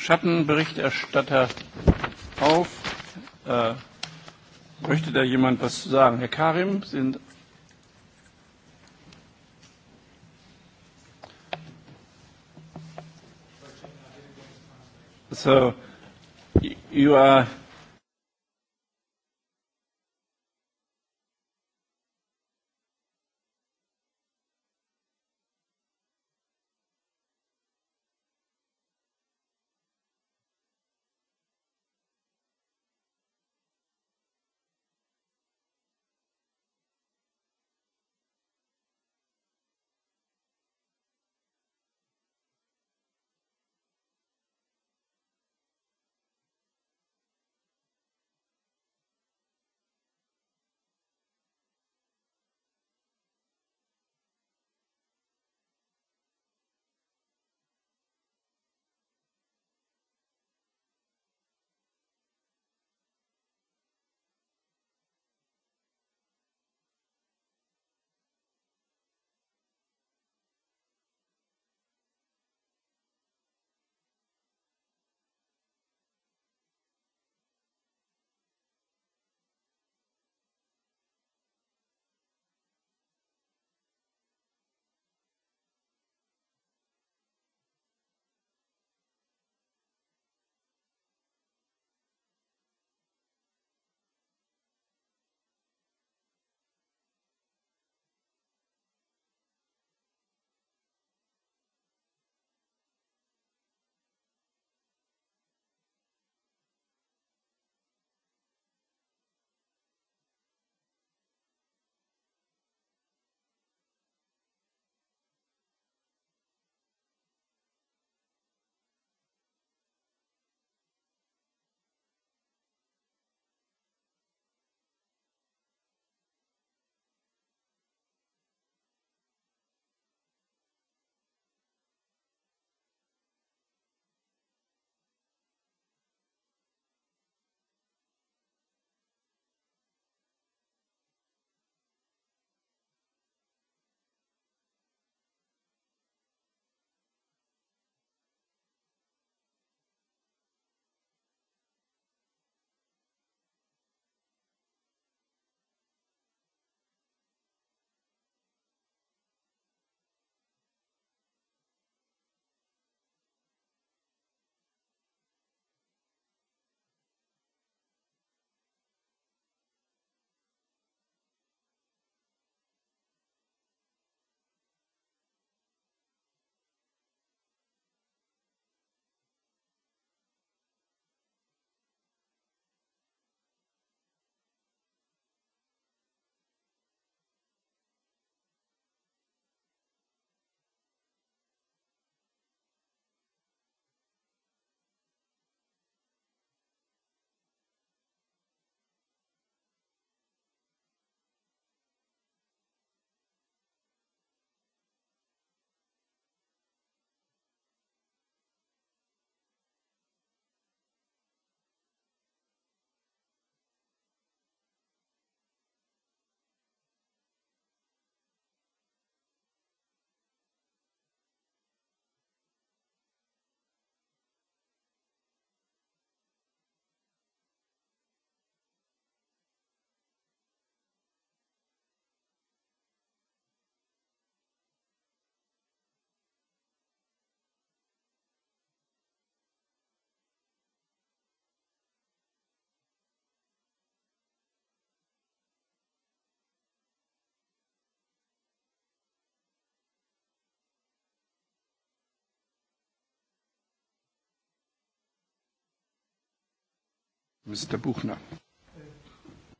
Schattenberichterstatter auf. Äh, möchte da jemand was zu sagen? Herr Karim, sind. So, you are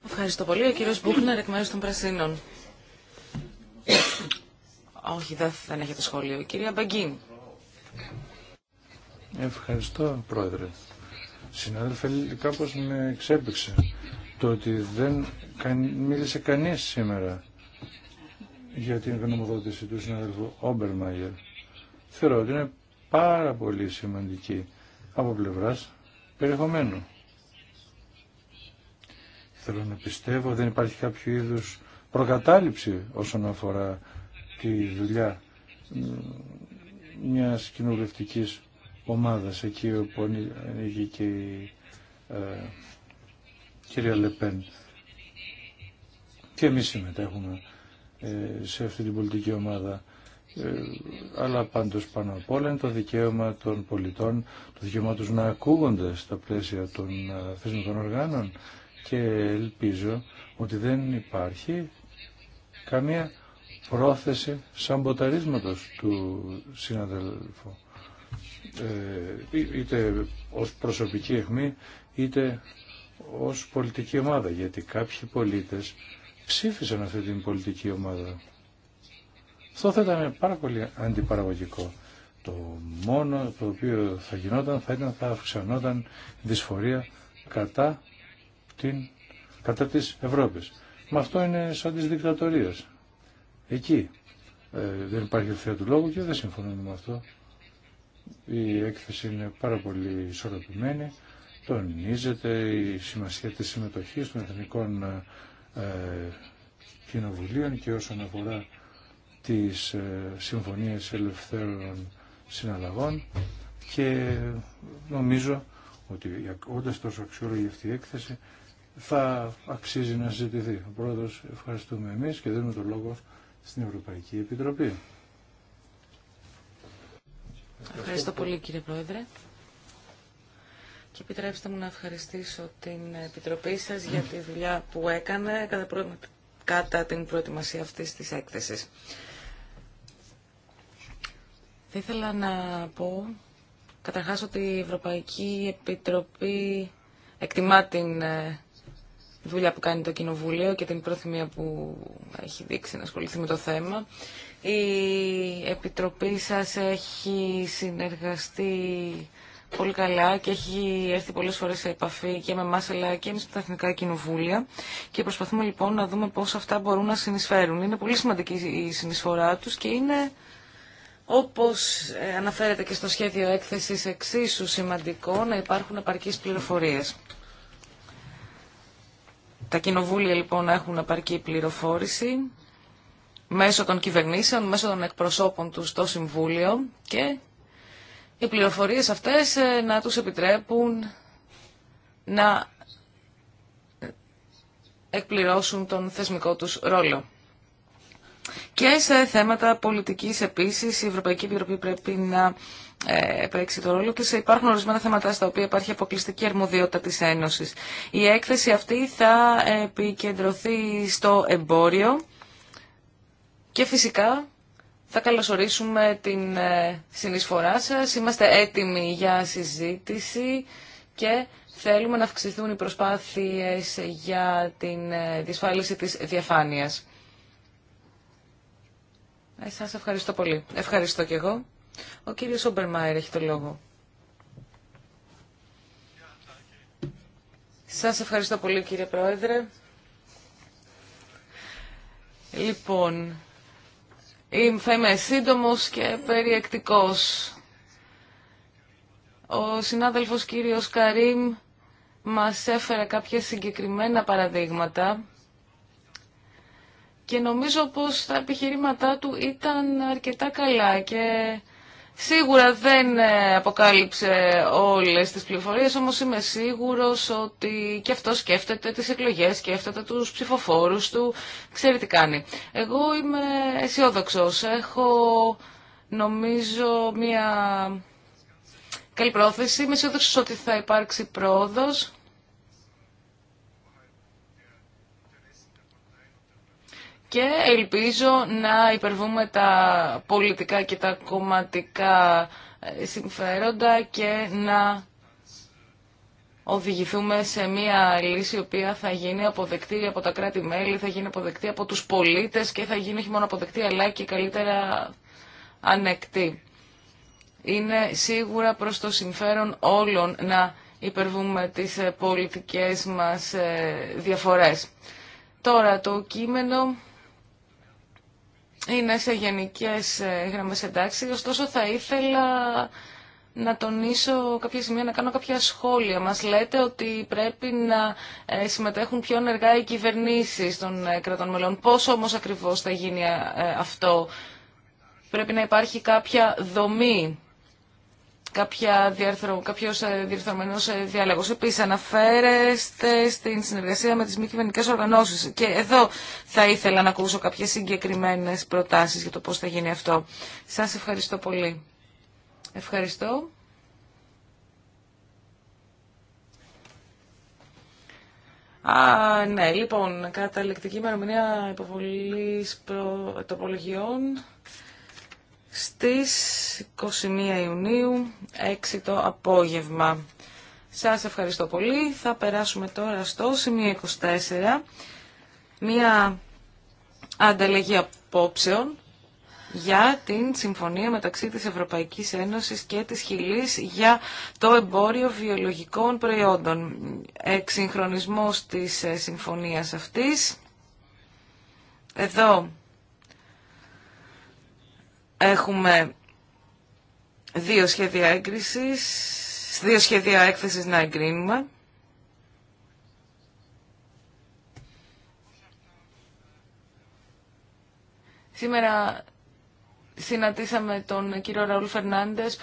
Ευχαριστώ πολύ. Ο κύριος Μπούχνερ εκ μέρους των Πρασίνων. Όχι, δεν έχετε σχόλιο. Κυρία Μπαγκίν. Ευχαριστώ, Πρόεδρε. Συνάδελφε, κάπως με ξέπηξε το ότι δεν μίλησε κανείς σήμερα για την γνωμοδότηση του συνάδελφου Όμπερμαγερ. Θεωρώ ότι είναι πάρα πολύ σημαντική από πλευράς περιεχομένου θέλω να πιστεύω, δεν υπάρχει κάποιο είδους προκατάληψη όσον αφορά τη δουλειά μιας κοινοβουλευτική ομάδας εκεί όπου ανοίγει και η ε, κυρία Λεπέν. Και εμείς συμμετέχουμε ε, σε αυτή την πολιτική ομάδα. Ε, αλλά πάντως πάνω απ' όλα είναι το δικαίωμα των πολιτών, το δικαίωμα τους να ακούγονται στα πλαίσια των ε, θεσμικών οργάνων και ελπίζω ότι δεν υπάρχει καμία πρόθεση σαμποταρίσματος του συναδελφού ε, είτε ως προσωπική αιχμή είτε ως πολιτική ομάδα γιατί κάποιοι πολίτες ψήφισαν αυτή την πολιτική ομάδα αυτό θα ήταν πάρα πολύ αντιπαραγωγικό το μόνο το οποίο θα γινόταν θα ήταν θα αυξανόταν δυσφορία κατά κατά της Ευρώπης. Μα αυτό είναι σαν της δικτατορίας. Εκεί ε, δεν υπάρχει ευθεία του λόγου και δεν συμφωνούμε με αυτό. Η έκθεση είναι πάρα πολύ ισορροπημένη. Τονίζεται η σημασία της συμμετοχής των εθνικών ε, ε, κοινοβουλίων και όσον αφορά τις ε, συμφωνίες ελευθέρων συναλλαγών και νομίζω ότι όντας τόσο αξιόλογη αυτή η έκθεση θα αξίζει να συζητηθεί. Ο πρόεδρος ευχαριστούμε εμείς και δίνουμε το λόγο στην Ευρωπαϊκή Επιτροπή. Ευχαριστώ πολύ κύριε Πρόεδρε. Και επιτρέψτε μου να ευχαριστήσω την Επιτροπή σας για τη δουλειά που έκανε κατά την προετοιμασία αυτής της έκθεσης. Θα ήθελα να πω καταρχάς ότι η Ευρωπαϊκή Επιτροπή εκτιμά την ε, δουλειά που κάνει το Κοινοβούλιο και την προθυμία που έχει δείξει να ασχοληθεί με το θέμα. Η Επιτροπή σας έχει συνεργαστεί πολύ καλά και έχει έρθει πολλές φορές σε επαφή και με εμάς αλλά και εμείς με τα Εθνικά Κοινοβούλια και προσπαθούμε λοιπόν να δούμε πώς αυτά μπορούν να συνεισφέρουν. Είναι πολύ σημαντική η συνεισφορά τους και είναι όπως ε, αναφέρεται και στο σχέδιο έκθεσης εξίσου σημαντικό να υπάρχουν επαρκείς πληροφορίες. Τα κοινοβούλια λοιπόν έχουν επαρκή πληροφόρηση μέσω των κυβερνήσεων, μέσω των εκπροσώπων του στο Συμβούλιο και οι πληροφορίες αυτές ε, να τους επιτρέπουν να εκπληρώσουν τον θεσμικό τους ρόλο. Και σε θέματα πολιτικής επίσης η Ευρωπαϊκή Επιτροπή πρέπει να παίξει το ρόλο και υπάρχουν ορισμένα θέματα στα οποία υπάρχει αποκλειστική αρμοδιότητα της Ένωσης. Η έκθεση αυτή θα επικεντρωθεί στο εμπόριο και φυσικά θα καλωσορίσουμε την ε, συνεισφορά σας. Είμαστε έτοιμοι για συζήτηση και θέλουμε να αυξηθούν οι προσπάθειες για την ε, δυσφάλιση της διαφάνειας. Ε, σας ευχαριστώ πολύ. Ευχαριστώ και εγώ. Ο κύριος Ομπερμάιρ έχει το λόγο. Σας ευχαριστώ πολύ κύριε Πρόεδρε. Λοιπόν, θα είμαι σύντομος και περιεκτικός. Ο συνάδελφος κύριος Καρίμ μας έφερε κάποια συγκεκριμένα παραδείγματα και νομίζω πως τα επιχειρήματά του ήταν αρκετά καλά και Σίγουρα δεν ε, αποκάλυψε όλες τις πληροφορίες, όμως είμαι σίγουρος ότι και αυτό σκέφτεται τις εκλογές, σκέφτεται τους ψηφοφόρους του, ξέρει τι κάνει. Εγώ είμαι αισιόδοξο. έχω νομίζω μια καλή πρόθεση, είμαι αισιόδοξο ότι θα υπάρξει πρόοδος. και ελπίζω να υπερβούμε τα πολιτικά και τα κομματικά ε, συμφέροντα και να οδηγηθούμε σε μια λύση η οποία θα γίνει αποδεκτή από τα κράτη-μέλη, θα γίνει αποδεκτή από τους πολίτες και θα γίνει όχι μόνο αποδεκτή αλλά και καλύτερα ανεκτή. Είναι σίγουρα προς το συμφέρον όλων να υπερβούμε τις ε, πολιτικές μας ε, διαφορές. Τώρα το κείμενο είναι σε γενικές ε, γραμμές εντάξει, ωστόσο θα ήθελα να τονίσω κάποια σημεία, να κάνω κάποια σχόλια. Μας λέτε ότι πρέπει να ε, συμμετέχουν πιο ενεργά οι κυβερνήσεις των ε, κρατών μελών. Πώς όμως ακριβώς θα γίνει αυτό. Πρέπει να υπάρχει κάποια δομή κάποια διαρθρω... κάποιος ε, διαρθρωμένος ε, διάλογος. Επίσης αναφέρεστε στην συνεργασία με τις μη κυβερνικές οργανώσεις και εδώ θα ήθελα να ακούσω κάποιες συγκεκριμένες προτάσεις για το πώς θα γίνει αυτό. Σας ευχαριστώ πολύ. Ευχαριστώ. Α, ναι, λοιπόν, καταληκτική ημερομηνία υποβολής προ... τοπολογιών στις 21 Ιουνίου, 6 το απόγευμα. Σας ευχαριστώ πολύ. Θα περάσουμε τώρα στο σημείο 24. Μία ανταλλαγή απόψεων για την συμφωνία μεταξύ της Ευρωπαϊκής Ένωσης και της Χιλής για το εμπόριο βιολογικών προϊόντων. Εξυγχρονισμός της ε, συμφωνίας αυτής. Εδώ Έχουμε δύο σχέδια έγκρισης, δύο σχέδια έκθεσης να εγκρίνουμε. Σήμερα συναντήσαμε τον κύριο Ραούλ Φερνάντες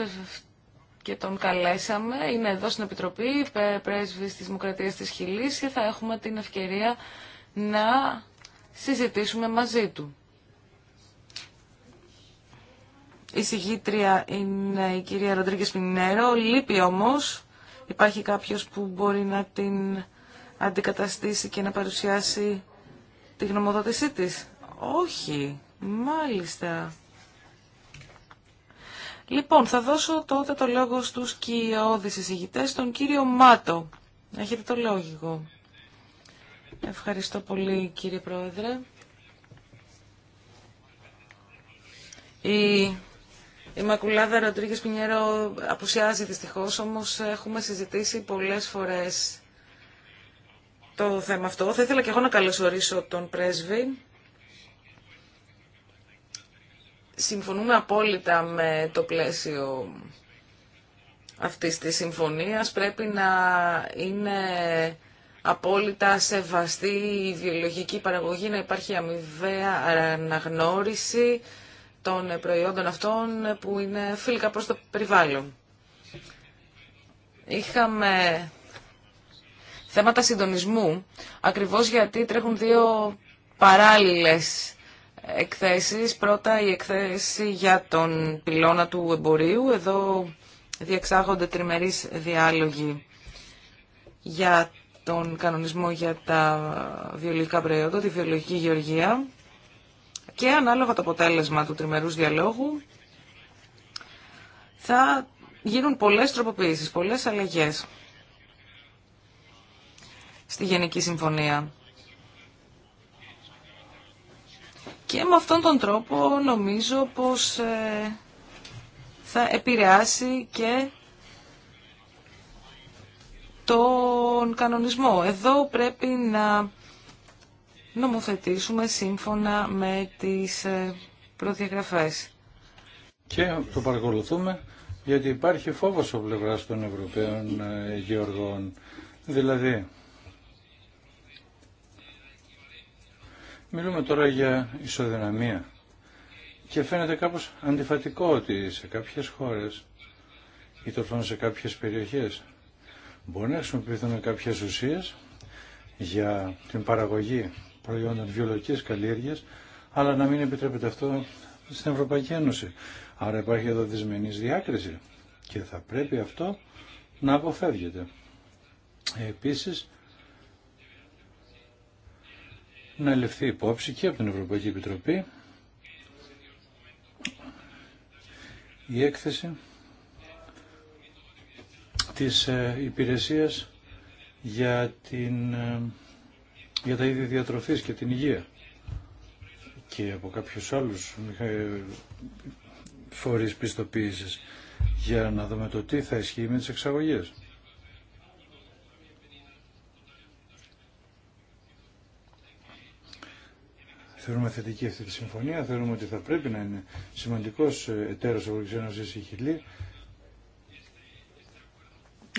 και τον καλέσαμε. Είναι εδώ στην Επιτροπή, πρέσβης της Δημοκρατίας της Χιλής και θα έχουμε την ευκαιρία να συζητήσουμε μαζί του. Η συγγήτρια είναι η κυρία Ροντρίγκε Πινέρο. Λείπει όμως. Υπάρχει κάποιος που μπορεί να την αντικαταστήσει και να παρουσιάσει τη γνωμοδότησή της. Όχι. Μάλιστα. Λοιπόν, θα δώσω τότε το λόγο στους κοιόδης εισηγητές, τον κύριο Μάτο. Έχετε το λόγο. Ευχαριστώ πολύ κύριε Πρόεδρε. Η η Μακουλάδα Ροντρίγκε Πινιέρο απουσιάζει δυστυχώ, όμω έχουμε συζητήσει πολλέ φορέ το θέμα αυτό. Θα ήθελα και εγώ να καλωσορίσω τον πρέσβη. Συμφωνούμε απόλυτα με το πλαίσιο αυτής της συμφωνίας. Πρέπει να είναι απόλυτα σεβαστή η βιολογική παραγωγή, να υπάρχει αμοιβαία αναγνώριση των προϊόντων αυτών που είναι φιλικά προς το περιβάλλον. Είχαμε θέματα συντονισμού, ακριβώς γιατί τρέχουν δύο παράλληλες εκθέσεις. Πρώτα η εκθέση για τον πυλώνα του εμπορίου. Εδώ διεξάγονται τριμερείς διάλογοι για τον κανονισμό για τα βιολογικά προϊόντα, τη βιολογική γεωργία και ανάλογα το αποτέλεσμα του τριμερούς διαλόγου θα γίνουν πολλές τροποποιήσεις, πολλές αλλαγές στη Γενική Συμφωνία. Και με αυτόν τον τρόπο νομίζω πως ε, θα επηρεάσει και τον κανονισμό. Εδώ πρέπει να νομοθετήσουμε σύμφωνα με τις ε, προδιαγραφές. Και το παρακολουθούμε γιατί υπάρχει φόβος ο πλευρά των Ευρωπαίων ε, Γεωργών. Δηλαδή, μιλούμε τώρα για ισοδυναμία και φαίνεται κάπως αντιφατικό ότι σε κάποιες χώρες ή το σε κάποιες περιοχές μπορεί να χρησιμοποιηθούν κάποιες ουσίες για την παραγωγή προϊόντων βιολογικής καλλιέργειας, αλλά να μην επιτρέπεται αυτό στην Ευρωπαϊκή Ένωση. Άρα υπάρχει εδώ δυσμενής διάκριση και θα πρέπει αυτό να αποφεύγεται. Επίσης, να ληφθεί υπόψη και από την Ευρωπαϊκή Επιτροπή η έκθεση της ε, υπηρεσίας για την ε, για τα είδη διατροφής και την υγεία και από κάποιους άλλους ε, φορείς πιστοποίησης για να δούμε το τι θα ισχύει με τις εξαγωγές. Θεωρούμε θετική αυτή τη συμφωνία, θεωρούμε ότι θα πρέπει να είναι σημαντικός ε, εταίρος Ευρωπαϊκής Ένωση η Χιλή.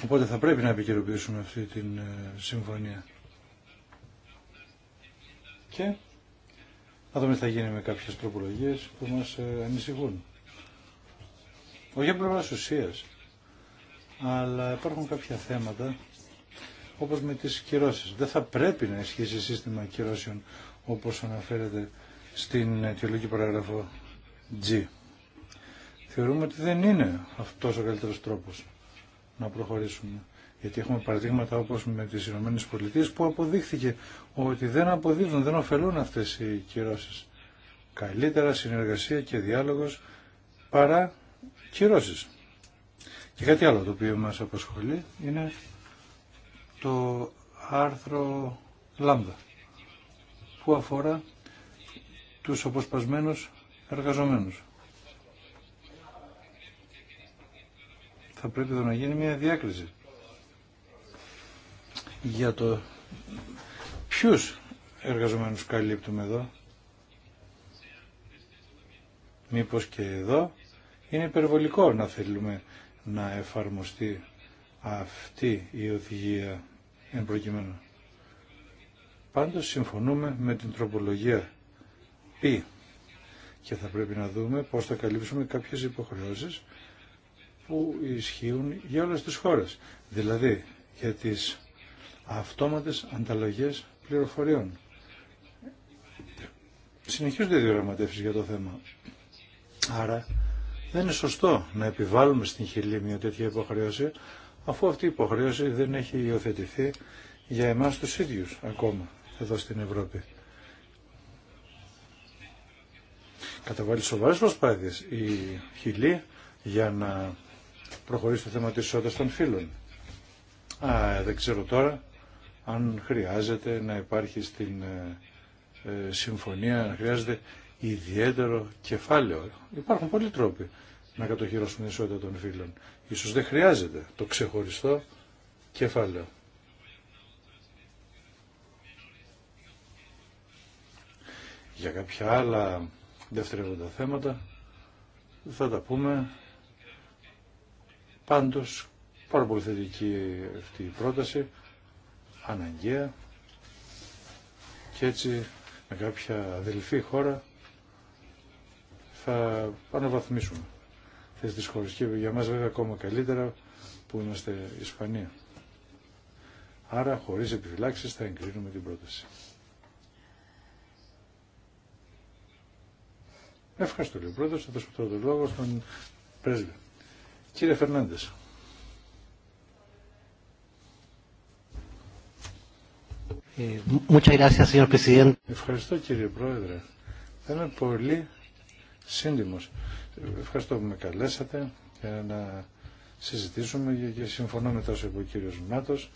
Οπότε θα πρέπει να επικαιροποιήσουμε αυτή τη ε, συμφωνία. Και να δούμε τι θα γίνει με κάποιες τροπολογίες που μας ε, ανησυχούν. Όχι από πλευράς ουσίας, αλλά υπάρχουν κάποια θέματα όπως με τις κυρώσεις. Δεν θα πρέπει να ισχύσει σύστημα κυρώσεων όπως αναφέρεται στην αιτιολογική παραγραφό G. Θεωρούμε ότι δεν είναι αυτός ο καλύτερος τρόπος να προχωρήσουμε. Γιατί έχουμε παραδείγματα όπως με τις Ηνωμένες Πολιτείες που αποδείχθηκε ότι δεν αποδίδουν, δεν ωφελούν αυτές οι κυρώσεις. Καλύτερα συνεργασία και διάλογος παρά κυρώσεις. Και κάτι άλλο το οποίο μας απασχολεί είναι το άρθρο λάμδα που αφορά τους αποσπασμένους εργαζομένους. Θα πρέπει εδώ να γίνει μια διάκριση για το ποιους εργαζομένους καλύπτουμε εδώ. Μήπως και εδώ είναι υπερβολικό να θέλουμε να εφαρμοστεί αυτή η οδηγία εν προκειμένου. Πάντως συμφωνούμε με την τροπολογία π και θα πρέπει να δούμε πώς θα καλύψουμε κάποιες υποχρεώσεις που ισχύουν για όλες τις χώρες. Δηλαδή για τις αυτόματες ανταλλαγές πληροφοριών. Συνεχίζονται οι διοραματεύσεις για το θέμα. Άρα δεν είναι σωστό να επιβάλλουμε στην Χιλή μια τέτοια υποχρέωση, αφού αυτή η υποχρέωση δεν έχει υιοθετηθεί για εμάς τους ίδιους ακόμα εδώ στην Ευρώπη. Καταβάλει σοβαρές προσπάθειες η Χιλή για να προχωρήσει το θέμα της ισότητα των φύλων. Α, δεν ξέρω τώρα αν χρειάζεται να υπάρχει στην ε, ε, συμφωνία, αν χρειάζεται ιδιαίτερο κεφάλαιο. Υπάρχουν πολλοί τρόποι να κατοχυρώσουν την ισότητα των φίλων. Ίσως δεν χρειάζεται το ξεχωριστό κεφάλαιο. Για κάποια άλλα δευτερεύοντα θέματα θα τα πούμε. Πάντως πάρα πολύ θετική αυτή η πρόταση αναγκαία και έτσι με κάποια αδελφή χώρα θα αναβαθμίσουμε θέσεις της χώρας και για μας βέβαια ακόμα καλύτερα που είμαστε Ισπανία. Άρα χωρίς επιφυλάξεις θα εγκρίνουμε την πρόταση. Ευχαριστώ λίγο πρόεδρος, θα δώσω τώρα το λόγο στον πρέσβη. Κύριε Φερνάντες. Ε, Ευχαριστώ κύριε Πρόεδρε. Θα είμαι πολύ σύντιμος. Ευχαριστώ που με καλέσατε για να συζητήσουμε και συμφωνώ με τόσο που ο κύριος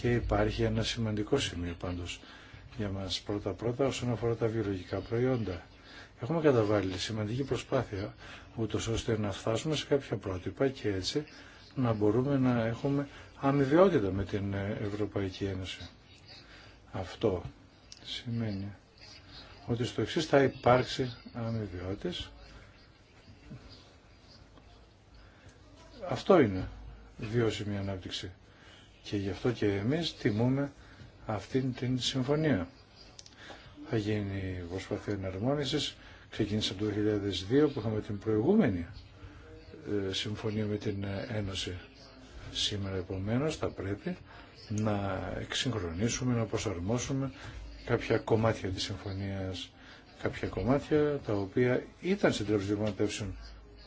και υπάρχει ένα σημαντικό σημείο πάντως για μας πρώτα-πρώτα όσον αφορά τα βιολογικά προϊόντα. Έχουμε καταβάλει σημαντική προσπάθεια ούτω ώστε να φτάσουμε σε κάποια πρότυπα και έτσι να μπορούμε να έχουμε αμοιβαιότητα με την Ευρωπαϊκή Ένωση. Αυτό σημαίνει ότι στο εξής θα υπάρξει αμοιβιότητες. Αυτό είναι βιώσιμη ανάπτυξη. Και γι' αυτό και εμείς τιμούμε αυτήν την συμφωνία. Θα γίνει η προσπάθεια εναρμόνισης, ξεκίνησε από το 2002 που είχαμε την προηγούμενη ε, συμφωνία με την Ένωση σήμερα. επομένω θα πρέπει να εξυγχρονίσουμε, να προσαρμόσουμε κάποια κομμάτια της συμφωνίας, κάποια κομμάτια τα οποία ήταν στην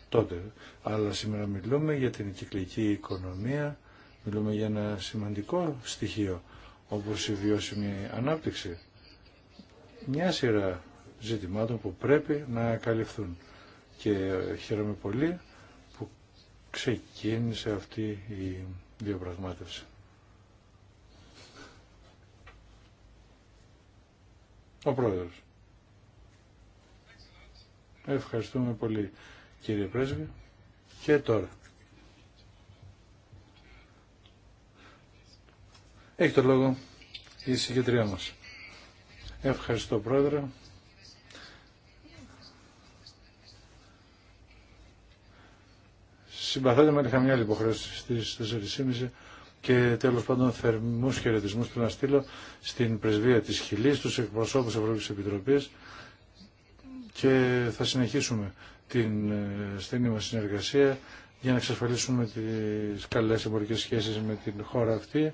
τότε. Αλλά σήμερα μιλούμε για την κυκλική οικονομία, μιλούμε για ένα σημαντικό στοιχείο όπως η βιώσιμη ανάπτυξη. Μια σειρά ζητημάτων που πρέπει να καλυφθούν. Και χαίρομαι πολύ ξεκίνησε αυτή η διαπραγμάτευση. Ο Πρόεδρος. Ευχαριστούμε πολύ κύριε Πρέσβη. Και τώρα. Έχει το λόγο η συγκεντρία μας. Ευχαριστώ Πρόεδρε. συμπαθάτε με είχα μια άλλη υποχρέωση στις 4.30 και τέλος πάντων θερμούς χαιρετισμού που να στείλω στην πρεσβεία της Χιλής, τους εκπροσώπους Ευρωπαϊκή Επιτροπή και θα συνεχίσουμε την ε, στενή μας συνεργασία για να εξασφαλίσουμε τις καλές εμπορικές σχέσεις με την χώρα αυτή.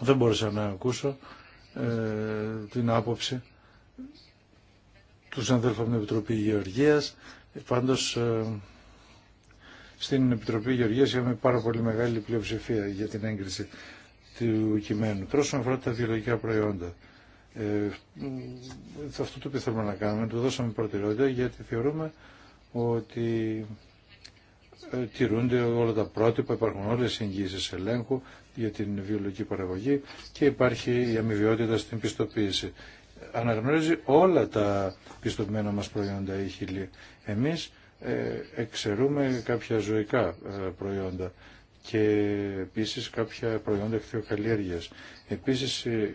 Δεν μπόρεσα να ακούσω ε, την άποψη του συναδέλφου από την Επιτροπή Γεωργίας. Πάντως ε, στην Επιτροπή Γεωργία είχαμε πάρα πολύ μεγάλη πλειοψηφία για την έγκριση του κειμένου. Τώρα όσον αφορά τα βιολογικά προϊόντα. Ε, αυτό το οποίο θέλουμε να κάνουμε, το δώσαμε προτεραιότητα γιατί θεωρούμε ότι ε, τηρούνται όλα τα πρότυπα, υπάρχουν όλε οι εγγύσει ελέγχου για την βιολογική παραγωγή και υπάρχει η αμοιβαιότητα στην πιστοποίηση. Αναγνωρίζει όλα τα πιστοποιημένα μας προϊόντα η Χιλή. Εμείς ε, εξαιρούμε κάποια ζωικά ε, προϊόντα και επίσης κάποια προϊόντα χθιοκαλλιέργειας. Επίσης ε,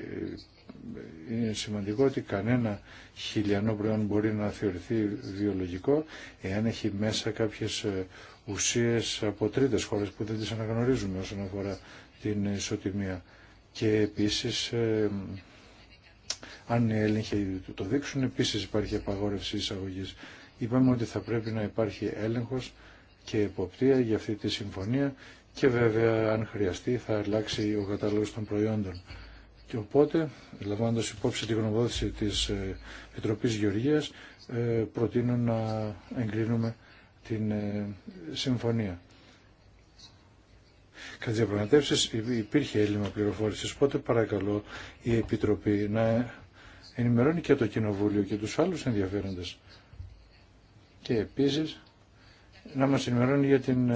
είναι σημαντικό ότι κανένα χιλιανό προϊόν μπορεί να θεωρηθεί βιολογικό εάν έχει μέσα κάποιες ουσίες από τρίτες χώρες που δεν τις αναγνωρίζουμε όσον αφορά την ισοτιμία. Και επίσης, αν οι έλεγχοι το δείξουν, επίσης υπάρχει απαγόρευση εισαγωγής είπαμε ότι θα πρέπει να υπάρχει έλεγχος και εποπτεία για αυτή τη συμφωνία και βέβαια αν χρειαστεί θα αλλάξει ο κατάλογος των προϊόντων. Και οπότε, λαμβάνοντα υπόψη τη γνωμοδότηση της ε, Επιτροπής Γεωργίας, ε, προτείνω να εγκρίνουμε την ε, συμφωνία. Κατά τι διαπραγματεύσει υπήρχε έλλειμμα πληροφόρηση, οπότε παρακαλώ η Επιτροπή να ενημερώνει και το Κοινοβούλιο και τους άλλους ενδιαφέροντες και επίσης να μας ενημερώνει για, την,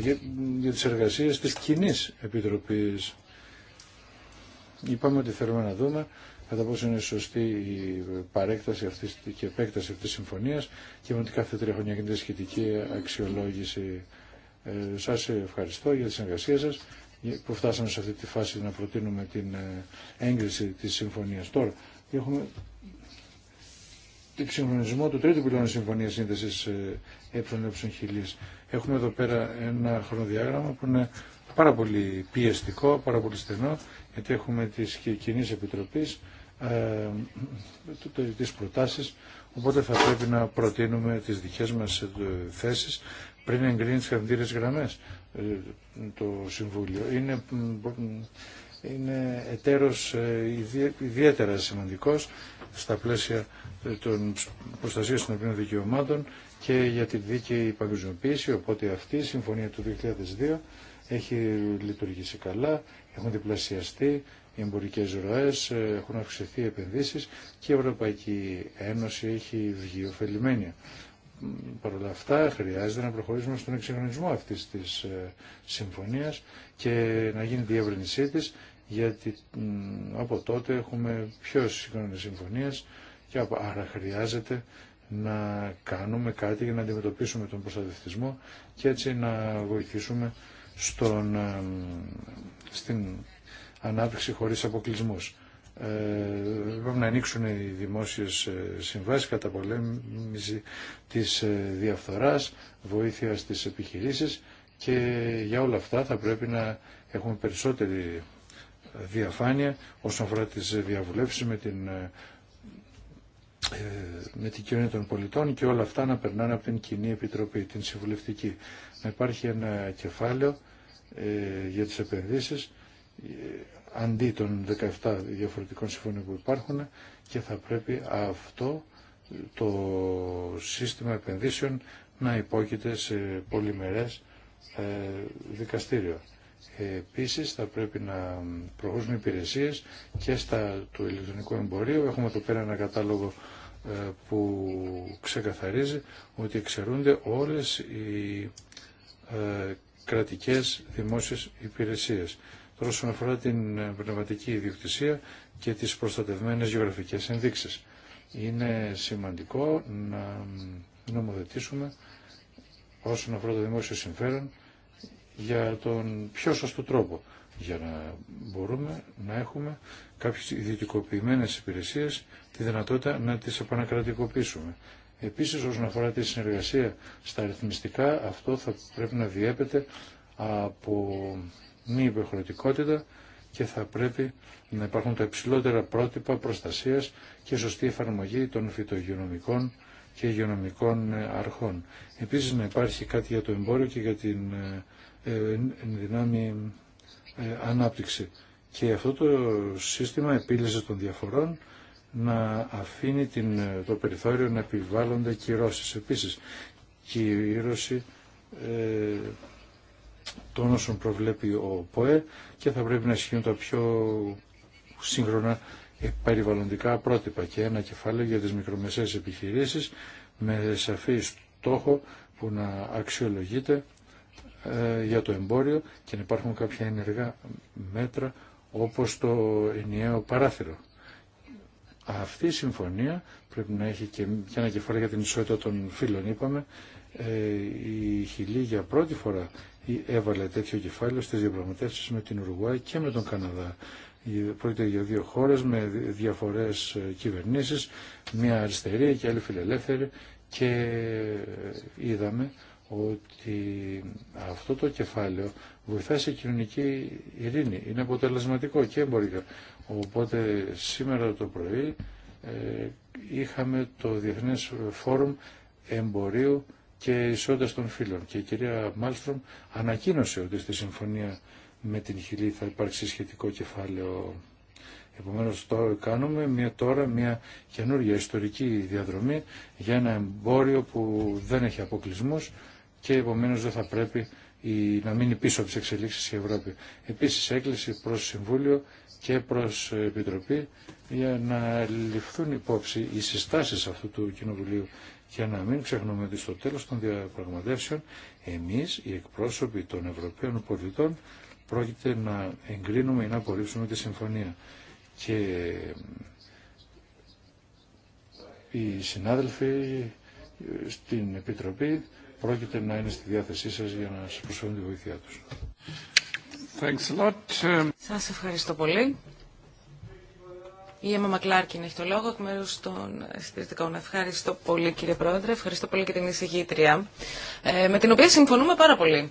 για, ε, ε, για τις εργασίες της κοινή Επιτροπής. Είπαμε ότι θέλουμε να δούμε κατά πόσο είναι σωστή η παρέκταση αυτής και επέκταση αυτής της συμφωνίας και με ότι κάθε τρία χρόνια γίνεται σχετική αξιολόγηση. Ε, σας ευχαριστώ για τη συνεργασία σας που φτάσαμε σε αυτή τη φάση να προτείνουμε την ε, έγκριση της συμφωνίας. Τώρα έχουμε συγχρονισμό του τρίτου πυλώνα συμφωνία σύνδεση ΕΕ Χιλή. Έχουμε εδώ πέρα ένα χρονοδιάγραμμα που είναι πάρα πολύ πιεστικό, πάρα πολύ στενό, γιατί έχουμε τη κοινή επιτροπή, ε, τι προτάσει. Οπότε θα πρέπει να προτείνουμε τι δικέ μα ε, θέσει πριν εγκρίνει τι καθημερινέ γραμμέ ε, το Συμβούλιο. Είναι, είναι εταίρος ε, ιδιαίτερα σημαντικός στα πλαίσια ε, των προστασίας των οποίων δικαιωμάτων και για τη δίκαιη παγκοσμιοποίηση. Οπότε αυτή η συμφωνία του 2002 έχει λειτουργήσει καλά, έχουν διπλασιαστεί οι εμπορικέ ροέ, ε, έχουν αυξηθεί οι επενδύσει και η Ευρωπαϊκή Ένωση έχει βγει ωφελημένη. Παρ' όλα αυτά χρειάζεται να προχωρήσουμε στον εξυγχρονισμό αυτής της ε, συμφωνίας και να γίνει διεύρυνσή της γιατί από τότε έχουμε πιο σύγχρονες συμφωνίες και άρα χρειάζεται να κάνουμε κάτι για να αντιμετωπίσουμε τον προστατευτισμό και έτσι να βοηθήσουμε στον, ε, στην ανάπτυξη χωρίς αποκλεισμού. Ε, πρέπει να ανοίξουν οι δημόσιες ε, συμβάσεις κατά πολέμηση της ε, διαφθοράς, βοήθεια στις επιχειρήσεις και για όλα αυτά θα πρέπει να έχουμε περισσότερη διαφάνεια όσον αφορά τις διαβουλεύσεις με την ε, με την κοινωνία των πολιτών και όλα αυτά να περνάνε από την κοινή επιτροπή, την συμβουλευτική. Να υπάρχει ένα κεφάλαιο ε, για τις επενδύσεις ε, αντί των 17 διαφορετικών συμφωνίων που υπάρχουν και θα πρέπει αυτό το σύστημα επενδύσεων να υπόκειται σε πολυμερές ε, δικαστήριο. Επίσης θα πρέπει να προχωρούν υπηρεσίες και στα του ηλεκτρονικού εμπορίου. Έχουμε εδώ πέρα ένα κατάλογο ε, που ξεκαθαρίζει ότι εξαιρούνται όλες οι ε, κρατικές δημόσιες υπηρεσίες. Τώρα όσον αφορά την ε, πνευματική ιδιοκτησία και τις προστατευμένες γεωγραφικέ ενδείξει. Είναι σημαντικό να νομοθετήσουμε όσον αφορά το δημόσιο συμφέρον για τον πιο σωστό τρόπο για να μπορούμε να έχουμε κάποιες ιδιωτικοποιημένες υπηρεσίες τη δυνατότητα να τις επανακρατικοποιήσουμε. Επίσης όσον αφορά τη συνεργασία στα αριθμιστικά αυτό θα πρέπει να διέπεται από μη υπερχωρητικότητα και θα πρέπει να υπάρχουν τα υψηλότερα πρότυπα προστασίας και σωστή εφαρμογή των φυτογειονομικών και υγειονομικών αρχών. Επίσης να υπάρχει κάτι για το εμπόριο και για την ε, δυνάμει ε, ανάπτυξη. Και αυτό το σύστημα επίλυση των διαφορών να αφήνει την, ε, το περιθώριο να επιβάλλονται κυρώσεις. Επίσης, κύρωση ε, των όσων προβλέπει ο ΠΟΕ και θα πρέπει να ισχύουν τα πιο σύγχρονα περιβαλλοντικά πρότυπα και ένα κεφάλαιο για τις μικρομεσαίες επιχειρήσεις με σαφή στόχο που να αξιολογείται ε, για το εμπόριο και να υπάρχουν κάποια ενεργά μέτρα όπως το ενιαίο παράθυρο. Αυτή η συμφωνία πρέπει να έχει και, ένα κεφάλαιο για την ισότητα των φύλων, είπαμε. Ε, η Χιλή για πρώτη φορά έβαλε τέτοιο κεφάλαιο στις διαπραγματεύσεις με την Ουρουάη και με τον Καναδά. Πρόκειται για δύο χώρες με διαφορές ε, κυβερνήσεις, μία αριστερή και άλλη φιλελεύθερη και είδαμε ότι αυτό το κεφάλαιο βοηθάει σε κοινωνική ειρήνη. Είναι αποτελεσματικό και εμπορικά. Οπότε σήμερα το πρωί ε, είχαμε το Διεθνές Φόρουμ Εμπορίου και Ισότητας των Φίλων. Και η κυρία Μάλστρομ ανακοίνωσε ότι στη συμφωνία με την Χιλή θα υπάρξει σχετικό κεφάλαιο. Επομένως το κάνουμε μια, τώρα μια καινούργια ιστορική διαδρομή για ένα εμπόριο που δεν έχει αποκλεισμούς και επομένως δεν θα πρέπει η, να μείνει πίσω από τις εξελίξεις η Ευρώπη. Επίσης έκκληση προς Συμβούλιο και προς Επιτροπή για να ληφθούν υπόψη οι συστάσεις αυτού του Κοινοβουλίου και να μην ξεχνούμε ότι στο τέλος των διαπραγματεύσεων εμείς οι εκπρόσωποι των Ευρωπαίων πολιτών πρόκειται να εγκρίνουμε ή να απορρίψουμε τη συμφωνία. Και ε, οι συνάδελφοι στην Επιτροπή πρόκειται να είναι στη διάθεσή σας για να σας προσφέρουν τη βοήθειά τους. Thanks um, Σας ευχαριστώ πολύ. Η Έμα Μακλάρκιν έχει το λόγο εκ μέρου των συντηρητικών. Ευχαριστώ πολύ κύριε Πρόεδρε, ευχαριστώ πολύ και την εισηγήτρια, ε, με την οποία συμφωνούμε πάρα πολύ.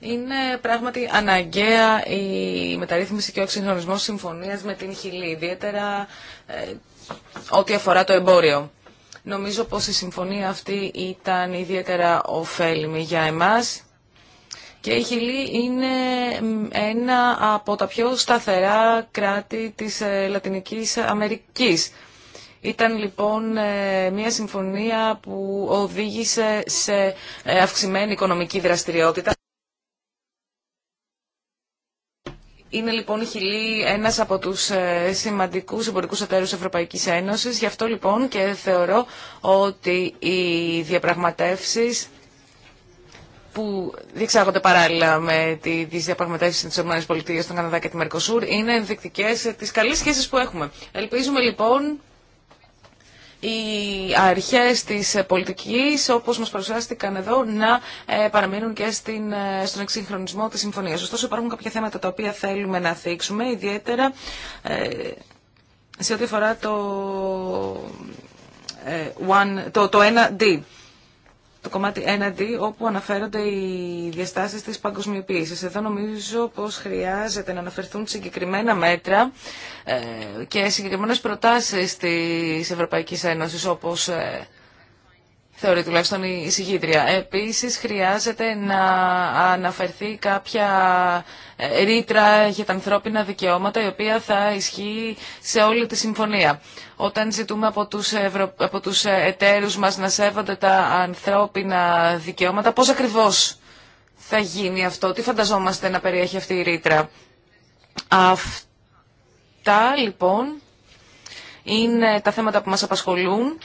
Είναι πράγματι αναγκαία η μεταρρύθμιση και ο εξυγχρονισμός συμφωνίας με την Χιλή, ιδιαίτερα ε, ό,τι αφορά το εμπόριο. Νομίζω πως η συμφωνία αυτή ήταν ιδιαίτερα ωφέλιμη για εμάς. Και η Χιλή είναι ένα από τα πιο σταθερά κράτη της ε, Λατινικής Αμερικής. Ήταν λοιπόν ε, μια συμφωνία που οδήγησε σε ε, αυξημένη οικονομική δραστηριότητα. Είναι λοιπόν η Χιλή ένας από τους ε, σημαντικούς εμπορικού εταίρου Ευρωπαϊκής Ένωσης. Γι' αυτό λοιπόν και θεωρώ ότι οι διαπραγματεύσεις που διεξάγονται παράλληλα με τι διαπραγματεύσει τη ΗΠΑ, τον Καναδά και τη Μερκοσούρ, είναι ενδεικτικέ ε, τη καλή σχέση που έχουμε. Ελπίζουμε λοιπόν οι αρχές της πολιτικής, όπως μας παρουσιάστηκαν εδώ, να ε, παραμείνουν και στην, ε, στον εξυγχρονισμό της συμφωνίας. Ωστόσο υπάρχουν κάποια θέματα τα οποία θέλουμε να θίξουμε, ιδιαίτερα ε, σε ό,τι αφορά το, το 1D το κομμάτι όπου αναφέρονται οι διαστάσεις της παγκοσμιοποίησης. Εδώ νομίζω πως χρειάζεται να αναφερθούν συγκεκριμένα μέτρα ε, και συγκεκριμένες προτάσεις της Ευρωπαϊκής Ένωσης όπως ε, θεωρεί τουλάχιστον η εισηγήτρια. Επίσης χρειάζεται να αναφερθεί κάποια ε, ρήτρα για τα ανθρώπινα δικαιώματα η οποία θα ισχύει σε όλη τη συμφωνία. Όταν ζητούμε από τους, Ευρω... από τους εταίρους μας να σέβονται τα ανθρώπινα δικαιώματα, πώς ακριβώς θα γίνει αυτό, τι φανταζόμαστε να περιέχει αυτή η ρήτρα. Αυτά λοιπόν είναι τα θέματα που μας απασχολούν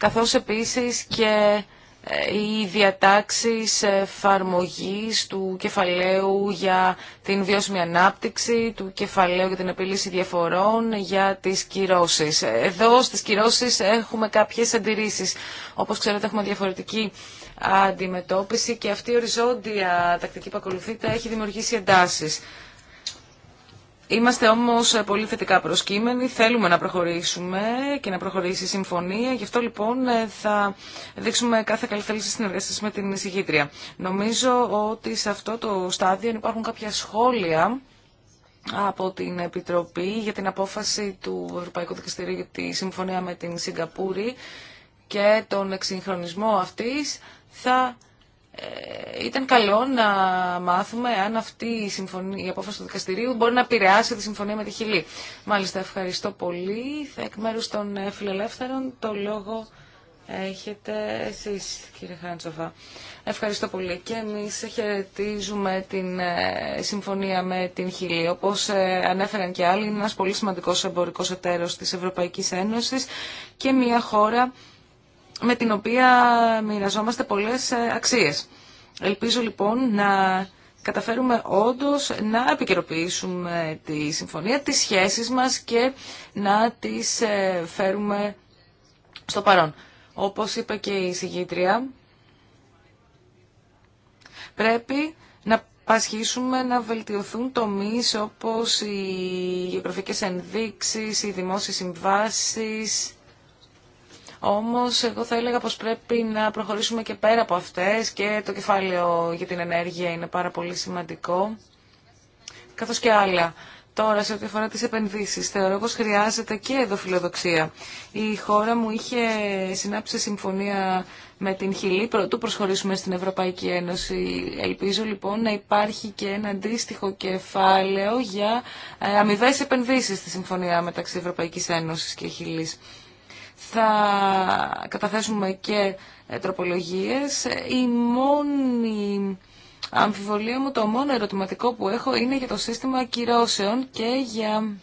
καθώς επίσης και ε, οι διατάξεις εφαρμογή του κεφαλαίου για την βιώσιμη ανάπτυξη, του κεφαλαίου για την επίλυση διαφορών, για τις κυρώσεις. Εδώ στις κυρώσεις έχουμε κάποιες αντιρρήσεις. Όπως ξέρετε έχουμε διαφορετική αντιμετώπιση και αυτή η οριζόντια τακτική που ακολουθείται έχει δημιουργήσει εντάσεις. Είμαστε όμως πολύ θετικά προσκύμενοι, θέλουμε να προχωρήσουμε και να προχωρήσει η συμφωνία, γι' αυτό λοιπόν ε, θα δείξουμε κάθε καλή θέληση συνεργασία με την εισηγήτρια. Νομίζω ότι σε αυτό το στάδιο υπάρχουν κάποια σχόλια από την Επιτροπή για την απόφαση του Ευρωπαϊκού Δικαστηρίου για τη συμφωνία με την Σιγκαπούρη και τον εξυγχρονισμό αυτής θα ε, ήταν καλό να μάθουμε αν αυτή η, η απόφαση του δικαστηρίου μπορεί να επηρεάσει τη συμφωνία με τη Χιλή. Μάλιστα, ευχαριστώ πολύ. Θα εκ μέρου των ε, φιλελεύθερων το λόγο έχετε εσεί, κύριε Χάντσοφα. Ευχαριστώ πολύ. Και εμείς χαιρετίζουμε την ε, συμφωνία με την Χιλή. Όπως ανέφεραν και άλλοι, είναι ένα πολύ σημαντικό εμπορικό εταίρος τη Ευρωπαϊκή Ένωση και μια χώρα με την οποία μοιραζόμαστε πολλές ε, αξίες. Ελπίζω λοιπόν να καταφέρουμε όντως να επικαιροποιήσουμε τη συμφωνία, τις σχέσεις μας και να τις ε, φέρουμε στο παρόν. Όπως είπε και η συγγήτρια, πρέπει να πασχίσουμε να βελτιωθούν τομείς όπως οι γεωγραφικές ενδείξεις, οι δημόσιες συμβάσεις, όμως εγώ θα έλεγα πως πρέπει να προχωρήσουμε και πέρα από αυτές και το κεφάλαιο για την ενέργεια είναι πάρα πολύ σημαντικό, καθώς και άλλα. Τώρα, σε ό,τι αφορά τις επενδύσεις, θεωρώ πως χρειάζεται και εδώ φιλοδοξία. Η χώρα μου είχε συνάψει συμφωνία με την Χιλή, πρωτού προσχωρήσουμε στην Ευρωπαϊκή Ένωση. Ελπίζω λοιπόν να υπάρχει και ένα αντίστοιχο κεφάλαιο για ε, αμοιβέ επενδύσεις στη συμφωνία μεταξύ Ευρωπαϊκής Ένωσης και Χιλής θα καταθέσουμε και ε, τροπολογίες. Η μόνη αμφιβολία μου, το μόνο ερωτηματικό που έχω είναι για το σύστημα κυρώσεων και για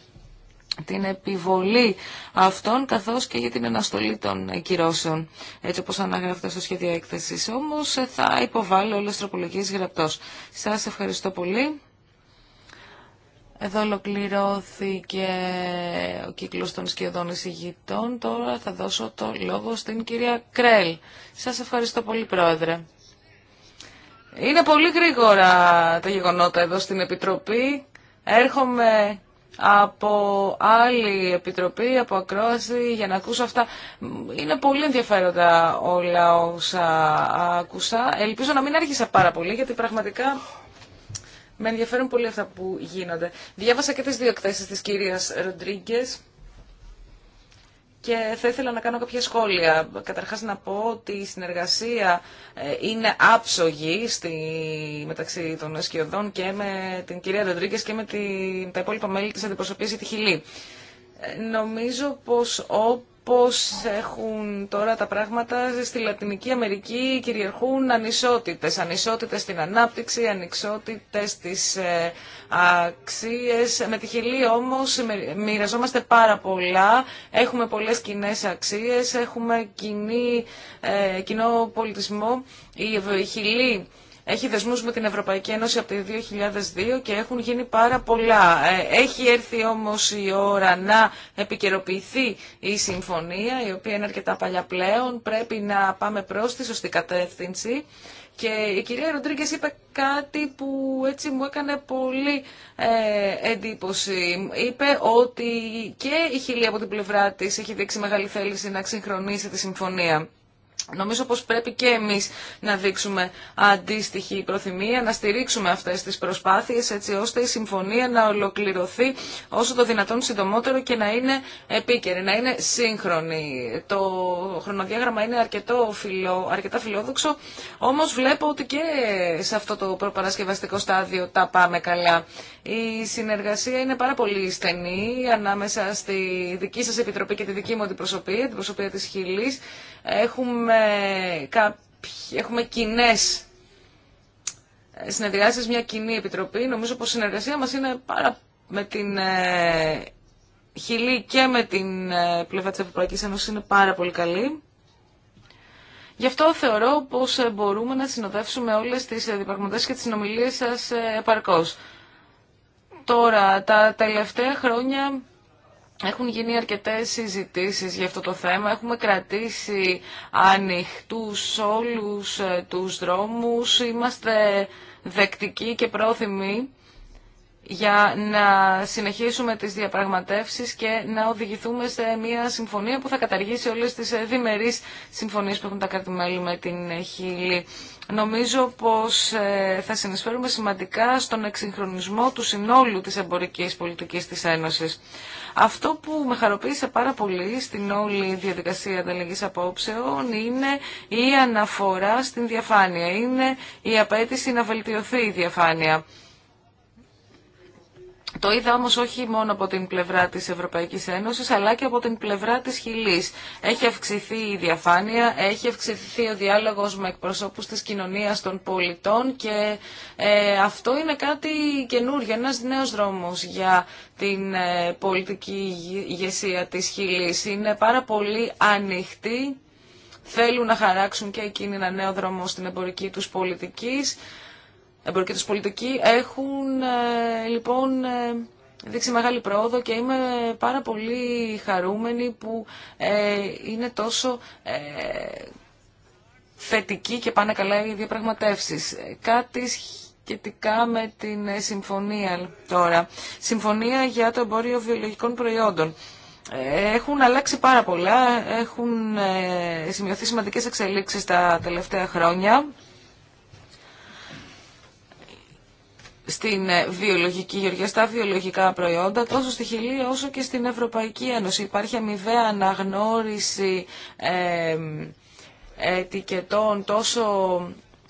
την επιβολή αυτών καθώς και για την αναστολή των ε, κυρώσεων έτσι όπως αναγράφεται στο σχέδιο έκθεσης όμως ε, θα υποβάλω όλες τις τροπολογίες γραπτός Σας ευχαριστώ πολύ εδώ ολοκληρώθηκε ο κύκλος των σκιωδών εισηγητών. Τώρα θα δώσω το λόγο στην κυρία Κρέλ. Σας ευχαριστώ πολύ, Πρόεδρε. Είναι πολύ γρήγορα τα γεγονότα εδώ στην Επιτροπή. Έρχομαι από άλλη επιτροπή, από ακρόαση, για να ακούσω αυτά. Είναι πολύ ενδιαφέροντα όλα όσα άκουσα. Ελπίζω να μην άρχισα πάρα πολύ, γιατί πραγματικά με ενδιαφέρουν πολύ αυτά που γίνονται. Διάβασα και τις δύο εκθέσεις της κυρίας Ροντρίγκε και θα ήθελα να κάνω κάποια σχόλια. Καταρχάς να πω ότι η συνεργασία ε, είναι άψογη στη, μεταξύ των εσκιωδών και με την κυρία Ροντρίγκε και με τη, τα υπόλοιπα μέλη της αντιπροσωπείας για τη Χιλή. Ε, νομίζω πως ο πώς έχουν τώρα τα πράγματα στη Λατινική Αμερική κυριαρχούν ανισότητες. Ανισότητες στην ανάπτυξη, ανισότητες στις ε, αξίες. Με τη Χιλή όμως μοιραζόμαστε πάρα πολλά. Έχουμε πολλές κοινέ αξίες, έχουμε κοινή, ε, κοινό πολιτισμό. Η Χιλή έχει δεσμούς με την Ευρωπαϊκή Ένωση από το 2002 και έχουν γίνει πάρα πολλά. Ε, έχει έρθει όμως η ώρα να επικαιροποιηθεί η συμφωνία, η οποία είναι αρκετά παλιά πλέον. Πρέπει να πάμε προς τη σωστή κατεύθυνση. Και η κυρία Ροντρίγκε είπε κάτι που έτσι μου έκανε πολύ ε, εντύπωση. Είπε ότι και η Χιλία από την πλευρά της έχει δείξει μεγάλη θέληση να ξυγχρονίσει τη συμφωνία. Νομίζω πως πρέπει και εμείς να δείξουμε αντίστοιχη προθυμία, να στηρίξουμε αυτές τις προσπάθειες έτσι ώστε η συμφωνία να ολοκληρωθεί όσο το δυνατόν συντομότερο και να είναι επίκαιρη, να είναι σύγχρονη. Το χρονοδιάγραμμα είναι αρκετό φιλο, αρκετά φιλόδοξο, όμως βλέπω ότι και σε αυτό το προπαρασκευαστικό στάδιο τα πάμε καλά. Η συνεργασία είναι πάρα πολύ στενή ανάμεσα στη δική σας επιτροπή και τη δική μου αντιπροσωπή, την της Χιλής έχουμε, έχουμε κοινέ ε, συνεδριάσεις, μια κοινή επιτροπή. Νομίζω πως η συνεργασία μας είναι πάρα με την ε, Χιλή και με την ε, πλευρά της Ευρωπαϊκής Ένωσης είναι πάρα πολύ καλή. Γι' αυτό θεωρώ πως μπορούμε να συνοδεύσουμε όλες τις διαπραγματεύσεις και τις συνομιλίες σας επαρκώς. Τώρα, τα τελευταία χρόνια έχουν γίνει αρκετές συζητήσεις για αυτό το θέμα. Έχουμε κρατήσει ανοιχτούς όλους ε, τους δρόμους. Είμαστε δεκτικοί και πρόθυμοι για να συνεχίσουμε τις διαπραγματεύσεις και να οδηγηθούμε σε μια συμφωνία που θα καταργήσει όλες τις ε, διμερείς συμφωνίες που έχουν τα κρατημέλη με την ε, Χίλη. Νομίζω πως θα συνεισφέρουμε σημαντικά στον εξυγχρονισμό του συνόλου της εμπορικής πολιτικής της Ένωσης. Αυτό που με χαροποίησε πάρα πολύ στην όλη διαδικασία ανταλλαγή απόψεων είναι η αναφορά στην διαφάνεια. Είναι η απέτηση να βελτιωθεί η διαφάνεια. Το είδα όμως όχι μόνο από την πλευρά της Ευρωπαϊκής Ένωσης, αλλά και από την πλευρά της Χιλής. Έχει αυξηθεί η διαφάνεια, έχει αυξηθεί ο διάλογος με εκπροσώπους της κοινωνίας των πολιτών και ε, αυτό είναι κάτι καινούργιο, ένας νέος δρόμος για την ε, πολιτική ηγεσία της Χιλής. Είναι πάρα πολύ ανοιχτή, θέλουν να χαράξουν και εκείνοι ένα νέο δρόμο στην εμπορική τους πολιτικής εμπορική τους πολιτικοί έχουν ε, λοιπόν ε, δείξει μεγάλη πρόοδο και είμαι πάρα πολύ χαρούμενη που ε, είναι τόσο θετική και πάνε καλά οι διαπραγματεύσεις. Κάτι σχετικά με την συμφωνία τώρα. Συμφωνία για το εμπόριο βιολογικών προϊόντων. Έχουν αλλάξει πάρα πολλά, έχουν σημειωθεί σημαντικές εξελίξεις τα τελευταία χρόνια. στην ε, βιολογική γεωργία, στα βιολογικά προϊόντα, τόσο στη Χιλή όσο και στην Ευρωπαϊκή Ένωση. Υπάρχει αμοιβαία αναγνώριση ετικετών τόσο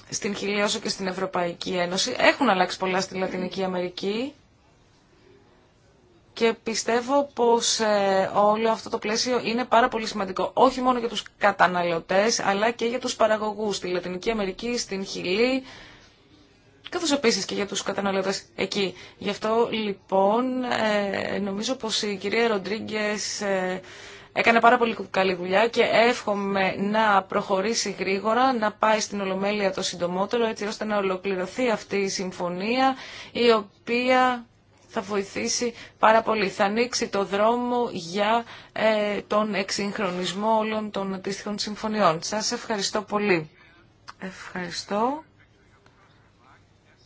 στην Χιλή όσο και στην Ευρωπαϊκή Ένωση. Έχουν αλλάξει πολλά στη Λατινική Αμερική και πιστεύω πως ε, όλο αυτό το πλαίσιο είναι πάρα πολύ σημαντικό. Όχι μόνο για τους καταναλωτές, αλλά και για τους παραγωγούς στη Λατινική Αμερική, στην Χιλή, καθώς επίσης και για τους καταναλωτές εκεί. Γι' αυτό λοιπόν ε, νομίζω πως η κυρία Ροντρίγκες ε, έκανε πάρα πολύ καλή δουλειά και εύχομαι να προχωρήσει γρήγορα, να πάει στην Ολομέλεια το συντομότερο έτσι ώστε να ολοκληρωθεί αυτή η συμφωνία η οποία θα βοηθήσει πάρα πολύ. Θα ανοίξει το δρόμο για ε, τον εξυγχρονισμό όλων των αντίστοιχων συμφωνιών. Σας ευχαριστώ πολύ. Ευχαριστώ.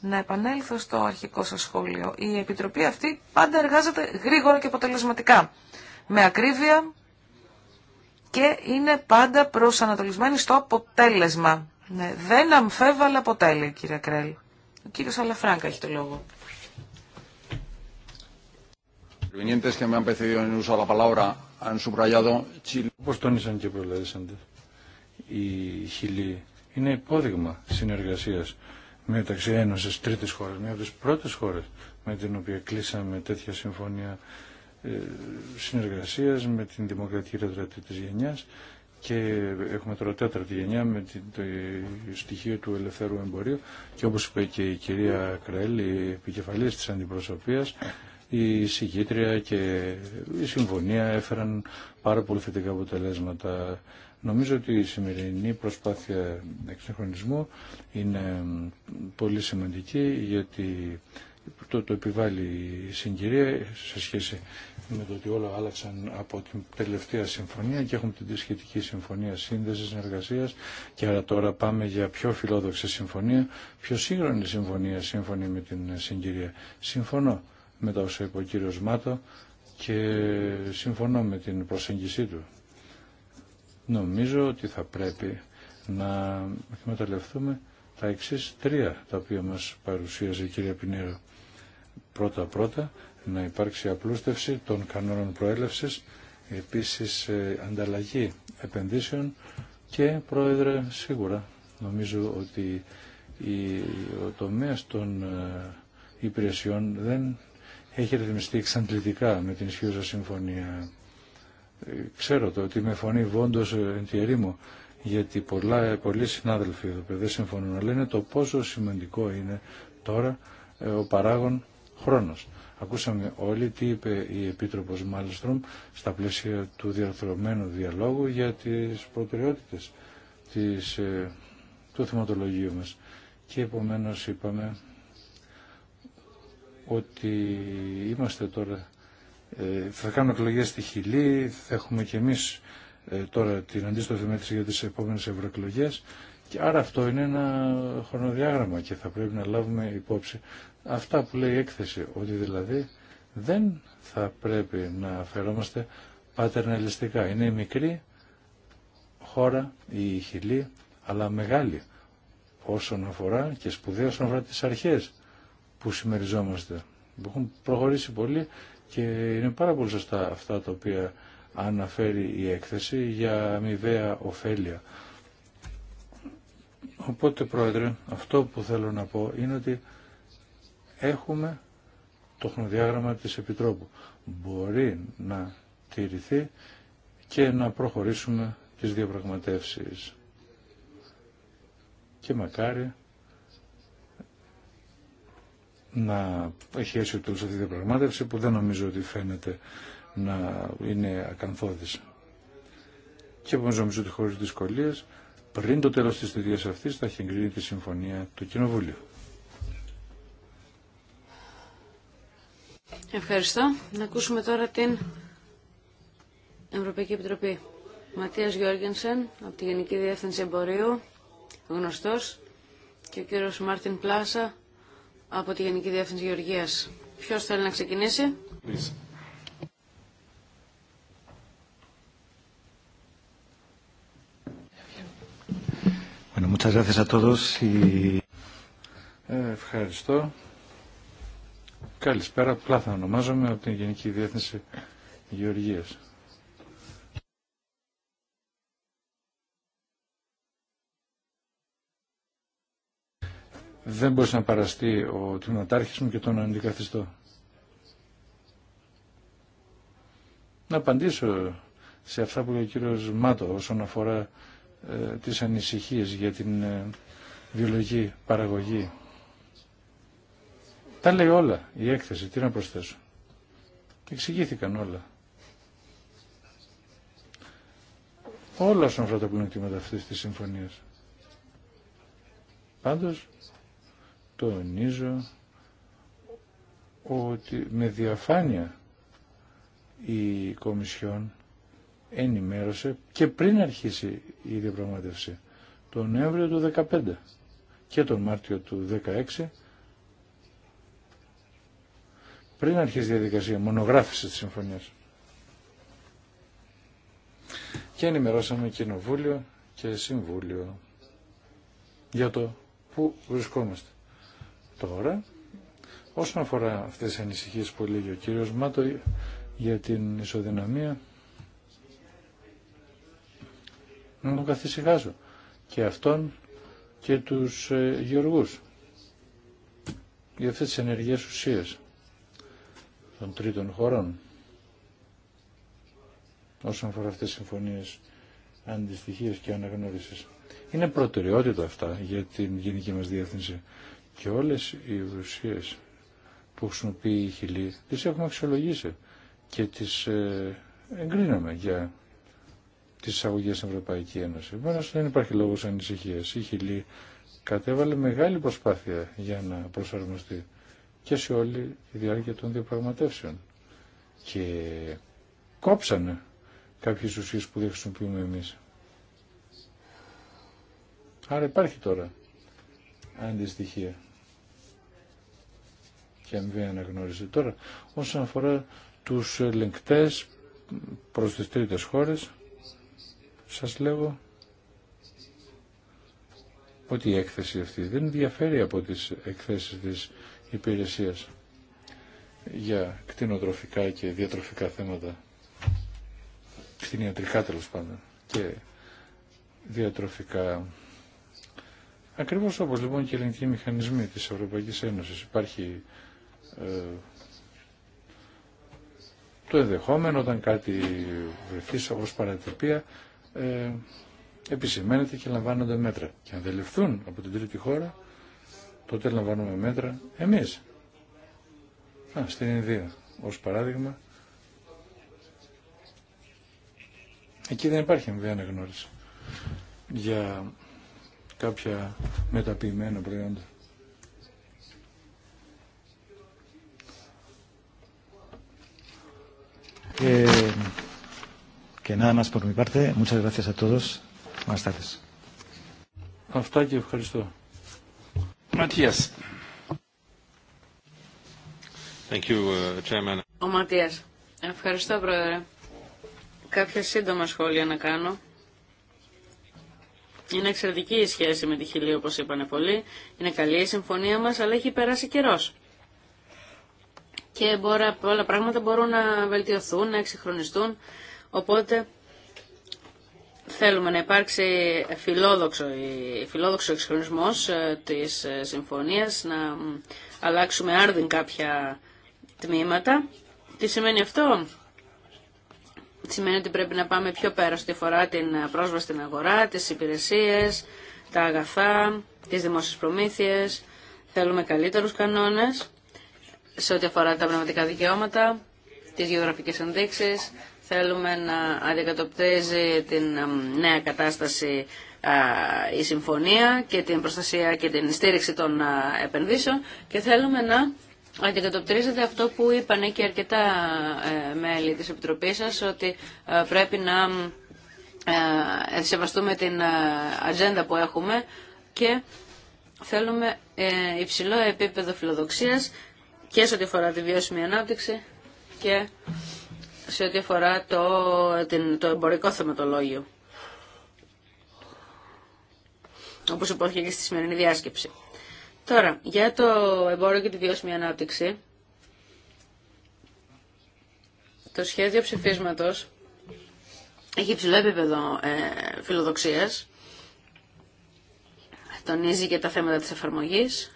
Να επανέλθω στο αρχικό σας σχόλιο. Η Επιτροπή αυτή πάντα εργάζεται γρήγορα και αποτελεσματικά. Με ακρίβεια και είναι πάντα προσανατολισμένη στο αποτέλεσμα. Ναι, δεν αμφέβαλα ποτέ, κύριε Κρέλ. Ο κύριος Αλαφράγκα έχει το λόγο. Όπως τόνισαν και προλαλήσαντε, η Χιλή είναι υπόδειγμα συνεργασίας μεταξύ Ένωση τρίτης χώρα, μια από τις πρώτες χώρες με την οποία κλείσαμε τέτοια συμφωνία ε, συνεργασία με την Δημοκρατική Ρετρατή τη Γενιά και έχουμε τώρα τέταρτη γενιά με το στοιχείο του ελευθερού εμπορίου και όπως είπε και η κυρία Κρέλ, η επικεφαλής της αντιπροσωπείας, η συγκήτρια και η συμφωνία έφεραν πάρα πολύ θετικά αποτελέσματα Νομίζω ότι η σημερινή προσπάθεια εξεχρονισμού είναι πολύ σημαντική γιατί το, το επιβάλλει η συγκυρία σε σχέση με το ότι όλα άλλαξαν από την τελευταία συμφωνία και έχουμε την σχετική συμφωνία σύνδεσης συνεργασία και άρα τώρα πάμε για πιο φιλόδοξη συμφωνία, πιο σύγχρονη συμφωνία σύμφωνη με την συγκυρία. Συμφωνώ με τα όσα είπε ο κύριος Μάτο και συμφωνώ με την προσέγγιση του. Νομίζω ότι θα πρέπει να εκμεταλλευτούμε τα εξή τρία τα οποία μας παρουσίαζε η κυρία Πινέρο. Πρώτα-πρώτα να υπάρξει απλούστευση των κανόνων προέλευσης, επίσης ε, ανταλλαγή επενδύσεων και πρόεδρε σίγουρα νομίζω ότι η, ο τομέας των ε, υπηρεσιών δεν έχει ρυθμιστεί εξαντλητικά με την ισχύουσα συμφωνία ξέρω το ότι με φωνή βόντος ε, εν τη γιατί πολλά, πολλοί συνάδελφοι εδώ πέρα δεν συμφωνούν, αλλά είναι το πόσο σημαντικό είναι τώρα ε, ο παράγων χρόνος. Ακούσαμε όλοι τι είπε η Επίτροπος Μάλστρομ στα πλαίσια του διαρθρωμένου διαλόγου για τις προτεραιότητες της, ε, του θεματολογίου μας. Και επομένως είπαμε ότι είμαστε τώρα ε, θα κάνουμε εκλογές στη Χιλή, θα έχουμε και εμείς ε, τώρα την αντίστοιχη μέτρηση για τις επόμενες ευρωεκλογές. Και άρα αυτό είναι ένα χρονοδιάγραμμα και θα πρέπει να λάβουμε υπόψη αυτά που λέει η έκθεση, ότι δηλαδή δεν θα πρέπει να αφαιρόμαστε πατερναλιστικά. Είναι η μικρή χώρα, η χιλή, αλλά μεγάλη όσον αφορά και σπουδαία όσον αφορά τις αρχές που συμμεριζόμαστε. Έχουν προχωρήσει πολύ και είναι πάρα πολύ σωστά αυτά τα οποία αναφέρει η έκθεση για αμοιβαία ωφέλεια. Οπότε, Πρόεδρε, αυτό που θέλω να πω είναι ότι έχουμε το χρονοδιάγραμμα της Επιτρόπου. Μπορεί να τηρηθεί και να προχωρήσουμε τις διαπραγματεύσεις. Και μακάρι να έχει έσει του αυτή τη διαπραγμάτευση που δεν νομίζω ότι φαίνεται να είναι ακαθόδηση. Και επομένως νομίζω ότι χωρίς δυσκολίες πριν το τέλος της θητείας αυτής θα έχει εγκρίνει τη συμφωνία του Κοινοβουλίου. Ευχαριστώ. Να ακούσουμε τώρα την Ευρωπαϊκή Επιτροπή. Ματίας Γιώργενσεν από τη Γενική Διεύθυνση Εμπορίου, γνωστός, και ο κύριος Μάρτιν Πλάσα από τη Γενική Διεύθυνση Γεωργίας. Ποιος θέλει να ξεκινήσει? Ε, ευχαριστώ. Καλησπέρα. Πλάθα ονομάζομαι από την Γενική Διεύθυνση Γεωργίας. δεν μπορούσε να παραστεί ο τμήματάρχης μου και τον αντικαθιστώ. Να απαντήσω σε αυτά που λέει ο κύριος Μάτο όσον αφορά ε, τις ανησυχίες για την ε, βιολογική παραγωγή. Τα λέει όλα η έκθεση, τι να προσθέσω. Εξηγήθηκαν όλα. Όλα όσον αφορά τα πλεονεκτήματα αυτής της συμφωνίας. Πάντως, τονίζω ότι με διαφάνεια η Κομισιόν ενημέρωσε και πριν αρχίσει η διαπραγματεύση τον Νοέμβριο του 2015 και τον Μάρτιο του 2016 πριν αρχίσει η διαδικασία μονογράφηση της συμφωνίας. Και ενημερώσαμε Κοινοβούλιο και Συμβούλιο για το πού βρισκόμαστε. Τώρα, όσον αφορά αυτές τις ανησυχίες που έλεγε ο κύριος Μάτο για την ισοδυναμία, να τον καθησυχάσω και αυτόν και τους ε, γεωργούς για αυτές τις ενεργές ουσίες των τρίτων χωρών όσον αφορά αυτές τις συμφωνίες αντιστοιχίες και αναγνώρισης. Είναι προτεραιότητα αυτά για την γενική μας διεύθυνση και όλες οι ουσίες που χρησιμοποιεί η χιλή τις έχουμε αξιολογήσει και τις ε, εγκρίναμε για τις εισαγωγές στην Ευρωπαϊκή Ένωση. Επομένως δεν υπάρχει λόγος ανησυχίας. Η χιλή κατέβαλε μεγάλη προσπάθεια για να προσαρμοστεί και σε όλη τη διάρκεια των διαπραγματεύσεων. Και κόψανε κάποιες ουσίες που δεν χρησιμοποιούμε εμείς. Άρα υπάρχει τώρα αντιστοιχεία και αμοιβή αναγνώριση. Τώρα, όσον αφορά τους ελεγκτές προς τις τρίτες χώρες, σας λέγω ότι η έκθεση αυτή δεν διαφέρει από τις εκθέσεις της υπηρεσίας για κτηνοτροφικά και διατροφικά θέματα, κτηνιατρικά τέλος πάντων και διατροφικά Ακριβώ όπω λοιπόν και οι ελληνικοί μηχανισμοί τη Ευρωπαϊκή Ένωση. Υπάρχει ε, το ενδεχόμενο όταν κάτι βρεθεί ω παρατυπία ε, επισημαίνεται και λαμβάνονται μέτρα. Και αν δεν από την τρίτη χώρα, τότε λαμβάνουμε μέτρα Εμεί. στην Ινδία, ω παράδειγμα, εκεί δεν υπάρχει εμβία αναγνώριση για κάποια μεταποιημένα προϊόντα. Ε, και nada más por mi parte. Muchas gracias a todos. Buenas Αυτά και ευχαριστώ. Ματίας. Thank uh, Ο Ματίας. Ευχαριστώ, Πρόεδρε. Κάποια σύντομα σχόλια να κάνω. Είναι εξαιρετική η σχέση με τη Χιλή, όπως είπανε πολλοί. Είναι καλή η συμφωνία μας, αλλά έχει περάσει καιρός. Και όλα πολλά πράγματα μπορούν να βελτιωθούν, να εξυγχρονιστούν. Οπότε θέλουμε να υπάρξει φιλόδοξο, φιλόδοξο εξυγχρονισμός ε, της ε, συμφωνίας, να αλλάξουμε άρδιν κάποια τμήματα. Τι σημαίνει αυτό? σημαίνει ότι πρέπει να πάμε πιο πέρα στη φορά την πρόσβαση στην αγορά, τις υπηρεσίες, τα αγαθά, τις δημόσιες προμήθειες. Θέλουμε καλύτερους κανόνες σε ό,τι αφορά τα πνευματικά δικαιώματα, τις γεωγραφικές ενδείξεις. Θέλουμε να αντικατοπτρίζει την ε, νέα κατάσταση ε, η συμφωνία και την προστασία και την στήριξη των ε, επενδύσεων και θέλουμε να αντικατοπτρίζεται αυτό που είπαν και αρκετά ε, μέλη της Επιτροπής σας, ότι ε, πρέπει να ε, σεβαστούμε την ατζέντα που έχουμε και θέλουμε υψηλό επίπεδο φιλοδοξίας και σε ό,τι αφορά τη βιώσιμη ανάπτυξη και σε ό,τι αφορά το, το εμπορικό θεματολόγιο όπως υπόθηκε και στη σημερινή διάσκεψη. Τώρα, για το εμπόριο και τη βιώσιμη ανάπτυξη, το σχέδιο ψηφίσματος έχει υψηλό επίπεδο ε, φιλοδοξίας, τονίζει και τα θέματα της εφαρμογής.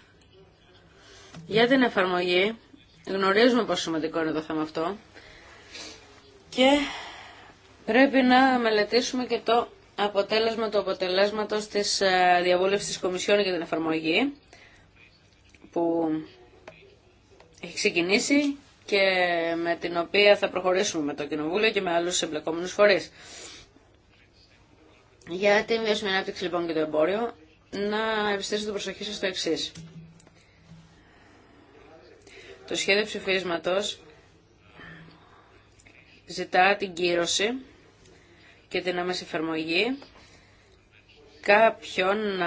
Για την εφαρμογή γνωρίζουμε πόσο σημαντικό είναι το θέμα αυτό και πρέπει να μελετήσουμε και το αποτέλεσμα του αποτελέσματος της ε, διαβούλευσης της Κομισιόν για την εφαρμογή που έχει ξεκινήσει και με την οποία θα προχωρήσουμε με το Κοινοβούλιο και με άλλους εμπλεκόμενους φορείς. Για την βιώσιμη ανάπτυξη λοιπόν και το εμπόριο, να επιστήσω την προσοχή σας στο εξής. Το σχέδιο ψηφίσματος ζητά την κύρωση και την άμεση εφαρμογή κάποιων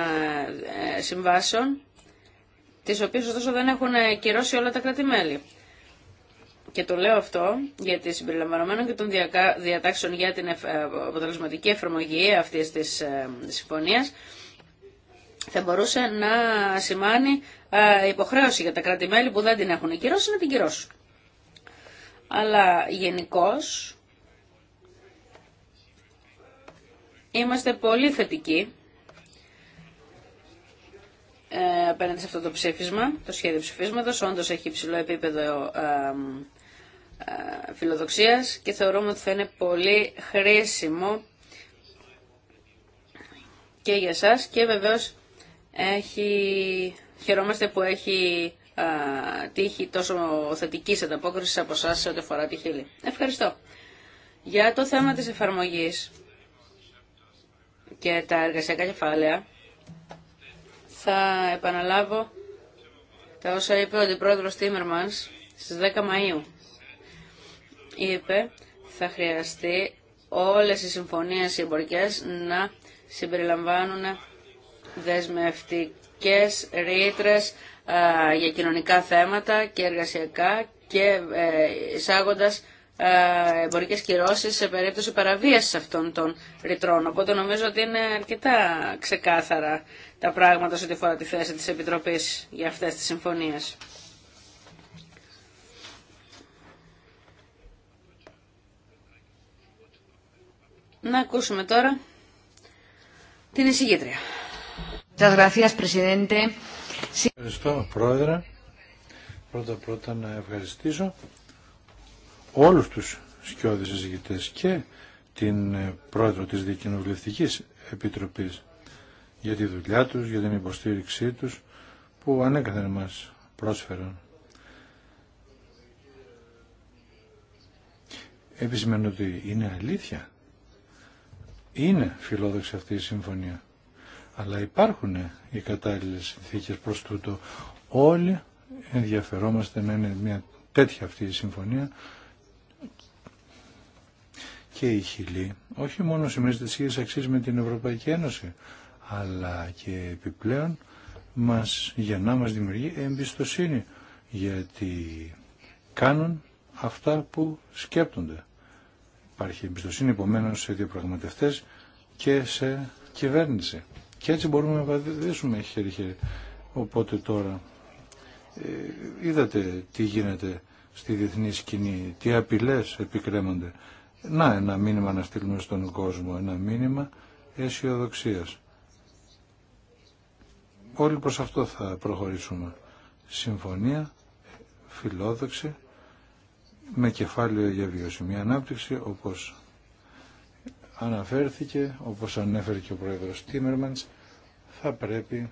ε, συμβάσεων τις οποίες ωστόσο δεν έχουν κυρώσει όλα τα κράτη-μέλη. Και το λέω αυτό γιατί συμπεριλαμβανομένων και των διατάξεων για την ε, αποτελεσματική εφαρμογή αυτή της ε, συμφωνία, θα μπορούσε να σημάνει ε, υποχρέωση για τα κράτη-μέλη που δεν την έχουν κυρώσει να την κυρώσουν. Αλλά γενικώ είμαστε πολύ θετικοί ε, απέναντι σε αυτό το ψήφισμα, το σχέδιο ψηφίσματος. όντω έχει υψηλό επίπεδο ε, ε, φιλοδοξίας και θεωρούμε ότι θα είναι πολύ χρήσιμο και για εσά. και βεβαίω έχει, χαιρόμαστε που έχει α, ε, τύχει τόσο θετική ανταπόκριση από εσά σε ό,τι αφορά τη χείλη. Ευχαριστώ. Για το θέμα της εφαρμογής και τα εργασιακά κεφάλαια, θα επαναλάβω τα όσα είπε ο αντιπρόεδρος Τίμερμανς στις 10 Μαΐου. Είπε θα χρειαστεί όλες οι συμφωνίες οι να συμπεριλαμβάνουν δεσμευτικές ρήτρε για κοινωνικά θέματα και εργασιακά και ε, εισάγοντας ε, εμπορικές κυρώσεις σε περίπτωση παραβίασης αυτών των ρητρών. Οπότε νομίζω ότι είναι αρκετά ξεκάθαρα τα πράγματα σε ό,τι φορά τη θέση της Επιτροπής για αυτές τις συμφωνίες. Να ακούσουμε τώρα την εισηγήτρια. Ευχαριστώ, Πρόεδρε. Πρώτα-πρώτα να ευχαριστήσω όλους τους σκιώδεις συζητητές και την ε, πρόεδρο της Διακοινοβουλευτικής Επιτροπής για τη δουλειά τους, για την υποστήριξή τους που ανέκαθεν μας πρόσφεραν. Επισημαίνω ότι είναι αλήθεια. Είναι φιλόδοξη αυτή η συμφωνία. Αλλά υπάρχουν οι κατάλληλες συνθήκες προς τούτο. Όλοι ενδιαφερόμαστε να είναι μια τέτοια αυτή η συμφωνία και η Χιλή όχι μόνο σε μια ίδιες αξίες με την Ευρωπαϊκή Ένωση, αλλά και επιπλέον μας, για να μας δημιουργεί εμπιστοσύνη, γιατί κάνουν αυτά που σκέπτονται. Υπάρχει εμπιστοσύνη επομένω σε διαπραγματευτές και σε κυβέρνηση. Και έτσι μπορούμε να βαδισουμε χερι χέρι-χέρι. Οπότε τώρα ε, είδατε τι γίνεται στη διεθνή σκηνή, τι απειλές επικρέμονται να, ένα μήνυμα να στείλουμε στον κόσμο, ένα μήνυμα αισιοδοξία. Όλοι προς αυτό θα προχωρήσουμε. Συμφωνία, φιλόδοξη, με κεφάλαιο για βιώσιμη ανάπτυξη, όπως αναφέρθηκε, όπως ανέφερε και ο Πρόεδρος Τίμερμαντς, θα πρέπει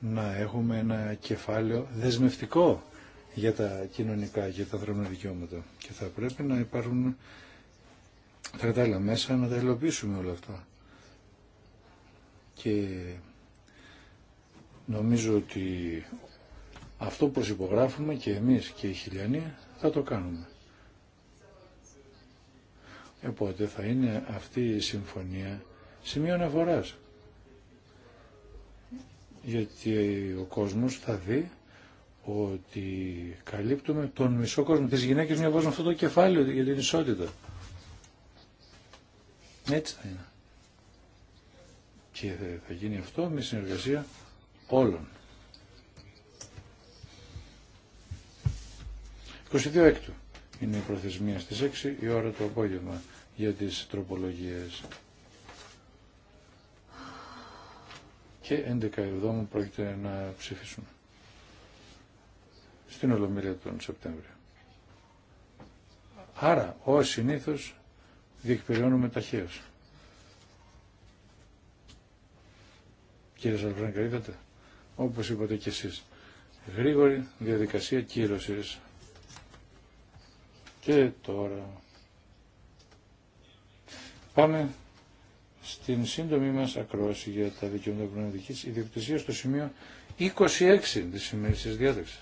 να έχουμε ένα κεφάλαιο δεσμευτικό για τα κοινωνικά, για τα δρόμενα δικαιώματα. Και θα πρέπει να υπάρχουν τα κατάλληλα μέσα να τα υλοποιήσουμε όλα αυτά. Και νομίζω ότι αυτό που υπογράφουμε και εμείς και η χιλιανοί θα το κάνουμε. Οπότε θα είναι αυτή η συμφωνία σημείο αναφοράς. Γιατί ο κόσμος θα δει ότι καλύπτουμε τον μισό κόσμο. Τις γυναίκες μια βάζουν αυτό το κεφάλαιο για την ισότητα. Έτσι θα είναι. Και θα γίνει αυτό με συνεργασία όλων. 22 έκτου είναι η προθεσμία στις 6 η ώρα το απόγευμα για τις τροπολογίες. Και 11 εβδόμου πρόκειται να ψηφίσουμε στην Ολομέλεια τον Σεπτέμβριο. Άρα, ω συνήθω διεκπεριώνουμε ταχαίω. Κύριε Σαλβράνκα, είδατε, όπως είπατε κι εσεί. γρήγορη διαδικασία κύρωσης. Και τώρα... Πάμε στην σύντομη μας ακρόαση για τα δικαιώματα Η ιδιοκτησίας στο σημείο 26 της σημερινής διάταξης.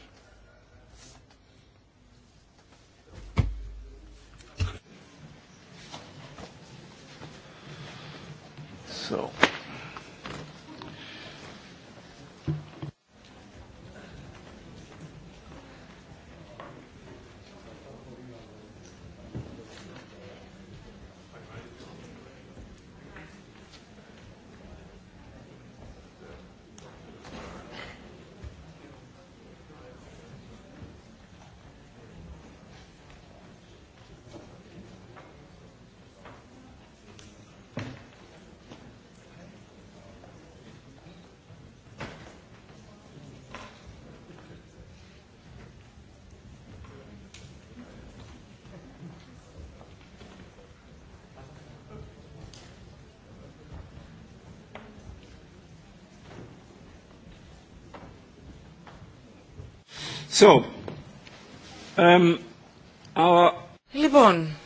So. Um, λοιπόν,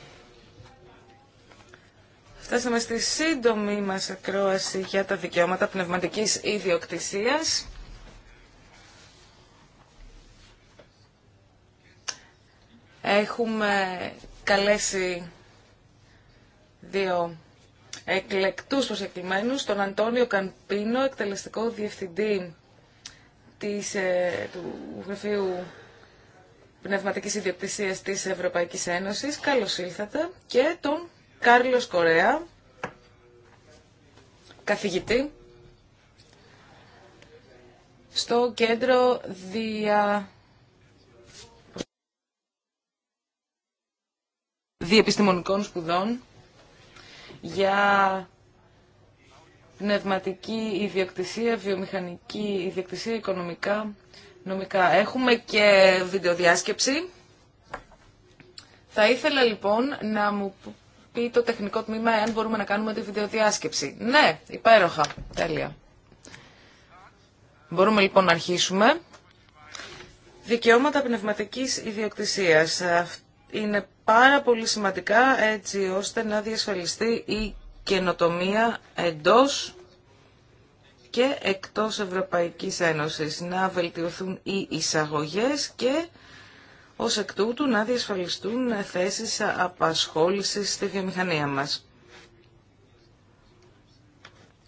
φτάσαμε στη σύντομη μας ακρόαση για τα δικαιώματα πνευματικής ιδιοκτησίας. Έχουμε καλέσει δύο εκλεκτούς προσεκτημένους, τον Αντώνιο Καμπίνο, εκτελεστικό διευθυντή της, ε, του Γραφείου Πνευματικής Ιδιοκτησίας της Ευρωπαϊκής Ένωσης. Καλώς ήλθατε. Και τον Κάρλος Κορέα, καθηγητή στο κέντρο δια... διεπιστημονικών σπουδών για πνευματική ιδιοκτησία, βιομηχανική ιδιοκτησία, οικονομικά, νομικά. Έχουμε και βιντεοδιάσκεψη. Θα ήθελα λοιπόν να μου πει το τεχνικό τμήμα εάν μπορούμε να κάνουμε τη βιντεοδιάσκεψη. Ναι, υπέροχα. Τέλεια. Μπορούμε λοιπόν να αρχίσουμε. Δικαιώματα πνευματικής ιδιοκτησίας είναι πάρα πολύ σημαντικά έτσι ώστε να διασφαλιστεί η καινοτομία εντός και εκτός Ευρωπαϊκής Ένωσης, να βελτιωθούν οι εισαγωγές και ως εκ τούτου να διασφαλιστούν θέσεις απασχόλησης στη βιομηχανία μας.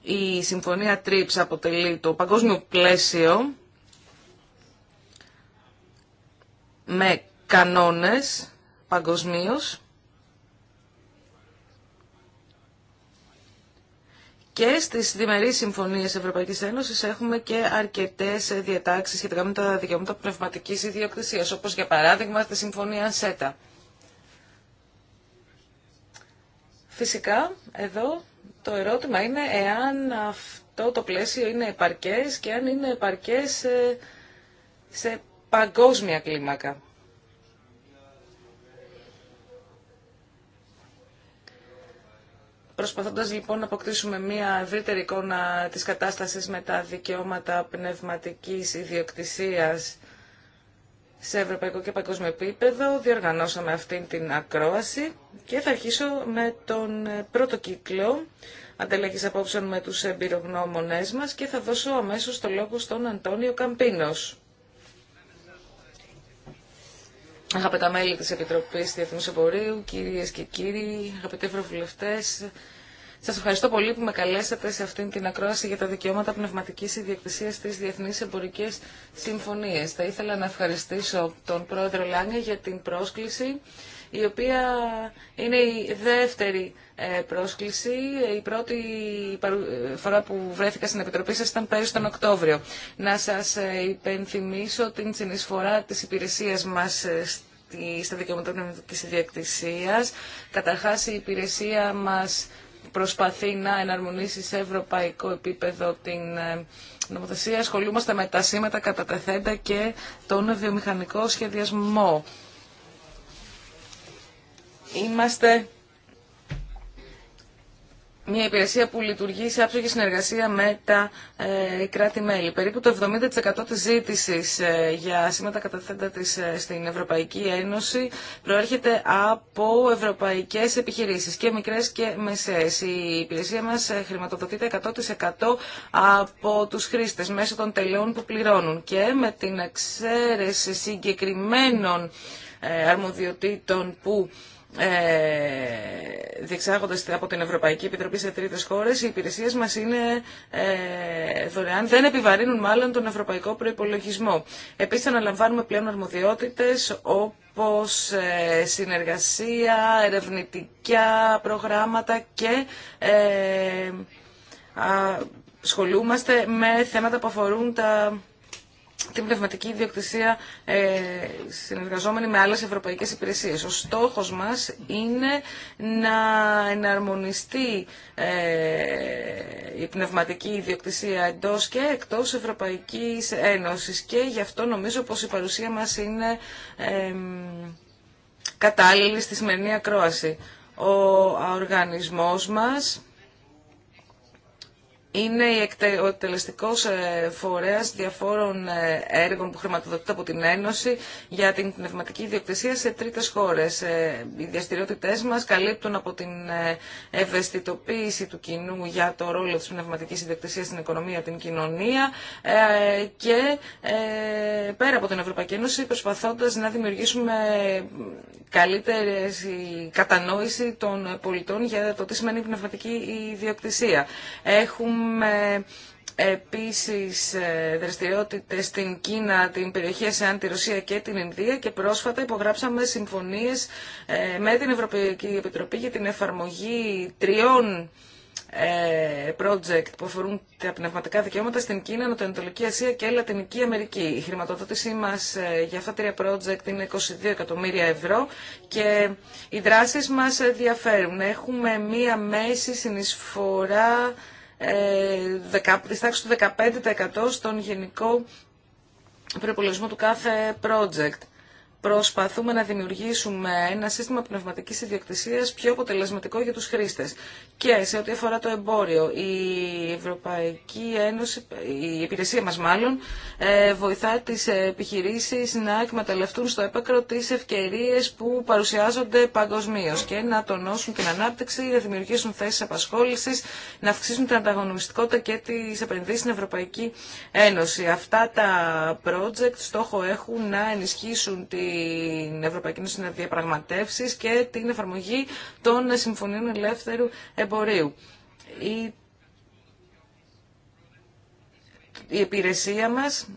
Η Συμφωνία TRIPS αποτελεί το παγκόσμιο πλαίσιο με κανόνες παγκοσμίως Και στις διμερείς συμφωνίε Ευρωπαϊκής Ένωσης έχουμε και αρκετέ διατάξει σχετικά με τα δικαιώματα πνευματική ιδιοκτησία, όπως για παράδειγμα στη Συμφωνία ΣΕΤΑ. Φυσικά, εδώ το ερώτημα είναι εάν αυτό το πλαίσιο είναι επαρκές και αν είναι επαρκές ε, σε παγκόσμια κλίμακα. Προσπαθώντας λοιπόν να αποκτήσουμε μια ευρύτερη εικόνα της κατάστασης με τα δικαιώματα πνευματικής ιδιοκτησίας σε ευρωπαϊκό και παγκόσμιο επίπεδο, διοργανώσαμε αυτήν την ακρόαση και θα αρχίσω με τον πρώτο κύκλο ανταλλαγής απόψεων με τους εμπειρογνώμονές μας και θα δώσω αμέσως το λόγο στον Αντώνιο Καμπίνος. Αγαπητά μέλη της Επιτροπής Διεθνούς Εμπορίου, κυρίες και κύριοι, αγαπητοί ευρωβουλευτές, σας ευχαριστώ πολύ που με καλέσατε σε αυτήν την ακρόαση για τα δικαιώματα πνευματικής ιδιοκτησίας στις Διεθνείς Εμπορικές Συμφωνίες. Θα ήθελα να ευχαριστήσω τον Πρόεδρο Λάνια για την πρόσκληση η οποία είναι η δεύτερη ε, πρόσκληση. Η πρώτη ε, φορά που βρέθηκα στην Επιτροπή σας ήταν πέρυσι τον Οκτώβριο. Να σας ε, υπενθυμίσω την συνεισφορά της υπηρεσίας μας στα δικαιώματα πνευματικής ιδιοκτησίας. Καταρχάς η υπηρεσία μας προσπαθεί να εναρμονίσει σε ευρωπαϊκό επίπεδο την νομοθεσία. Ασχολούμαστε με τα σήματα κατά και τον βιομηχανικό σχεδιασμό. Είμαστε μια υπηρεσία που λειτουργεί σε άψογη συνεργασία με τα ε, κράτη-μέλη. Περίπου το 70% της ζήτησης ε, για σήματα καταθέντα της ε, στην Ευρωπαϊκή Ένωση προέρχεται από ευρωπαϊκές επιχειρήσεις και μικρές και μεσαίες. Η υπηρεσία μας χρηματοδοτείται 100% από τους χρήστες μέσω των τελειών που πληρώνουν και με την εξαίρεση συγκεκριμένων αρμοδιοτήτων που ε, διεξάγονται από την Ευρωπαϊκή Επιτροπή σε τρίτες χώρες, οι υπηρεσίες μας είναι ε, δωρεάν, δεν επιβαρύνουν μάλλον τον ευρωπαϊκό προϋπολογισμό. Επίσης αναλαμβάνουμε πλέον αρμοδιότητες όπως ε, συνεργασία, ερευνητικά προγράμματα και σχολούμαστε με θέματα που αφορούν τα την πνευματική ιδιοκτησία ε, συνεργαζόμενη με άλλες ευρωπαϊκές υπηρεσίες. Ο στόχος μας είναι να εναρμονιστεί ε, η πνευματική ιδιοκτησία εντός και εκτός Ευρωπαϊκής Ένωσης και γι' αυτό νομίζω πως η παρουσία μας είναι ε, κατάλληλη στη σημερινή ακρόαση. Ο οργανισμός μας είναι ο εκτελεστικός ε, φορέας διαφόρων ε, έργων που χρηματοδοτείται από την Ένωση για την πνευματική ιδιοκτησία σε τρίτες χώρες. Ε, οι διαστηριότητε μα καλύπτουν από την ευαισθητοποίηση του κοινού για το ρόλο της πνευματική ιδιοκτησία στην οικονομία, την κοινωνία και πέρα από την Ευρωπαϊκή Ένωση προσπαθώντα να δημιουργήσουμε καλύτερη κατανόηση των πολιτών για το τι σημαίνει πνευματική ιδιοκτησία. Έχουμε Έχουμε επίσης ε, δραστηριότητες στην Κίνα, την περιοχή ΑΣΕΑΝ, τη Ρωσία και την Ινδία και πρόσφατα υπογράψαμε συμφωνίες ε, με την Ευρωπαϊκή Επιτροπή για την εφαρμογή τριών ε, project που αφορούν τα πνευματικά δικαιώματα στην Κίνα, Νοτιοανατολική Ασία και Λατινική Αμερική. Η χρηματοδότησή μας για αυτά τα τρία project είναι 22 εκατομμύρια ευρώ και οι δράσεις μας διαφέρουν. Έχουμε μία μέση συνεισφορά ε, της τάξης του 15% στον γενικό προπολογισμό του κάθε project προσπαθούμε να δημιουργήσουμε ένα σύστημα πνευματικής ιδιοκτησίας πιο αποτελεσματικό για τους χρήστες. Και σε ό,τι αφορά το εμπόριο, η Ευρωπαϊκή Ένωση, η υπηρεσία μας μάλλον, ε, βοηθά τις επιχειρήσεις να εκμεταλλευτούν στο έπακρο τις ευκαιρίες που παρουσιάζονται παγκοσμίω και να τονώσουν την ανάπτυξη, να δημιουργήσουν θέσεις απασχόλησης, να αυξήσουν την ανταγωνιστικότητα και τις επενδύσεις στην Ευρωπαϊκή Ένωση. Αυτά τα project στόχο έχουν να ενισχύσουν τη την Ευρωπαϊκή Ένωση διαπραγματεύσει και την εφαρμογή των συμφωνίων ελεύθερου εμπορίου. Η, η υπηρεσία μας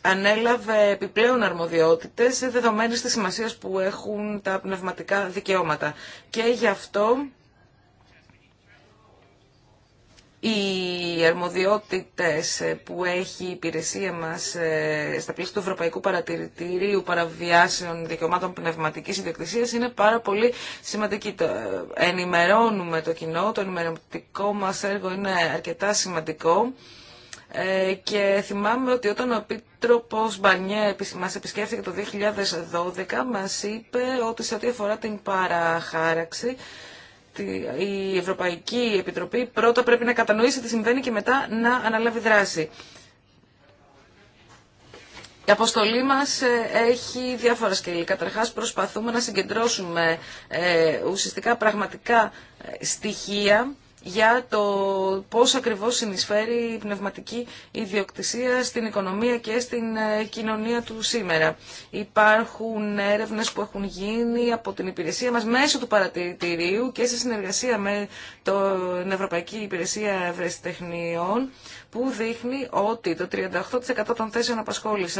ανέλαβε επιπλέον αρμοδιότητες δεδομένες της σημασίας που έχουν τα πνευματικά δικαιώματα. Και γι' αυτό οι αρμοδιότητες ε, που έχει η υπηρεσία μας ε, στα πλαίσια του Ευρωπαϊκού Παρατηρητηρίου Παραβιάσεων Δικαιωμάτων Πνευματικής Ιδιοκτησίας είναι πάρα πολύ σημαντική. Ε, ενημερώνουμε το κοινό, το ενημερωτικό μας έργο είναι αρκετά σημαντικό και θυμάμαι ότι όταν ο Επίτροπος Μπανιέ μας επισκέφθηκε το 2012 μας είπε ότι σε ό,τι αφορά την παραχάραξη η Ευρωπαϊκή Επιτροπή πρώτα πρέπει να κατανοήσει τι συμβαίνει και μετά να αναλάβει δράση. Η αποστολή μας ε, έχει διάφορα σκέλη. Καταρχάς προσπαθούμε να συγκεντρώσουμε ε, ουσιαστικά πραγματικά ε, στοιχεία για το πώς ακριβώς συνεισφέρει η πνευματική ιδιοκτησία στην οικονομία και στην ε, κοινωνία του σήμερα. Υπάρχουν έρευνες που έχουν γίνει από την υπηρεσία μας μέσω του παρατηρητηρίου και σε συνεργασία με την Ευρωπαϊκή Υπηρεσία Ευρεσιτεχνιών που δείχνει ότι το 38% των θέσεων απασχόλησης,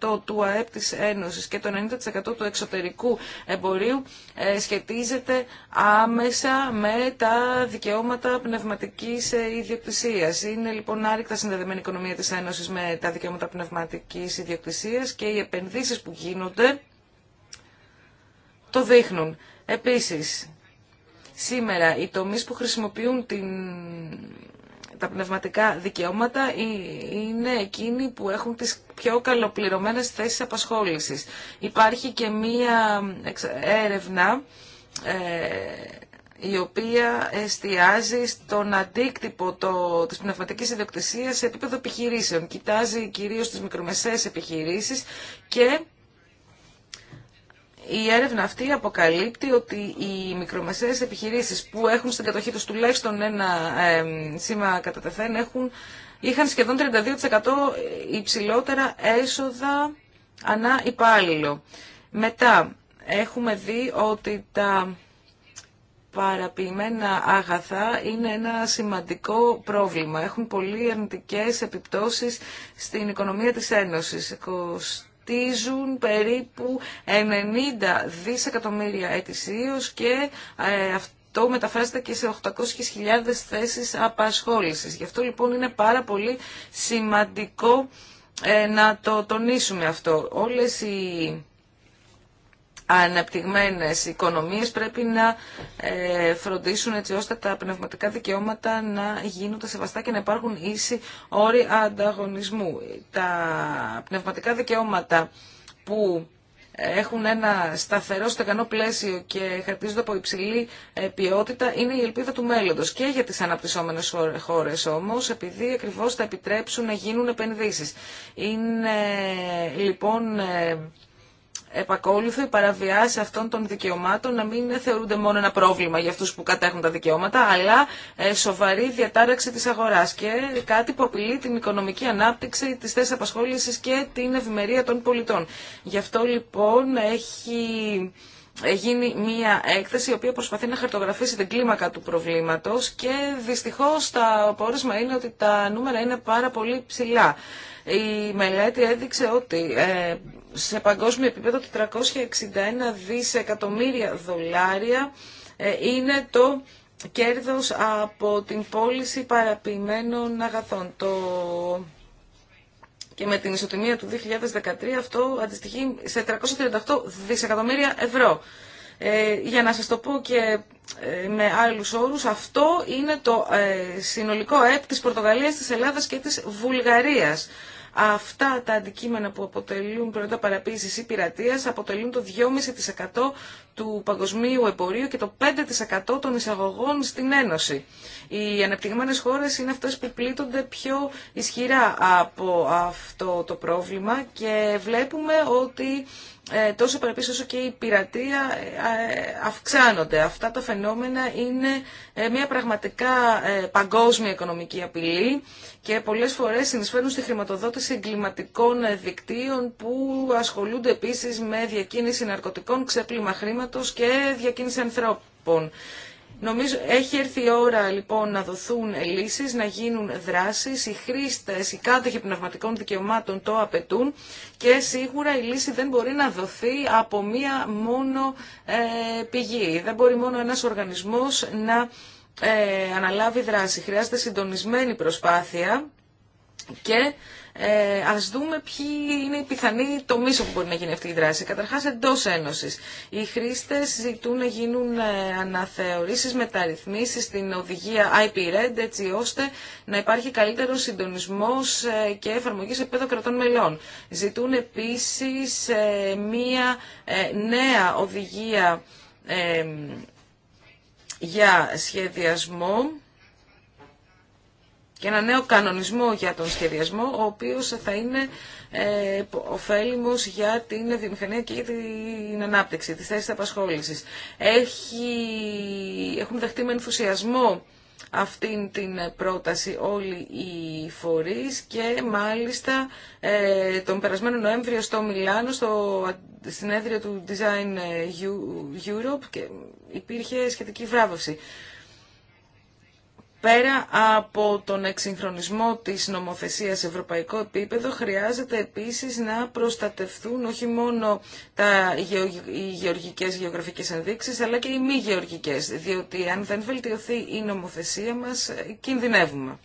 42% του ΑΕΠ της Ένωσης και το 90% του εξωτερικού εμπορίου ε, σχετίζεται άμεσα με τα δικαιώματα πνευματικής ε, ιδιοκτησίας. Είναι λοιπόν άρρηκτα συνδεδεμένη η οικονομία της Ένωσης με τα δικαιώματα πνευματικής ιδιοκτησίας και οι επενδύσεις που γίνονται το δείχνουν. Επίσης, σήμερα οι τομείς που χρησιμοποιούν την τα πνευματικά δικαιώματα είναι εκείνοι που έχουν τις πιο καλοπληρωμένες θέσεις απασχόλησης. Υπάρχει και μία έρευνα ε, η οποία εστιάζει στον αντίκτυπο το, της πνευματικής ιδιοκτησίας σε επίπεδο επιχειρήσεων. Κοιτάζει κυρίως τις μικρομεσαίες επιχειρήσεις και η έρευνα αυτή αποκαλύπτει ότι οι μικρομεσαίες επιχειρήσεις που έχουν στην κατοχή τους τουλάχιστον ένα σήμα κατατεθέν έχουν, είχαν σχεδόν 32% υψηλότερα έσοδα ανά υπάλληλο. Μετά έχουμε δει ότι τα παραποιημένα άγαθα είναι ένα σημαντικό πρόβλημα. Έχουν πολύ αρνητικές επιπτώσεις στην οικονομία της Ένωσης κοστίζουν περίπου 90 δισεκατομμύρια ετησίως και ε, αυτό μεταφράζεται και σε 800.000 θέσεις απασχόλησης. Γι' αυτό λοιπόν είναι πάρα πολύ σημαντικό ε, να το τονίσουμε αυτό. Όλες οι αναπτυγμένες οικονομίες πρέπει να ε, φροντίσουν έτσι ώστε τα πνευματικά δικαιώματα να γίνονται σεβαστά και να υπάρχουν ίση όροι ανταγωνισμού. Τα πνευματικά δικαιώματα που έχουν ένα σταθερό στεγανό πλαίσιο και χαρτίζονται από υψηλή ε, ποιότητα είναι η ελπίδα του μέλλοντος και για τις αναπτυσσόμενες χώρες όμως επειδή ακριβώς θα επιτρέψουν να γίνουν επενδύσεις. Είναι λοιπόν ε, επακόλουθο η παραβιάση αυτών των δικαιωμάτων να μην θεωρούνται μόνο ένα πρόβλημα για αυτούς που κατέχουν τα δικαιώματα, αλλά ε, σοβαρή διατάραξη της αγοράς και κάτι που απειλεί την οικονομική ανάπτυξη, τις θέσεις απασχόλησης και την ευημερία των πολιτών. Γι' αυτό λοιπόν έχει ε, γίνει μια έκθεση η οποία προσπαθεί να χαρτογραφήσει την κλίμακα του προβλήματος και δυστυχώς το πόρισμα είναι ότι τα νούμερα είναι πάρα πολύ ψηλά. Η μελέτη έδειξε ότι ε, σε παγκόσμιο επίπεδο 461 δισεκατομμύρια δολάρια ε, είναι το κέρδος από την πώληση παραποιημένων αγαθών. Το... Και με την ισοτιμία του 2013 αυτό αντιστοιχεί σε 338 δισεκατομμύρια ευρώ. Ε, για να σας το πω και ε, με άλλους όρους, αυτό είναι το ε, συνολικό ΕΠ της Πορτογαλίας, της Ελλάδας και της Βουλγαρίας. Αυτά τα αντικείμενα που αποτελούν προϊόντα παραποίησης ή πειρατείας αποτελούν το 2,5% του παγκοσμίου εμπορίου και το 5% των εισαγωγών στην Ένωση. Οι ανεπτυγμένες χώρες είναι αυτές που πλήττονται πιο ισχυρά από αυτό το πρόβλημα και βλέπουμε ότι ε, τόσο πρέπει όσο και η πειρατεία ε, ε, αυξάνονται. Αυτά τα φαινόμενα είναι μια πραγματικά παγκόσμια οικονομική απειλή και πολλές φορές συνεισφέρουν στη χρηματοδότηση εγκληματικών δικτύων που ασχολούνται επίσης με διακίνηση ναρκωτικών, ξέπλυμα χρήματος και διακίνηση ανθρώπων. Νομίζω έχει έρθει η ώρα λοιπόν να δοθούν λύσεις, να γίνουν δράσεις. Οι χρήστες, οι κάτοχοι πνευματικών δικαιωμάτων το απαιτούν και σίγουρα η λύση δεν μπορεί να δοθεί από μία μόνο ε, πηγή. Δεν μπορεί μόνο ένας οργανισμός να ε, αναλάβει δράση. Χρειάζεται συντονισμένη προσπάθεια και ε, ας δούμε ποιοι είναι οι πιθανοί τομεί όπου μπορεί να γίνει αυτή η δράση. Καταρχάς εντό Ένωση. Οι χρήστε ζητούν να γίνουν ε, αναθεωρήσεις, μεταρρυθμίσεις στην οδηγία IP-RED έτσι ώστε να υπάρχει καλύτερο συντονισμός ε, και εφαρμογή σε επίπεδο κρατών μελών. Ζητούν επίσης ε, μία νέα οδηγία για σχεδιασμό και ένα νέο κανονισμό για τον σχεδιασμό, ο οποίος θα είναι ε, ωφέλιμος για την βιομηχανία και για την ανάπτυξη, τις θέσεις απασχόλησης. Έχει, έχουν δεχτεί με ενθουσιασμό αυτήν την πρόταση όλοι οι φορείς και μάλιστα ε, τον περασμένο Νοέμβριο στο Μιλάνο, στο συνέδριο του Design ε, Europe και υπήρχε σχετική βράβευση. Πέρα από τον εξυγχρονισμό της νομοθεσίας σε ευρωπαϊκό επίπεδο, χρειάζεται επίσης να προστατευτούν όχι μόνο τα οι γεωργικές γεωγραφικές ενδείξεις, αλλά και οι μη γεωργικές, διότι αν δεν βελτιωθεί η νομοθεσία μας, κινδυνεύουμε.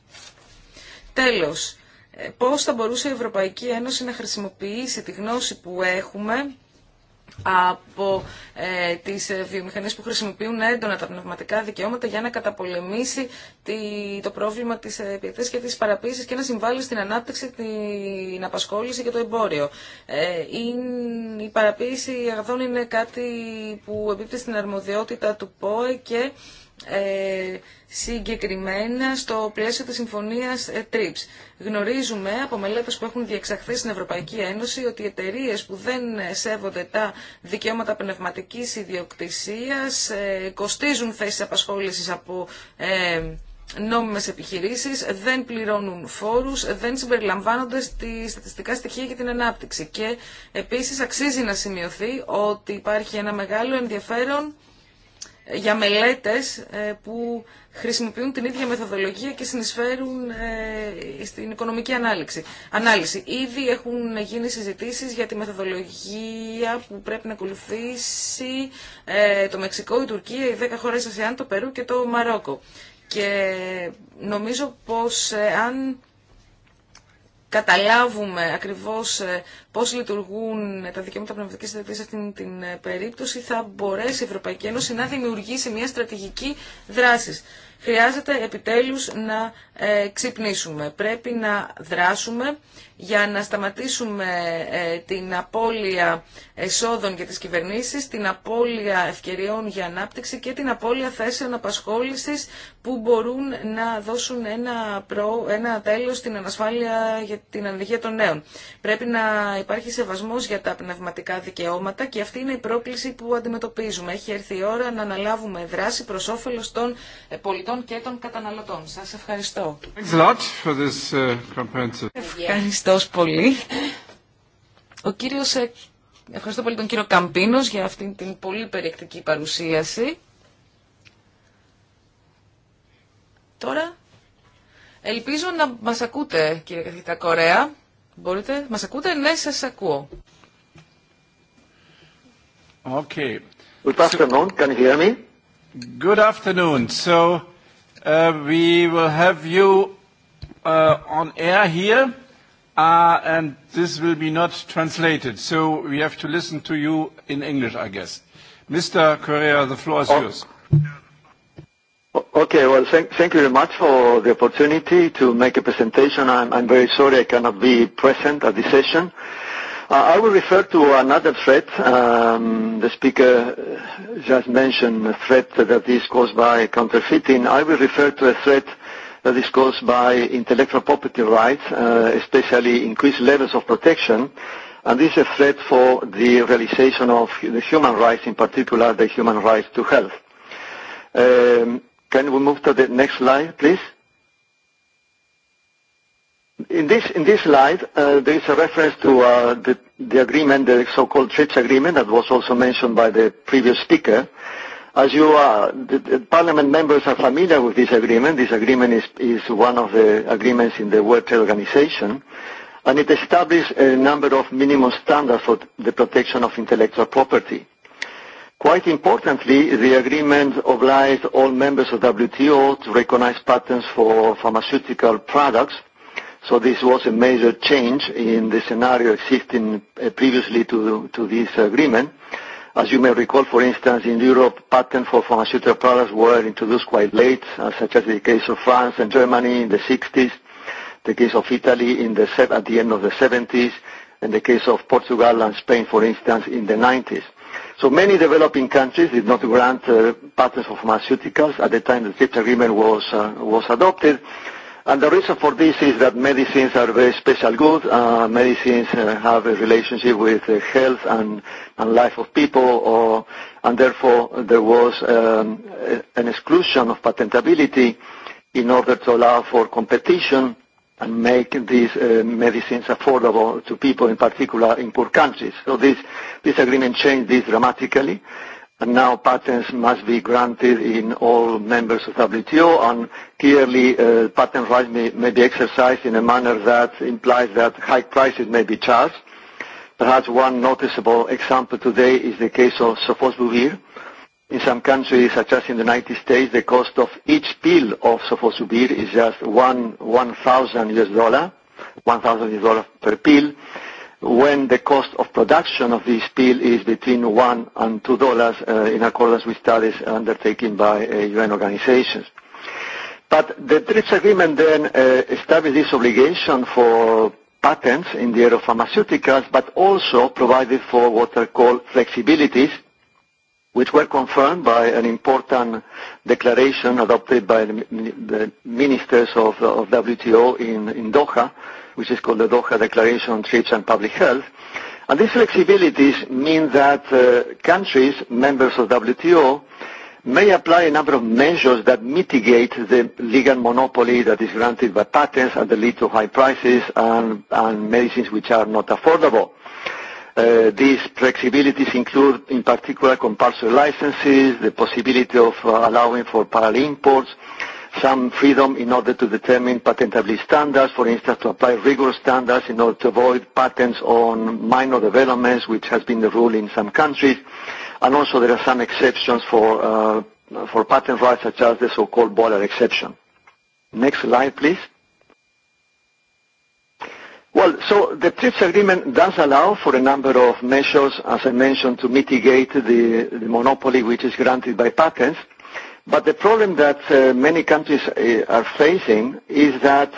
Τέλος, ε, πώς θα μπορούσε η Ευρωπαϊκή Ένωση να χρησιμοποιήσει τη γνώση που έχουμε από ε, τις ε, βιομηχανίες που χρησιμοποιούν έντονα τα πνευματικά δικαιώματα για να καταπολεμήσει το πρόβλημα της ε, ποιητής και της παραποίησης και να συμβάλλει στην ανάπτυξη, την απασχόληση και το εμπόριο. η, ε, η παραποίηση αγαθών είναι κάτι που επίπτει στην αρμοδιότητα του ΠΟΕ και ε, συγκεκριμένα στο πλαίσιο της συμφωνίας ε, TRIPS. Γνωρίζουμε από μελέτες που έχουν διεξαχθεί στην Ευρωπαϊκή Ένωση ότι οι εταιρείε που δεν σέβονται τα δικαιώματα πνευματικής ιδιοκτησίας ε, κοστίζουν θέσεις απασχόλησης από νόμιμες επιχειρήσεις, δεν πληρώνουν φόρους, δεν συμπεριλαμβάνονται στη στατιστικά στοιχεία για την ανάπτυξη. Και επίσης αξίζει να σημειωθεί ότι υπάρχει ένα μεγάλο ενδιαφέρον για μελέτες ε, που χρησιμοποιούν την ίδια μεθοδολογία και συνεισφέρουν ε, στην οικονομική ανάλυση. ανάλυση. Ήδη έχουν γίνει συζητήσεις για τη μεθοδολογία που πρέπει να ακολουθήσει ε, το Μεξικό, η Τουρκία, οι 10 χώρες Ασιαν, το Περού και το Μαρόκο. Και νομίζω πως αν καταλάβουμε ακριβώς ε, πώς λειτουργούν τα δικαιώματα πνευματικής ιδιοκτησίας σε αυτήν την ε, περίπτωση, θα μπορέσει η Ευρωπαϊκή Ένωση να δημιουργήσει μια στρατηγική δράση. Χρειάζεται επιτέλους να ε, ξυπνήσουμε. Πρέπει να δράσουμε για να σταματήσουμε ε, την απώλεια εσόδων για τις κυβερνήσεις, την απώλεια ευκαιριών για ανάπτυξη και την απώλεια θέσεων απασχόλησης που μπορούν να δώσουν ένα, προ, ένα τέλος στην ανασφάλεια για την ανεργία των νέων. Πρέπει να υπάρχει σεβασμός για τα πνευματικά δικαιώματα και αυτή είναι η πρόκληση που αντιμετωπίζουμε. Έχει έρθει η ώρα να αναλάβουμε δράση προς όφελος των ε, πολιτών και των καταναλωτών. Σας ευχαριστώ. Ευχαριστώ πολύ. Ο κύριος, ε, ευχαριστώ πολύ τον κύριο Καμπίνος για αυτήν την πολύ περιεκτική παρουσίαση. Τώρα, ελπίζω να μας ακούτε, κύριε καθηγητά Κορέα. Μπορείτε, μας ακούτε, ναι, σας ακούω. Okay. Good afternoon, can you hear me? Good afternoon. So, uh, we will have you uh, on air here and this will be not translated, so we have to listen to you in English, I guess. Mr. Correa, the floor is yours. Okay, well, thank, thank you very much for the opportunity to make a presentation. I'm, I'm very sorry I cannot be present at this session. I will refer to another threat. Um, the speaker just mentioned a threat that is caused by counterfeiting. I will refer to a threat that is caused by intellectual property rights, especially increased levels of protection, and this is a threat for the realization of the human rights, in particular the human rights to health. Can we move to the next slide, please? In this in this slide, there is a reference to the the agreement, the so-called TRIPS agreement, that was also mentioned by the previous speaker. As you are, the Parliament members are familiar with this agreement. This agreement is is one of the agreements in the World Trade Organization, and it established a number of minimum standards for the protection of intellectual property. Quite importantly, the agreement obliged all members of WTO to recognize patents for pharmaceutical products, so this was a major change in the scenario existing previously to this agreement. As you may recall, for instance, in Europe, patents for pharmaceutical products were introduced quite late, such as the case of France and Germany in the 60s, the case of Italy in the at the end of the 70s, and the case of Portugal and Spain, for instance, in the 90s. So many developing countries did not grant patents for pharmaceuticals at the time the TRIPS agreement was was adopted, And the reason for this is that medicines are very special goods. Uh, medicines have a relationship with health and, and life of people, and therefore there was an exclusion of patentability in order to allow for competition and make these medicines affordable to people, in particular in poor countries. So this, this agreement changed this dramatically and now patents must be granted in all members of WTO and clearly patent rights may be exercised in a manner that implies that high prices may be charged. Perhaps one noticeable example today is the case of sofosbuvir. In some countries, such as in the United States, the cost of each pill of sofosbuvir is just one one US dollar, one thousand US dollar per pill, when the cost of production of this steel is between one and two dollars in accordance with studies undertaken by UN organizations. But the TRIPS agreement then established this obligation for patents in the area of pharmaceuticals, but also provided for what are called flexibilities, which were confirmed by an important declaration adopted by the ministers of WTO in Doha which is called the Doha Declaration on Trips and Public Health. And these flexibilities mean that countries, members of WTO, may apply a number of measures that mitigate the legal monopoly that is granted by patents and the lead to high prices and, and medicines which are not affordable. these flexibilities include, in particular, compulsory licenses, the possibility of allowing for parallel imports, some freedom in order to determine patentability standards, for instance, to apply rigorous standards in order to avoid patents on minor developments, which has been the rule in some countries. And also there are some exceptions for for patent rights, such as the so-called boiler exception. Next slide, please. Well, so the TRIPS agreement does allow for a number of measures, as I mentioned, to mitigate the monopoly which is granted by patents. But the problem that many countries are facing is that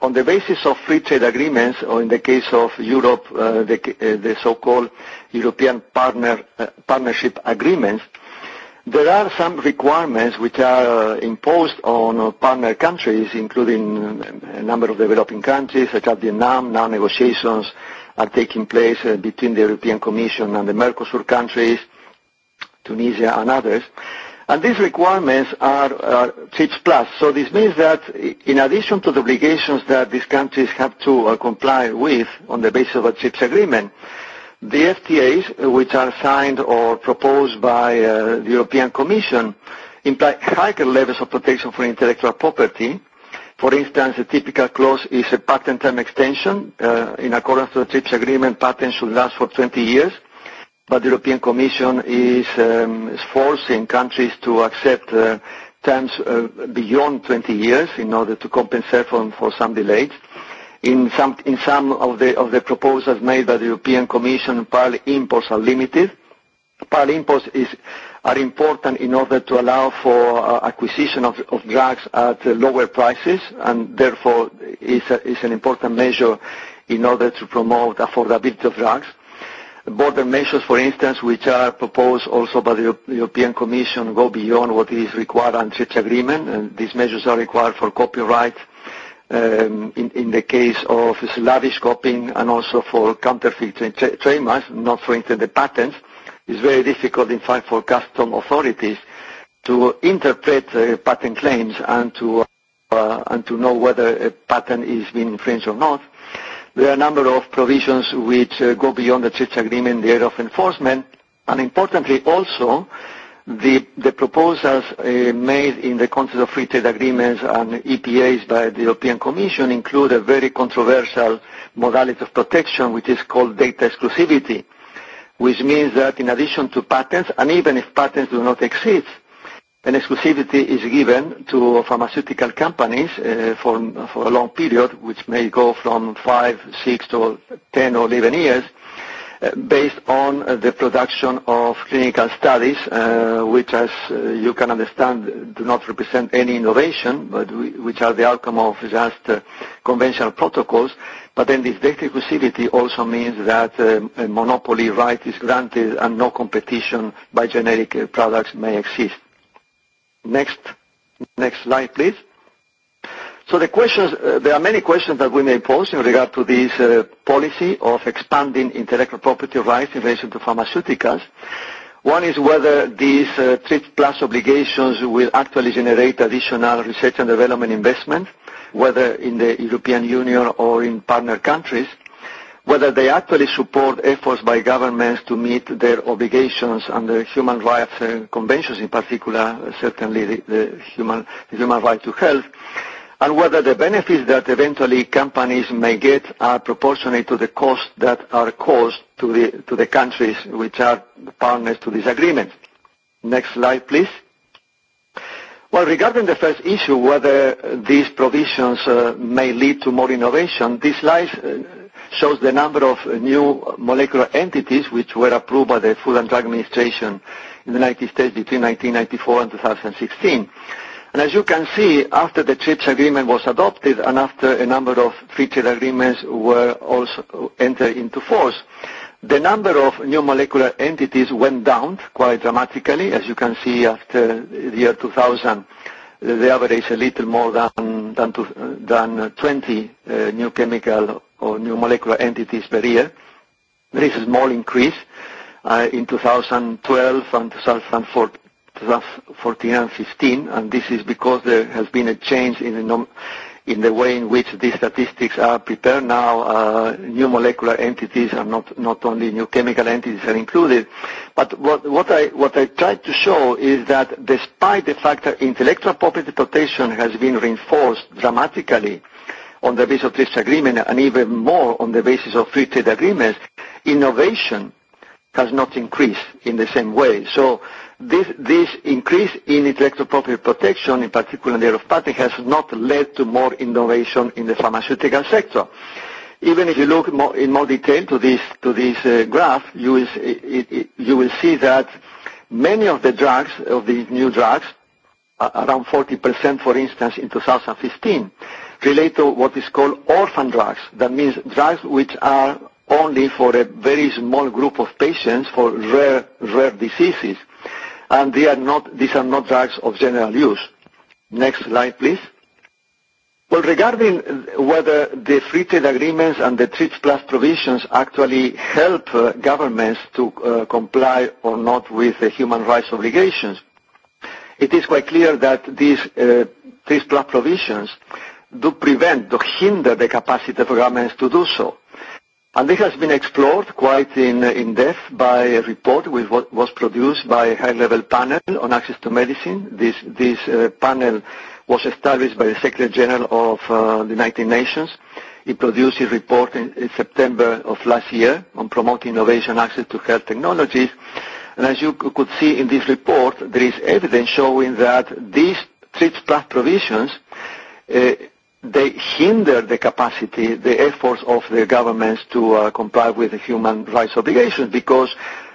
on the basis of free trade agreements, or in the case of Europe, the so-called European Partnership Agreements, there are some requirements which are imposed on partner countries, including a number of developing countries, such as Vietnam. Now negotiations are taking place between the European Commission and the Mercosur countries, Tunisia and others. And these requirements are TRIPS Plus. So this means that in addition to the obligations that these countries have to comply with on the basis of a TRIPS agreement, the FTAs, which are signed or proposed by the European Commission, imply higher levels of protection for intellectual property. For instance, a typical clause is a patent term extension. In accordance to the TRIPS agreement, patents should last for 20 years but the European Commission is forcing countries to accept terms beyond 20 years in order to compensate for some delays. In some of the proposals made by the European Commission, parallel imports are limited. Parallel imports are important in order to allow for acquisition of drugs at lower prices, and therefore is an important measure in order to promote affordability of drugs border measures, for instance, which are proposed also by the European Commission, go beyond what is required under such agreement, and these measures are required for copyright in the case of slavish copying and also for counterfeit trademarks, not for instance the patents. It's very difficult, in fact, for custom authorities to interpret patent claims and to know whether a patent is being infringed or not. There are a number of provisions which go beyond the church agreement, the area of enforcement, and importantly also the, the proposals made in the context of free trade agreements and EPAs by the European Commission include a very controversial modality of protection which is called data exclusivity, which means that in addition to patents, and even if patents do not exist, an exclusivity is given to pharmaceutical companies for a long period, which may go from five, six to 10 or 11 years, based on the production of clinical studies, which, as you can understand, do not represent any innovation, but which are the outcome of just conventional protocols. But then this exclusivity also means that a monopoly right is granted and no competition by generic products may exist. Next, next slide, please. So the questions, there are many questions that we may pose in regard to this policy of expanding intellectual property rights in relation to pharmaceuticals. One is whether these TRIPS Plus obligations will actually generate additional research and development investment, whether in the European Union or in partner countries whether they actually support efforts by governments to meet their obligations under human rights conventions, in particular, certainly the human right to health, and whether the benefits that eventually companies may get are proportionate to the costs that are caused to the to the countries which are partners to this agreement. Next slide, please. Well, regarding the first issue, whether these provisions may lead to more innovation, this slide shows the number of new molecular entities which were approved by the Food and Drug Administration in the United States between 1994 and 2016. And as you can see, after the TRIPS agreement was adopted and after a number of free trade agreements were also entered into force, the number of new molecular entities went down quite dramatically. As you can see, after the year 2000, the average is a little more than than 20 new chemical or new molecular entities per year. There is a small increase in 2012 and 2014 and 2015, and this is because there has been a change in the way in which these statistics are prepared now. New molecular entities are not only new chemical entities are included. But what I tried to show is that despite the fact that intellectual property protection has been reinforced dramatically on the basis of trade agreement and even more on the basis of free trade agreements, innovation has not increased in the same way. So this, this increase in intellectual property protection, in particular in the area of patent, has not led to more innovation in the pharmaceutical sector. Even if you look more, in more detail to this, to this graph, you will, you will see that many of the drugs, of these new drugs, around 40% for instance in 2015, relate to what is called orphan drugs. That means drugs which are only for a very small group of patients for rare rare diseases. And they are not these are not drugs of general use. Next slide please. Well, regarding whether the free trade agreements and the TRIPS Plus provisions actually help governments to comply or not with the human rights obligations, it is quite clear that these TRIPS Plus provisions do prevent, do hinder the capacity of governments to do so. And this has been explored quite in, in depth by a report which was produced by a high-level panel on access to medicine. This, this panel was established by the Secretary General of the United Nations. It produced a report in, September of last year on promoting innovation access to health technologies. And as you could see in this report, there is evidence showing that these TRIPS Plus provisions they hinder the capacity, the efforts of the governments to comply with the human rights obligations because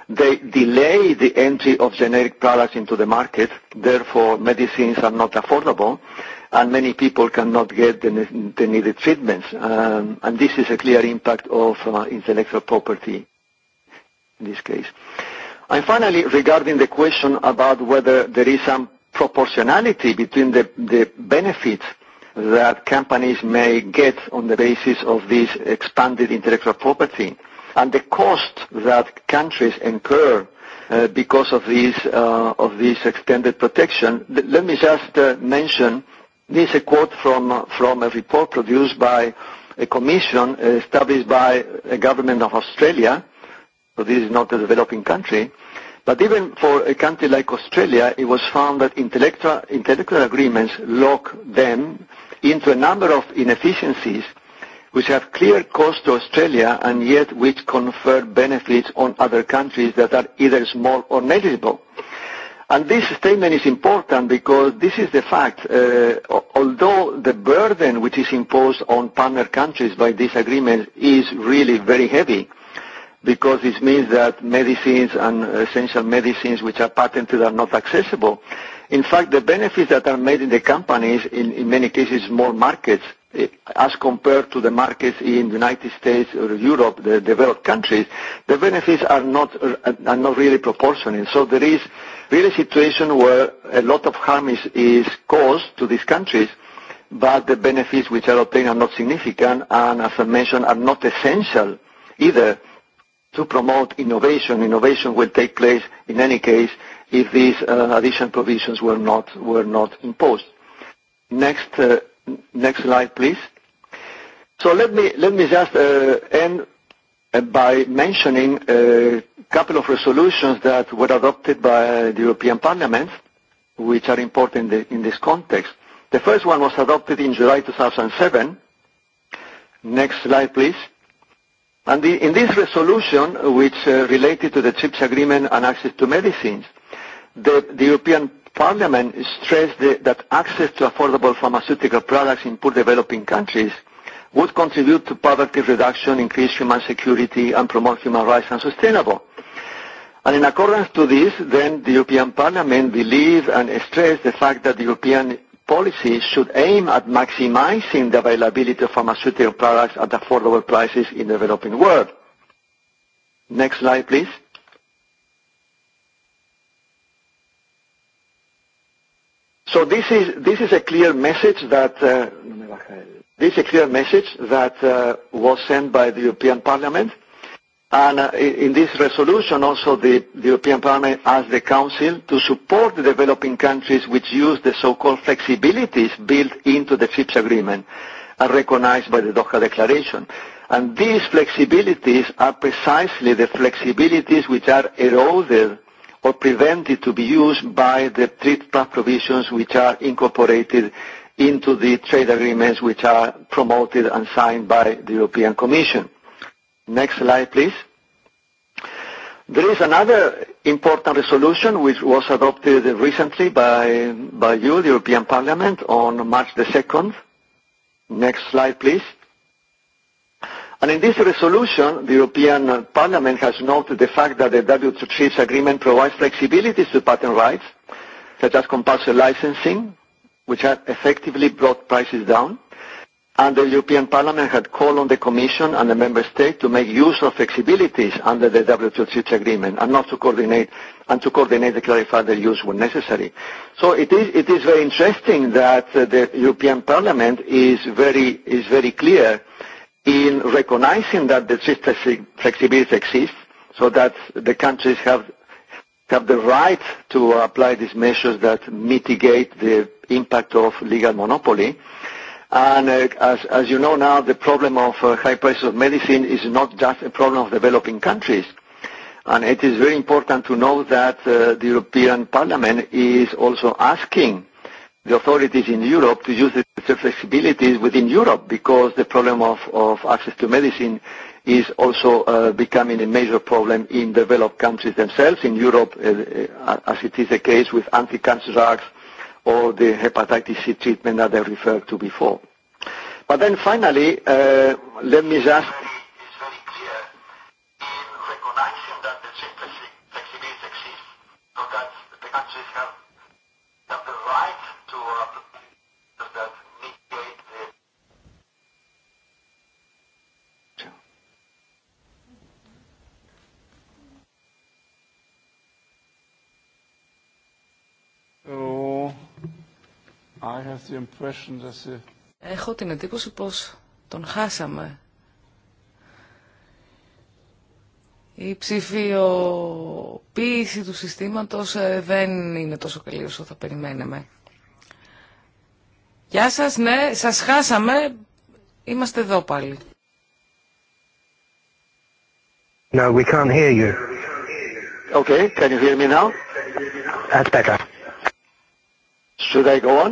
they delay the entry of generic products into the market, therefore medicines are not affordable and many people cannot get the, the needed treatments. and this is a clear impact of intellectual property in this case. And finally, regarding the question about whether there is some proportionality between the, the benefits that companies may get on the basis of this expanded intellectual property and the cost that countries incur because of this of this extended protection. Let me just mention this is a quote from from a report produced by a commission established by the government of Australia, so this is not a developing country, but even for a country like Australia, it was found that intellectual intellectual agreements lock them into a number of inefficiencies which have clear cost to Australia and yet which confer benefits on other countries that are either small or negligible. And this statement is important because this is the fact. Although the burden which is imposed on partner countries by this agreement is really very heavy, because this means that medicines and essential medicines which are patented are not accessible. In fact, the benefits that are made in the companies, in, in many cases, small markets, as compared to the markets in the United States or Europe, the developed countries, the benefits are not, are not really proportionate. So there is really a situation where a lot of harm is, is caused to these countries, but the benefits which are obtained are not significant and, as I mentioned, are not essential either to promote innovation. Innovation will take place in any case if these additional provisions were not were not imposed. Next next slide, please. So let me just end by mentioning a couple of resolutions that were adopted by the European Parliament, which are important in this context. The first one was adopted in July 2007. Next slide, please. And in this resolution, which related to the CHIPS agreement and access to medicines, the European Parliament stressed that access to affordable pharmaceutical products in poor developing countries would contribute to poverty reduction, increase human security, and promote human rights and sustainable. And in accordance to this, then the European Parliament believed and stressed the fact that the European policies should aim at maximizing the availability of pharmaceutical products at affordable prices in the developing world. Next slide, please. So this is this is a clear message that this is a clear message that was sent by the European Parliament And in this resolution, also the European Parliament asked the Council to support the developing countries which use the so-called flexibilities built into the TRIPS agreement and recognized by the Doha Declaration. And these flexibilities are precisely the flexibilities which are eroded or prevented to be used by the TRIPS provisions which are incorporated into the trade agreements which are promoted and signed by the European Commission. Next slide, please. There is another important resolution which was adopted recently by, you, the European Parliament, on March the 2nd. Next slide, please. And in this resolution, the European Parliament has noted the fact that the w 2 agreement provides flexibility to patent rights, such as compulsory licensing, which have effectively brought prices down and the European Parliament had called on the Commission and the Member State to make use of flexibilities under the WTO agreement and not to coordinate and to coordinate and clarify their use when necessary. So it is it is very interesting that the European Parliament is very is very clear in recognizing that the flexibility exists so that the countries have have the right to apply these measures that mitigate the impact of legal monopoly And as you know now, the problem of high prices of medicine is not just a problem of developing countries. And it is very important to know that the European Parliament is also asking the authorities in Europe to use the flexibilities within Europe because the problem of access to medicine is also becoming a major problem in developed countries themselves, in Europe, as it is the case with anti-cancer drugs or the hepatitis C treatment that I referred to before. But then finally, let me just Έχω την εντύπωση πως τον χάσαμε. Η ψηφιοποίηση του συστήματος ε, δεν είναι τόσο καλή όσο θα περιμέναμε. Γεια σας, ναι, σας χάσαμε. Είμαστε εδώ πάλι. No, we can't hear you. Okay, can you hear me now? That's better. Should I go on?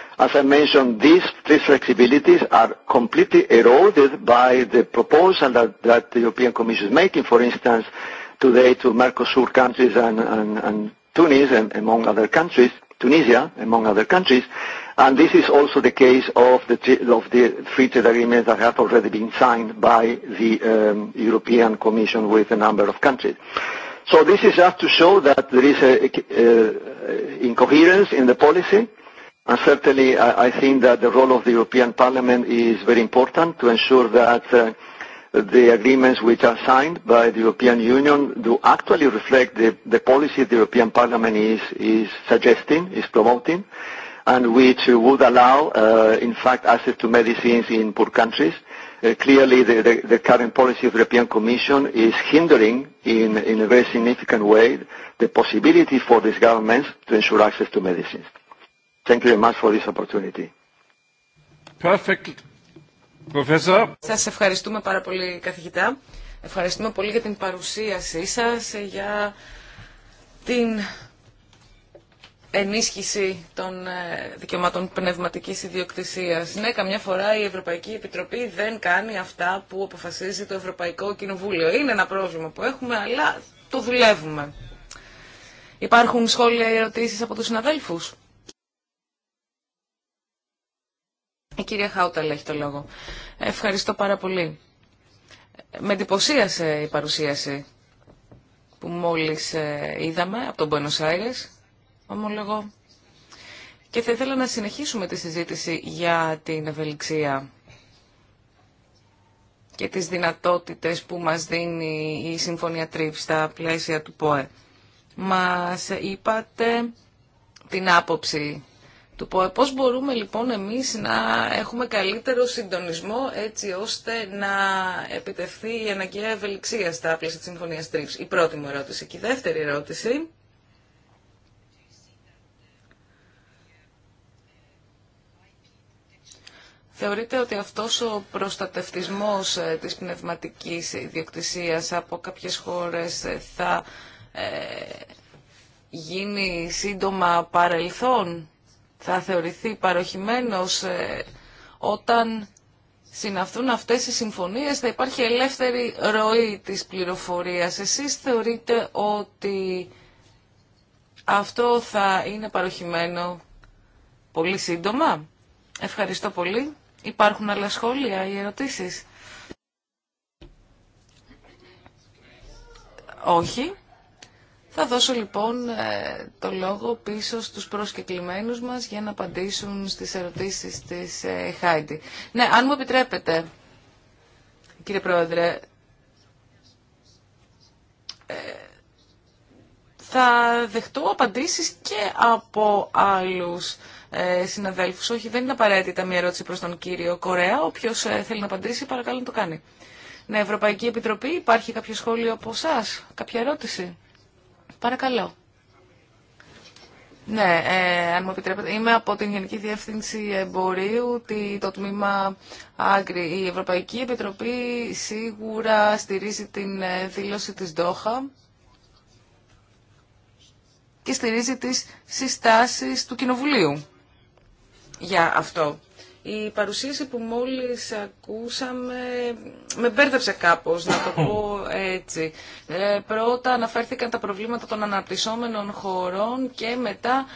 As I mentioned, these three flexibilities are completely eroded by the proposal that the European Commission is making, for instance, today to Mercosur countries and Tunis, and among other countries, Tunisia, among other countries. And this is also the case of the free trade agreements that have already been signed by the European Commission with a number of countries. So this is just to show that there is a incoherence in the policy certainly, I think that the role of the European Parliament is very important to ensure that the agreements which are signed by the European Union do actually reflect the policy the European Parliament is suggesting, is promoting, and which would allow, in fact, access to medicines in poor countries. Clearly, the current policy of the European Commission is hindering, in a very significant way, the possibility for these governments to ensure access to medicines. Thank Σας ευχαριστούμε πάρα πολύ καθηγητά. Ευχαριστούμε πολύ για την παρουσίασή σας, για την ενίσχυση των ε, δικαιωμάτων πνευματικής ιδιοκτησίας. Ναι, καμιά φορά η Ευρωπαϊκή Επιτροπή δεν κάνει αυτά που αποφασίζει το Ευρωπαϊκό Κοινοβούλιο. Είναι ένα πρόβλημα που έχουμε, αλλά το δουλεύουμε. Υπάρχουν σχόλια ή ερωτήσεις από τους συναδέλφους. Η κυρία Χάουταλ έχει το λόγο. Ευχαριστώ πάρα πολύ. Με εντυπωσίασε η παρουσίαση που μόλις ε, είδαμε από τον Buenos Aires, ομολογώ. Και θα ήθελα να συνεχίσουμε τη συζήτηση για την ευελιξία και τις δυνατότητες που μας δίνει η Συμφωνία Τρίφ στα πλαίσια του ΠΟΕ. Μας είπατε την άποψη το Πώς μπορούμε λοιπόν εμείς να έχουμε καλύτερο συντονισμό έτσι ώστε να επιτευχθεί η αναγκαία ευελιξία στα πλαίσια της Συμφωνίας Τρίψ. Η πρώτη μου ερώτηση. Και η δεύτερη ερώτηση. Θεωρείτε ότι αυτός ο προστατευτισμός ε, της πνευματικής ιδιοκτησίας από κάποιες χώρες ε, θα ε, γίνει σύντομα παρελθόν θα θεωρηθεί παροχημένος ε, όταν συναυτούν αυτές οι συμφωνίες θα υπάρχει ελεύθερη ροή της πληροφορίας. Εσείς θεωρείτε ότι αυτό θα είναι παροχημένο πολύ σύντομα. Ευχαριστώ πολύ. Υπάρχουν άλλα σχόλια ή ερωτήσεις. Όχι. Θα δώσω λοιπόν ε, το λόγο πίσω στους προσκεκλημένους μας για να απαντήσουν στις ερωτήσεις της ε, Χάιντι. Ναι, αν μου επιτρέπετε, κύριε Πρόεδρε, ε, θα δεχτώ απαντήσεις και από άλλους συναδέλφους. Όχι, δεν είναι απαραίτητα μια ερώτηση προς τον κύριο Κορέα. Όποιος θέλει να απαντήσει, παρακαλώ να το κάνει. Ναι, Ευρωπαϊκή Επιτροπή, υπάρχει κάποιο σχόλιο από εσά, κάποια ερώτηση. Παρακαλώ. Ναι, ε, αν μου επιτρέπετε, είμαι από την Γενική Διεύθυνση Εμπορίου, το τμήμα Άγκρη. Η Ευρωπαϊκή Επιτροπή σίγουρα στηρίζει την ε, δήλωση της ΔΟΧΑ και στηρίζει τις συστάσεις του Κοινοβουλίου για αυτό. Η παρουσίαση που μόλις ακούσαμε με μπέρδεψε κάπως, να το πω έτσι. Ε, πρώτα αναφέρθηκαν τα προβλήματα των αναπτυσσόμενων χωρών και μετά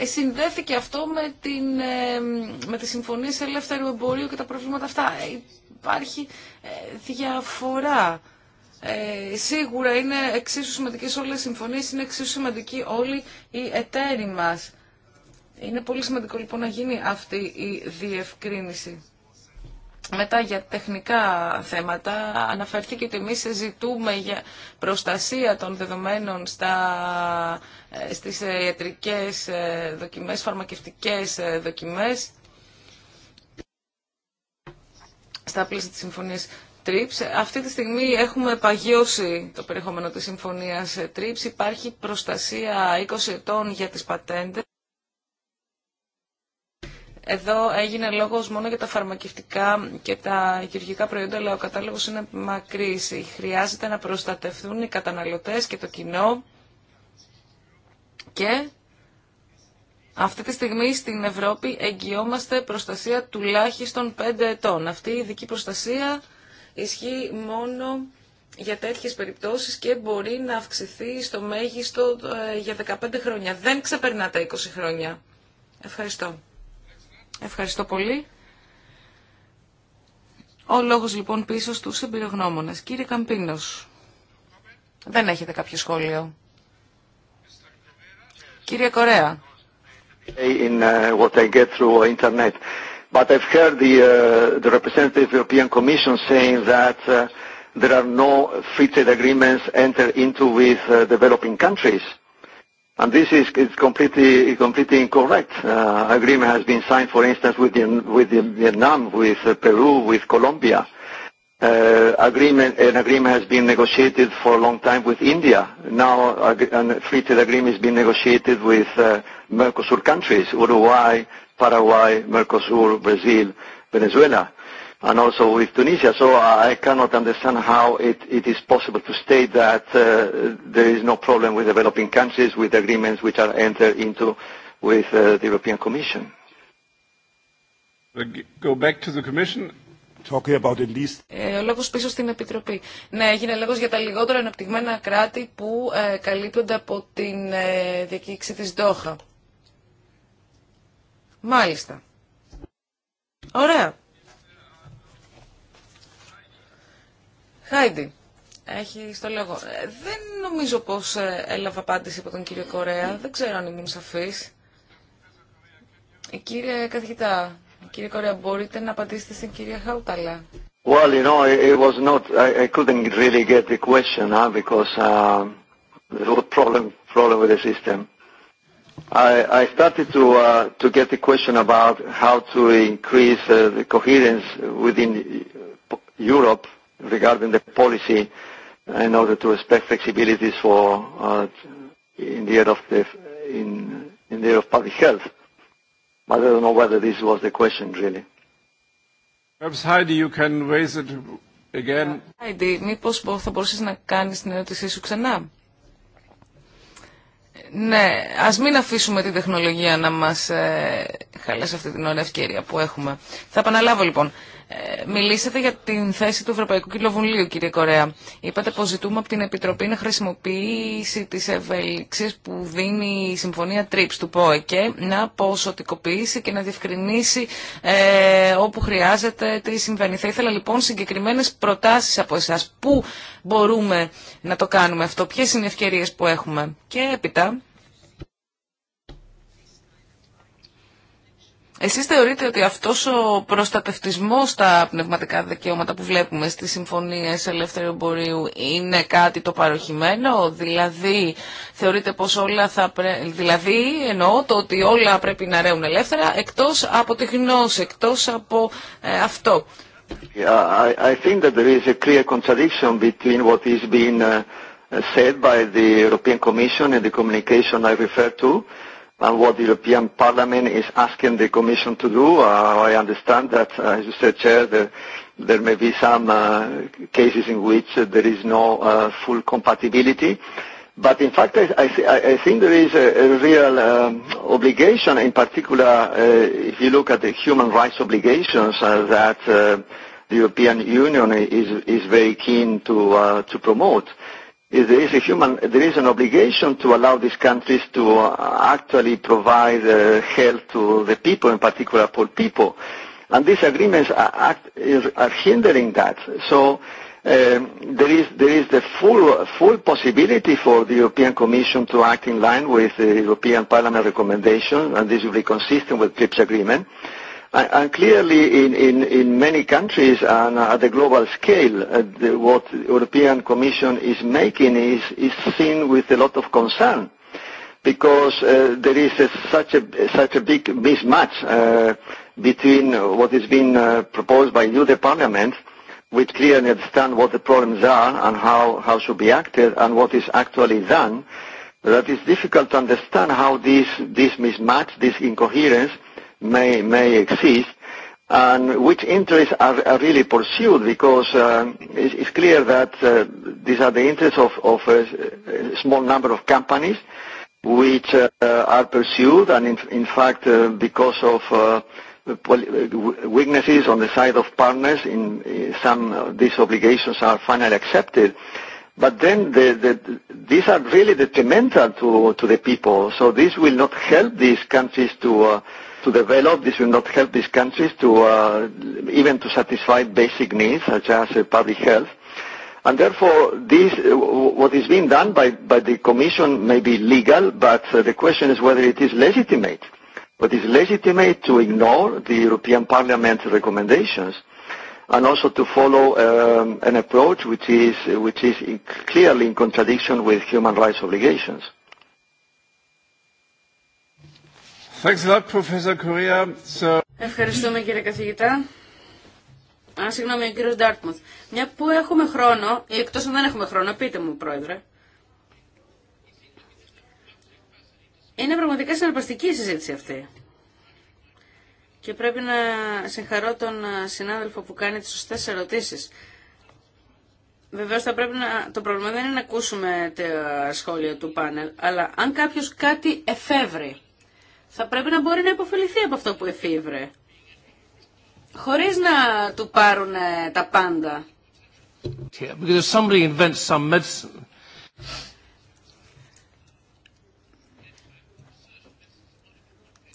ε, συνδέθηκε αυτό με, την, ε, με τις συμφωνίες ελεύθερου εμπορίου και τα προβλήματα αυτά. Ε, υπάρχει ε, διαφορά. Σίγουρα είναι εξίσου σημαντικές όλες οι συμφωνίες, είναι εξίσου σημαντικοί όλοι οι εταίροι μας. Είναι πολύ σημαντικό λοιπόν να γίνει αυτή η διευκρίνηση. Μετά για τεχνικά θέματα αναφερθήκε ότι εμείς ζητούμε για προστασία των δεδομένων στα, ε, στις ε, ιατρικές ε, δοκιμές, φαρμακευτικές δοκιμές στα πλαίσια της συμφωνίας TRIPS. Αυτή τη στιγμή έχουμε παγιώσει το περιεχόμενο της συμφωνίας TRIPS. Υπάρχει προστασία 20 ετών για τις πατέντες. Εδώ έγινε λόγο μόνο για τα φαρμακευτικά και τα χειρουργικά προϊόντα, αλλά ο κατάλογο είναι μακρύ. Χρειάζεται να προστατευτούν οι καταναλωτέ και το κοινό και αυτή τη στιγμή στην Ευρώπη εγγυόμαστε προστασία τουλάχιστον 5 ετών. Αυτή η ειδική προστασία ισχύει μόνο για τέτοιες περιπτώσεις και μπορεί να αυξηθεί στο μέγιστο ε, για 15 χρόνια. Δεν ξεπερνά τα 20 χρόνια. Ευχαριστώ. Ευχαριστώ πολύ. Ο λόγος λοιπόν πίσω στους εμπειρογνώμονες. Κύριε Καμπίνος, δεν έχετε κάποιο σχόλιο. Κύριε Κορέα. In what I get through internet. But I've heard the, uh, the representative of the European Commission saying that uh, there are no free trade agreements entered into with uh, developing countries. And this is it's completely completely incorrect. Uh, agreement has been signed, for instance, with with Vietnam, with Peru, with Colombia. Uh, agreement an agreement has been negotiated for a long time with India. Now a free trade agreement has been negotiated with Mercosur countries: Uruguay, Paraguay, Mercosur, Brazil, Venezuela and also with Tunisia. So I cannot understand how it it is possible to state that there is no problem with developing countries with agreements which are entered into with the European Commission. Go back to the Commission. Talking about at least... ε, ο λόγος πίσω στην Επιτροπή. Ναι, έγινε λόγος για τα λιγότερα αναπτυγμένα κράτη που ε, καλύπτονται από την ε, διακήρυξη της Ντόχα. Μάλιστα. Ωραία. Χάιντι, έχει το λόγο. Δεν νομίζω πως έλαβα απάντηση από τον κύριο Κορέα. Δεν ξέρω αν ήμουν Ε, Κύριε καθηγητά, κύριε Κορέα, μπορείτε να απαντήσετε στην κυρία Χαουταλά. Well, you know, it was not, I, I couldn't really get the question huh, because uh, there was a problem, problem with the system. I, I started to, uh, to get the question about how to increase uh, the coherence within Europe regarding the policy in order to respect flexibilities for in the area of the in in the area of public health. But I don't know whether this was the question really. Perhaps Heidi, you can raise it again. Heidi, μήπως θα μπορούσες να κάνεις την ερώτησή σου ξανά. Ναι, ας μην αφήσουμε την τεχνολογία να μας ε, χαλάσει αυτή την ωραία ευκαιρία που έχουμε. Θα επαναλάβω λοιπόν. Ε, μιλήσατε για την θέση του Ευρωπαϊκού Κοινοβουλίου, κύριε Κορέα. Είπατε πω ζητούμε από την Επιτροπή να χρησιμοποιήσει τις ευελιξίες που δίνει η Συμφωνία TRIPS του ΠΟΕ και να ποσοτικοποιήσει και να διευκρινίσει ε, όπου χρειάζεται τι συμβαίνει. Θα ήθελα λοιπόν συγκεκριμένες προτάσεις από εσά, Πού μπορούμε να το κάνουμε αυτό, ποιε είναι οι ευκαιρίε που έχουμε. Και έπειτα, Εσείς θεωρείτε ότι αυτός ο προστατευτισμός στα πνευματικά δικαιώματα που βλέπουμε στις συμφωνίες ελεύθερου εμπορίου είναι κάτι το παροχημένο, δηλαδή θεωρείτε πως όλα θα πρέπει, δηλαδή εννοώ το ότι όλα πρέπει να ρέουν ελεύθερα εκτός από τη γνώση, εκτός από ε, αυτό. Yeah, I, I think that there is a clear contradiction between what is being uh, said by the European Commission and the communication I refer to and what the European Parliament is asking the Commission to do. I understand that, as you said, Chair, there may be some cases in which there is no full compatibility. But in fact, I think there is a real obligation, in particular, if you look at the human rights obligations that the European Union is very keen to promote is there is a human there is an obligation to allow these countries to actually provide health to the people, in particular poor people, and these agreements are are hindering that. So there is there is the full full possibility for the European Commission to act in line with the European Parliament recommendation, and this will be consistent with TRIPS agreement. And clearly in many countries and at the global scale, what the European Commission is making is seen with a lot of concern because there is such a big mismatch between what is being proposed by you, the Parliament, which clearly understand what the problems are and how how should be acted and what is actually done, that it's difficult to understand how this mismatch, this incoherence, may may exist and which interests are, really pursued because it's, it's clear that these are the interests of, of a, small number of companies which are pursued and in, fact because of weaknesses on the side of partners in some of these obligations are finally accepted but then these are really detrimental to, to the people so this will not help these countries to to develop. This will not help these countries to even to satisfy basic needs such as public health. And therefore, this, what is being done by, by the Commission may be legal, but the question is whether it is legitimate. But it is legitimate to ignore the European Parliament's recommendations and also to follow an approach which is, which is clearly in contradiction with human rights obligations. Ευχαριστούμε κύριε καθηγητά. Α, συγγνώμη, ο κύριο Ντάρτμουθ. Μια που έχουμε χρόνο, ή εκτό αν δεν έχουμε χρόνο, πείτε μου, πρόεδρε. Είναι πραγματικά συναρπαστική η συζήτηση αυτή. Και πρέπει να συγχαρώ τον συνάδελφο που κάνει τις σωστές ερωτήσεις. Βεβαίω θα πρέπει να. Το πρόβλημα δεν είναι να ακούσουμε τα σχόλια του πάνελ, αλλά αν κάποιο κάτι εφεύρει θα πρέπει να μπορεί να υποφεληθεί από αυτό που εφήβρε. Χωρίς να του πάρουν τα πάντα. Yeah, because somebody invents some medicine.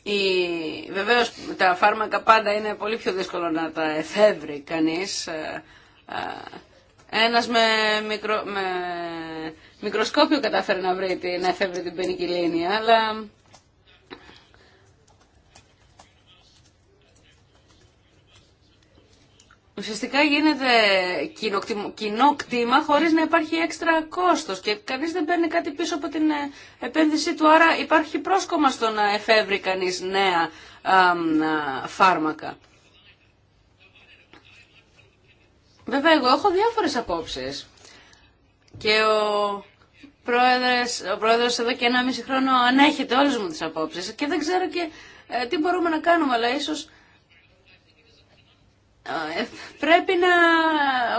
Η... Βεβαίως τα φάρμακα πάντα είναι πολύ πιο δύσκολο να τα εφεύρει κανείς. Ε, ε, ένας με, μικρο... με μικροσκόπιο κατάφερε να βρει την να εφεύρει την πενικυλίνη, αλλά Ουσιαστικά γίνεται κοινό, κοινό κτήμα χωρίς να υπάρχει έξτρα κόστος και κανείς δεν παίρνει κάτι πίσω από την ε, επένδυσή του, άρα υπάρχει πρόσκομα στο να εφεύρει κανείς νέα φάρμακα. Βέβαια, εγώ έχω διάφορες απόψεις και ο πρόεδρος, ο πρόεδρος εδώ και ένα μισή χρόνο ανέχεται όλες μου τις απόψεις και δεν ξέρω και ε, τι μπορούμε να κάνουμε, αλλά ίσως ε, πρέπει να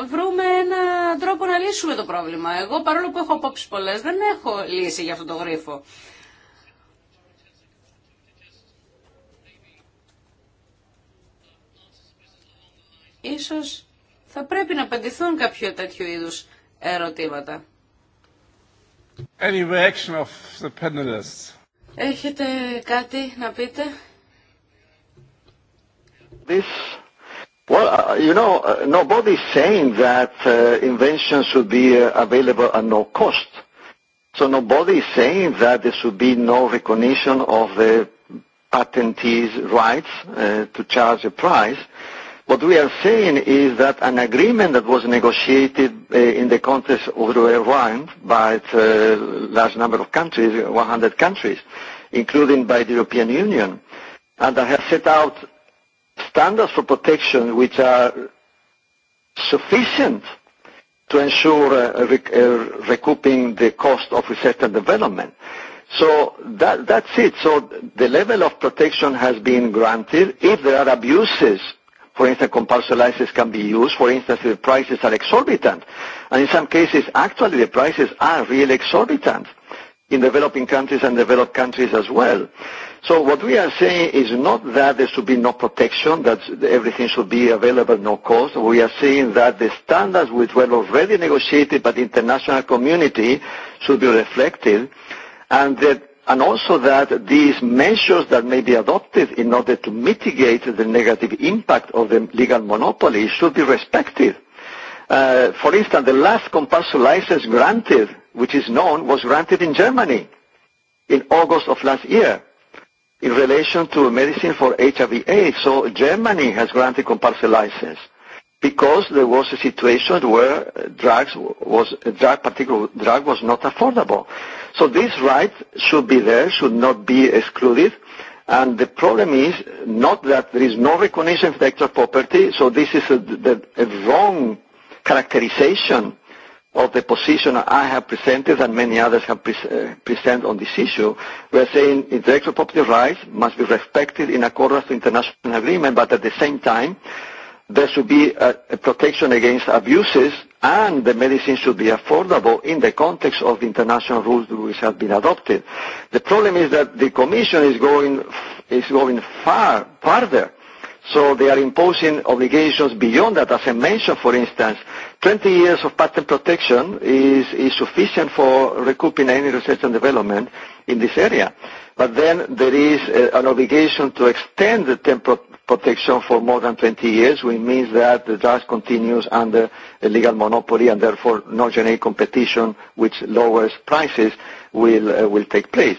βρούμε έναν τρόπο να λύσουμε το πρόβλημα. Εγώ παρόλο που έχω απόψει πολλέ, δεν έχω λύση για αυτό το γρίφο. Ίσως θα πρέπει να απαντηθούν κάποιο τέτοιο είδους ερωτήματα. reaction of the panelists? Έχετε κάτι να πείτε? This Well, you know, nobody's saying that inventions should be available at no cost. So nobody is saying that there should be no recognition of the patentee's rights to charge a price. What we are saying is that an agreement that was negotiated in the context of the round by a large number of countries, 100 countries, including by the European Union, and that has set out standards for protection which are sufficient to ensure recouping the cost of research and development. So that, that's it. So the level of protection has been granted. If there are abuses, for instance, compulsory license can be used. For instance, if the prices are exorbitant. And in some cases, actually, the prices are really exorbitant in developing countries and developed countries as well. So what we are saying is not that there should be no protection, that everything should be available at no cost. We are saying that the standards which were already negotiated by the international community should be reflected, and that and also that these measures that may be adopted in order to mitigate the negative impact of the legal monopoly should be respected. For instance, the last compulsory license granted, which is known, was granted in Germany in August of last year in relation to medicine for HIV/AIDS. So Germany has granted compulsory license because there was a situation where drugs was a drug particular drug was not affordable. So this right should be there, should not be excluded. And the problem is not that there is no recognition of intellectual property, so this is a, the, a wrong characterization of the position I have presented and many others have presented on this issue. We are saying intellectual property rights must be respected in accordance with international agreement, but at the same time, there should be a protection against abuses and the medicine should be affordable in the context of the international rules which have been adopted. The problem is that the Commission is going is going far farther So they are imposing obligations beyond that. As I mentioned, for instance, 20 years of patent protection is, is sufficient for recouping any research and development in this area. But then there is an obligation to extend the temporal protection for more than 20 years, which means that the drug continues under a legal monopoly and therefore no generic competition, which lowers prices, will, will take place.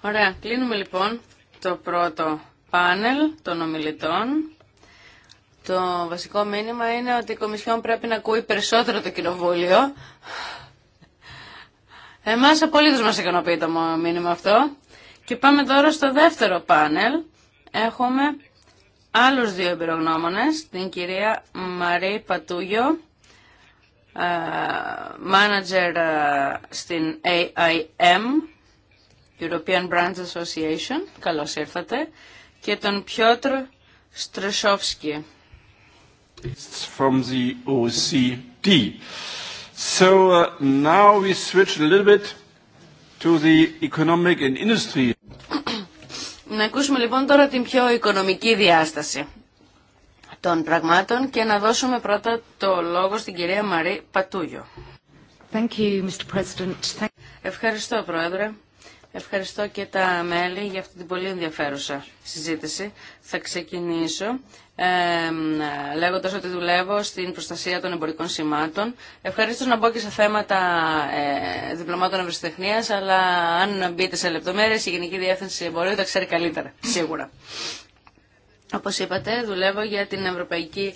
Ωραία. Κλείνουμε λοιπόν το πρώτο πάνελ των ομιλητών. Το βασικό μήνυμα είναι ότι η Κομισιόν πρέπει να ακούει περισσότερο το Κοινοβούλιο. Εμάς απολύτως μας ικανοποιεί το μήνυμα αυτό. Και πάμε τώρα στο δεύτερο πάνελ. Έχουμε άλλους δύο εμπειρογνώμονες, την κυρία Μαρή Πατούγιο manager στην AIM, European Brands Association, καλώς ήρθατε, και τον Πιότρ Στρεσόφσκι. From the OCD. So uh, now we switch a little bit to the economic and industry. Να ακούσουμε λοιπόν τώρα την πιο οικονομική διάσταση των πραγμάτων και να δώσουμε πρώτα το λόγο στην κυρία Μαρή Πατούγιο. Thank you, Mr. Ευχαριστώ, Πρόεδρε. Ευχαριστώ και τα μέλη για αυτή την πολύ ενδιαφέρουσα συζήτηση. Θα ξεκινήσω ε, λέγοντας ότι δουλεύω στην προστασία των εμπορικών σημάτων. Ευχαριστώ να μπω και σε θέματα ε, διπλωμάτων ευρεσιτεχνίας, αλλά αν μπείτε σε λεπτομέρειες η Γενική Διεύθυνση Εμπορίου τα ξέρει καλύτερα, σίγουρα. Όπως είπατε, δουλεύω για την Ευρωπαϊκή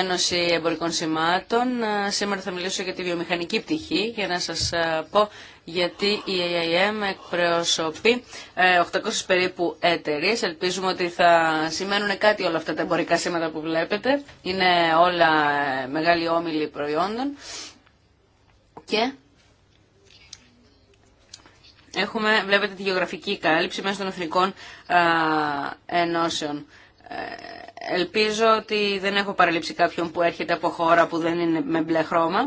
Ένωση Εμπορικών Σημάτων. Ε, σήμερα θα μιλήσω για τη βιομηχανική πτυχή για να σας ε, πω γιατί η AIM εκπροσωπεί 800 ε, περίπου εταιρείε. Ελπίζουμε ότι θα σημαίνουν κάτι όλα αυτά τα εμπορικά σήματα που βλέπετε. Είναι όλα μεγάλη όμιλη προϊόντων. Και Έχουμε, βλέπετε, τη γεωγραφική κάλυψη μέσα των εθνικών ενώσεων. Ε, ελπίζω ότι δεν έχω παραλείψει κάποιον που έρχεται από χώρα που δεν είναι με μπλε χρώμα.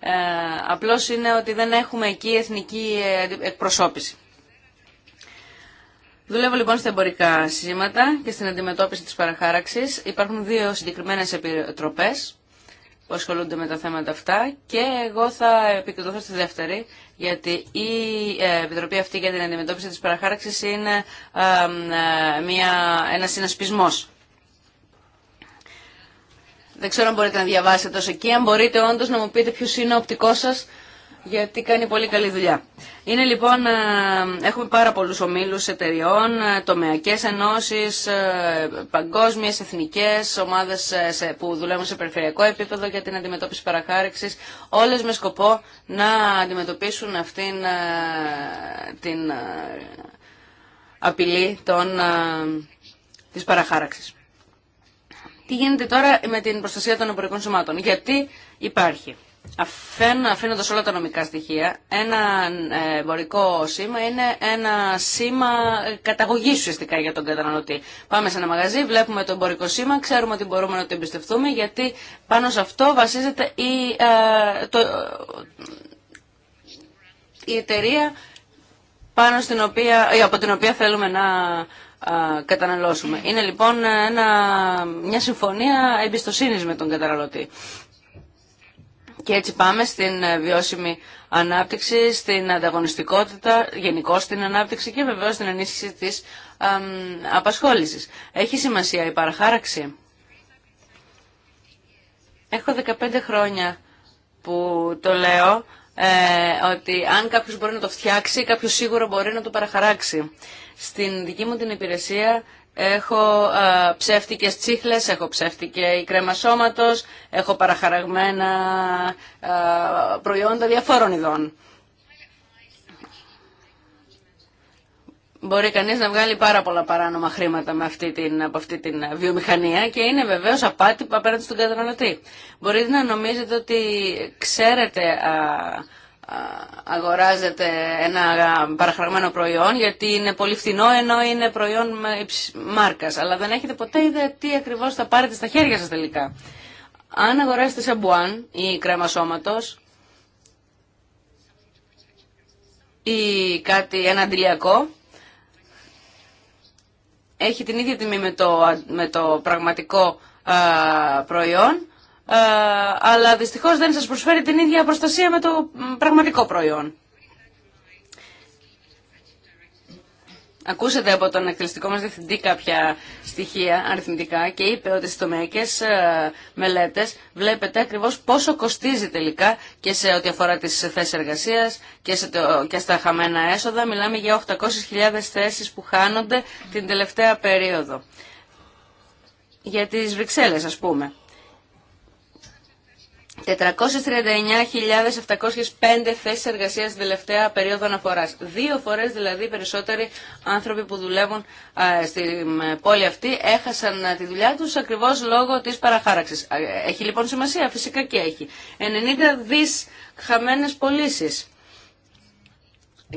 Ε, απλώς είναι ότι δεν έχουμε εκεί εθνική ε, εκπροσώπηση. Δουλεύω λοιπόν στα εμπορικά σήματα και στην αντιμετώπιση της παραχάραξης. Υπάρχουν δύο συγκεκριμένες επιτροπές που ασχολούνται με τα θέματα αυτά και εγώ θα επικεντρωθώ στη δεύτερη γιατί η ε, Επιτροπή αυτή για την αντιμετώπιση της παραχάραξης είναι ε, μια, ένας συνασπισμός. Δεν ξέρω αν μπορείτε να διαβάσετε τόσο εκεί, αν μπορείτε όντως να μου πείτε ποιος είναι ο οπτικός σας γιατί κάνει πολύ καλή δουλειά. Είναι λοιπόν, ε, έχουμε πάρα πολλούς ομίλους εταιριών, ε, τομεακές ενώσεις, ε, παγκόσμιες, εθνικές, ομάδες που δουλεύουν σε περιφερειακό επίπεδο για την αντιμετώπιση παραχάριξης, όλες με σκοπό να αντιμετωπίσουν αυτήν την απειλή των, της παραχάραξης. Τι γίνεται τώρα με την προστασία των εμπορικών σωμάτων, γιατί υπάρχει. Αφήνοντα όλα τα νομικά στοιχεία, ένα ε, εμπορικό σήμα είναι ένα σήμα καταγωγή ουσιαστικά για τον καταναλωτή. Πάμε σε ένα μαγαζί, βλέπουμε το εμπορικό σήμα, ξέρουμε ότι μπορούμε να το εμπιστευτούμε, γιατί πάνω σε αυτό βασίζεται η, ε, η εταιρεία πάνω στην οποία, ή ε, από την οποία θέλουμε να α, καταναλώσουμε. Είναι λοιπόν ένα, μια συμφωνία εμπιστοσύνης με τον καταναλωτή. Και έτσι πάμε στην ε, βιώσιμη ανάπτυξη, στην ανταγωνιστικότητα, γενικώ στην ανάπτυξη και βεβαίω στην ενίσχυση της απασχόλησης. Έχει σημασία η παραχάραξη. Έχω 15 χρόνια που το λέω ε, ότι αν κάποιος μπορεί να το φτιάξει, κάποιος σίγουρα μπορεί να το παραχαράξει. Στην δική μου την υπηρεσία Έχω ε, ψεύτικες τσίχλες, έχω ψεύτικη κρέμα σώματος, έχω παραχαραγμένα ε, προϊόντα διαφόρων ειδών. Μπορεί κανείς να βγάλει πάρα πολλά παράνομα χρήματα με αυτή την, από αυτή την βιομηχανία και είναι βεβαίως απάτη απέναντι στον καταναλωτή. Μπορείτε να νομίζετε ότι ξέρετε ε, αγοράζετε ένα παραχραγμένο προϊόν γιατί είναι πολύ φθηνό ενώ είναι προϊόν μάρκας αλλά δεν έχετε ποτέ ιδέα τι ακριβώς θα πάρετε στα χέρια σας τελικά. Αν αγοράσετε σαμπουάν ή κρέμα σώματος ή κάτι, ένα αντιλιακό έχει την ίδια τιμή με το, με το πραγματικό προϊόν ε, αλλά δυστυχώς δεν σας προσφέρει την ίδια προστασία με το πραγματικό προϊόν. Ακούσατε από τον εκτελεστικό μας διευθυντή κάποια στοιχεία αριθμητικά και είπε ότι στις τομεακές ε, μελέτες βλέπετε ακριβώς πόσο κοστίζει τελικά και σε ό,τι αφορά τις θέσεις εργασίας και, σε το, και στα χαμένα έσοδα. Μιλάμε για 800.000 θέσεις που χάνονται την τελευταία περίοδο. Για τις Βρυξέλλες ας πούμε. 439.705 θέσεις εργασίας στην τελευταία περίοδο αναφοράς. Δύο φορές δηλαδή περισσότεροι άνθρωποι που δουλεύουν στην ε, πόλη αυτή έχασαν ε, τη δουλειά τους ακριβώς λόγω της παραχάραξης. Ε, έχει λοιπόν σημασία, φυσικά και έχει. 90 δις χαμένες πωλήσει.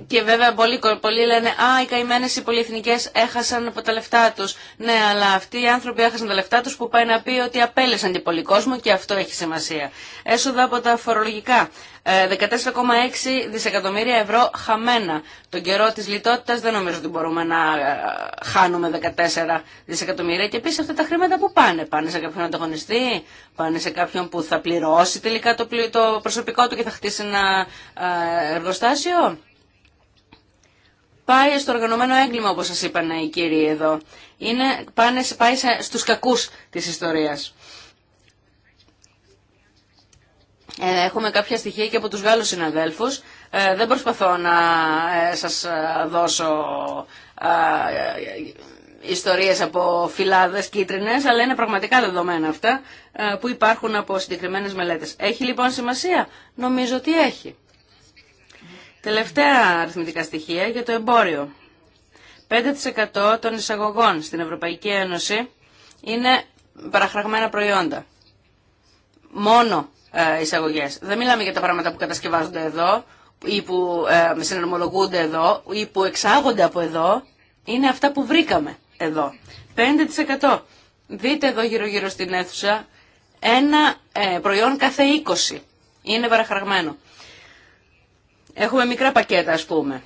Και βέβαια πολλοί, πολλοί λένε «Α, οι καημένες οι πολυεθνικές έχασαν από τα λεφτά τους». Ναι, αλλά αυτοί οι άνθρωποι έχασαν τα λεφτά τους που πάει να πει ότι απέλεσαν την πολύ κόσμο και αυτό έχει σημασία. Έσοδα από τα φορολογικά. 14,6 ε, δισεκατομμύρια ευρώ χαμένα. Τον καιρό της λιτότητας δεν νομίζω ότι μπορούμε να ε, χάνουμε 14 δισεκατομμύρια. Και επίσης αυτά τα χρήματα που πάνε. Πάνε σε κάποιον ανταγωνιστή, πάνε σε κάποιον που θα πληρώσει τελικά το προσωπικό του και θα χτίσει ένα ε, εργοστάσιο πάει στο οργανωμένο έγκλημα όπως σας είπαν οι κύριοι εδώ. Είναι, πάνε, πάει στους κακούς της ιστορίας. Ε, έχουμε κάποια στοιχεία και από τους Γάλλους συναδέλφους. Ε, δεν προσπαθώ να ε, σας δώσω ιστορίες από φυλάδες κίτρινες, αλλά είναι πραγματικά δεδομένα αυτά που υπάρχουν από συγκεκριμένες μελέτες. Έχει λοιπόν σημασία? Νομίζω ότι έχει. Τελευταία αριθμητικά στοιχεία για το εμπόριο. 5% των εισαγωγών στην Ευρωπαϊκή Ένωση είναι παραχραγμένα προϊόντα. Μόνο ε, εισαγωγές. Δεν μιλάμε για τα πράγματα που κατασκευάζονται εδώ ή που ε, συναρμολογούνται εδώ ή που εξάγονται από εδώ. Είναι αυτά που βρήκαμε εδώ. 5%. Δείτε εδώ γύρω-γύρω στην αίθουσα ένα ε, προϊόν κάθε 20. Είναι παραχραγμένο. Έχουμε μικρά πακέτα, ας πούμε,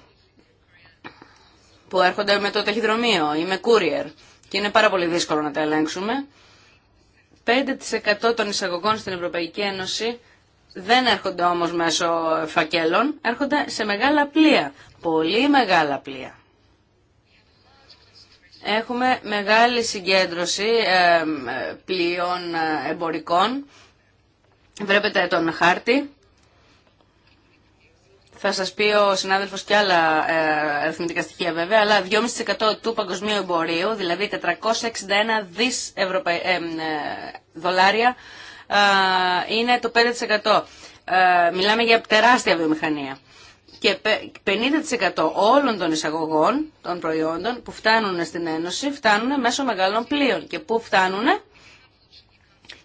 που έρχονται με το ταχυδρομείο ή με courier και είναι πάρα πολύ δύσκολο να τα ελέγξουμε. 5% των εισαγωγών στην Ευρωπαϊκή Ένωση δεν έρχονται όμως μέσω φακέλων, έρχονται σε μεγάλα πλοία, πολύ μεγάλα πλοία. Έχουμε μεγάλη συγκέντρωση πλοίων ε, εμπορικών. Βλέπετε τον χάρτη. Θα σας πει ο συνάδελφο και άλλα ε, αριθμητικά στοιχεία βέβαια, αλλά 2,5% του παγκοσμίου εμπορίου, δηλαδή 461 δις ε, ε, δολάρια, είναι το 5%. Μιλάμε για τεράστια βιομηχανία. Και 50% όλων των εισαγωγών των προϊόντων που φτάνουν στην Ένωση φτάνουν μέσω μεγάλων πλοίων. Και πού φτάνουν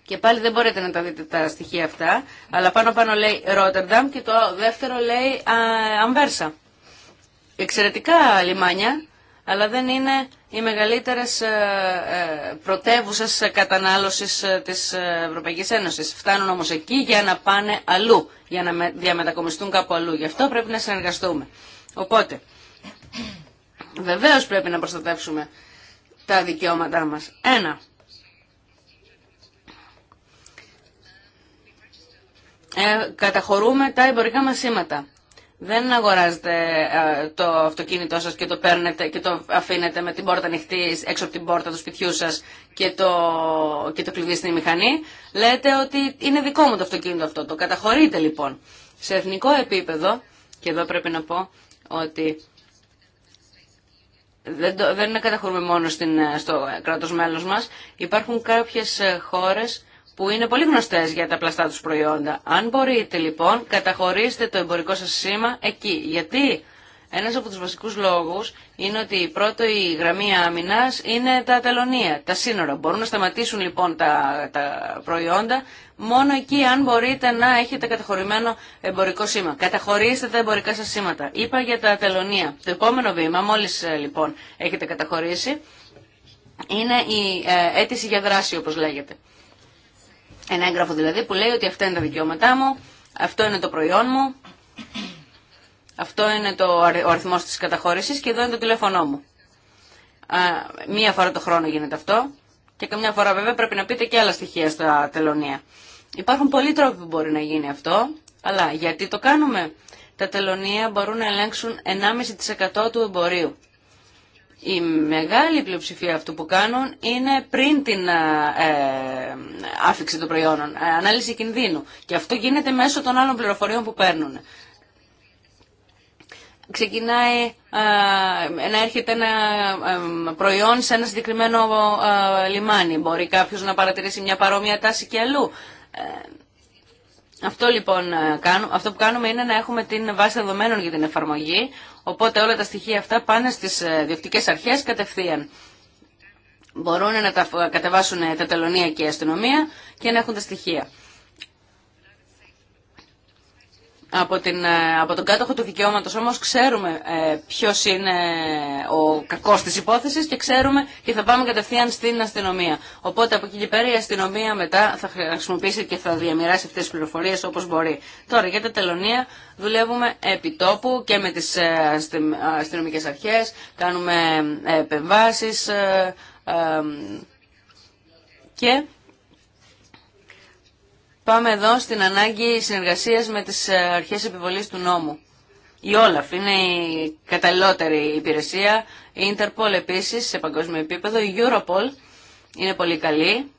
και πάλι δεν μπορείτε να τα δείτε τα στοιχεία αυτά, αλλά πάνω πάνω λέει Ρότερνταμ και το δεύτερο λέει Αμβέρσα. Εξαιρετικά λιμάνια, αλλά δεν είναι οι μεγαλύτερες ε, ε, πρωτεύουσες κατανάλωσης ε, της Ευρωπαϊκής Ένωσης. Φτάνουν όμως εκεί για να πάνε αλλού, για να διαμετακομιστούν κάπου αλλού. Γι' αυτό πρέπει να συνεργαστούμε. Οπότε, βεβαίως πρέπει να προστατεύσουμε τα δικαιώματά μας. Ένα, Ε, καταχωρούμε τα εμπορικά μας σήματα. Δεν αγοράζετε ε, το αυτοκίνητό σας και το παίρνετε και το αφήνετε με την πόρτα ανοιχτή έξω από την πόρτα του σπιτιού σας και το, κλειδί στην μηχανή. Λέτε ότι είναι δικό μου το αυτοκίνητο αυτό. Το καταχωρείτε λοιπόν. Σε εθνικό επίπεδο, και εδώ πρέπει να πω ότι δεν, το, καταχωρούμε μόνο ε, στο κράτος μέλος μας, υπάρχουν κάποιες χώρες που είναι πολύ γνωστές για τα πλαστά τους προϊόντα. Αν μπορείτε λοιπόν, καταχωρήστε το εμπορικό σας σήμα εκεί. Γιατί ένας από τους βασικούς λόγους είναι ότι η πρώτη γραμμή άμυνας είναι τα τελωνία, τα σύνορα. Μπορούν να σταματήσουν λοιπόν τα, τα προϊόντα μόνο εκεί αν μπορείτε να έχετε καταχωρημένο εμπορικό σήμα. Καταχωρήστε τα εμπορικά σας σήματα. Είπα για τα ατελονία. Το επόμενο βήμα, μόλις ε, λοιπόν έχετε καταχωρήσει, είναι η ε, αίτηση για δράση όπως λέγεται. Ένα έγγραφο δηλαδή που λέει ότι αυτά είναι τα δικαιώματά μου, αυτό είναι το προϊόν μου, αυτό είναι το, ο αριθμός της καταχώρησης και εδώ είναι το τηλέφωνό μου. Α, μία φορά το χρόνο γίνεται αυτό και καμιά φορά βέβαια πρέπει να πείτε και άλλα στοιχεία στα τελωνία. Υπάρχουν πολλοί τρόποι που μπορεί να γίνει αυτό, αλλά γιατί το κάνουμε. Τα τελωνία μπορούν να ελέγξουν 1,5% του εμπορίου. Η μεγάλη πλειοψηφία αυτού που κάνουν είναι πριν την ε, άφηξη των προϊόντων, ε, ανάλυση κινδύνου. Και αυτό γίνεται μέσω των άλλων πληροφοριών που παίρνουν. Ξεκινάει ε, να έρχεται ένα ε, προϊόν σε ένα συγκεκριμένο λιμάνι. Μπορεί κάποιος να παρατηρήσει μια παρόμοια τάση και αλλού. Αυτό λοιπόν αυτό που κάνουμε είναι να έχουμε την βάση δεδομένων για την εφαρμογή, Οπότε όλα τα στοιχεία αυτά πάνε στις ε, διοκτικές αρχές κατευθείαν. Μπορούν να τα κατεβάσουν τα τελωνία και η αστυνομία και να έχουν τα στοιχεία από, την, ε, από τον κάτοχο του δικαιώματος όμως ξέρουμε ε, ποιος είναι ο κακός της υπόθεσης και ξέρουμε και θα πάμε κατευθείαν στην αστυνομία. Οπότε από εκεί και πέρα η αστυνομία μετά θα χρησιμοποιήσει και θα διαμοιράσει αυτές τις πληροφορίες όπως μπορεί. Τώρα για τα τελωνία δουλεύουμε επί τόπου και με τις ε, αστυνομικές αρχές, κάνουμε ε, επεμβάσεις και Πάμε εδώ στην ανάγκη συνεργασίας με τις ε, αρχές επιβολής του νόμου. Η Όλαφ είναι η καταλληλότερη υπηρεσία, η Interpol επίσης σε παγκόσμιο επίπεδο, η Europol είναι πολύ καλή,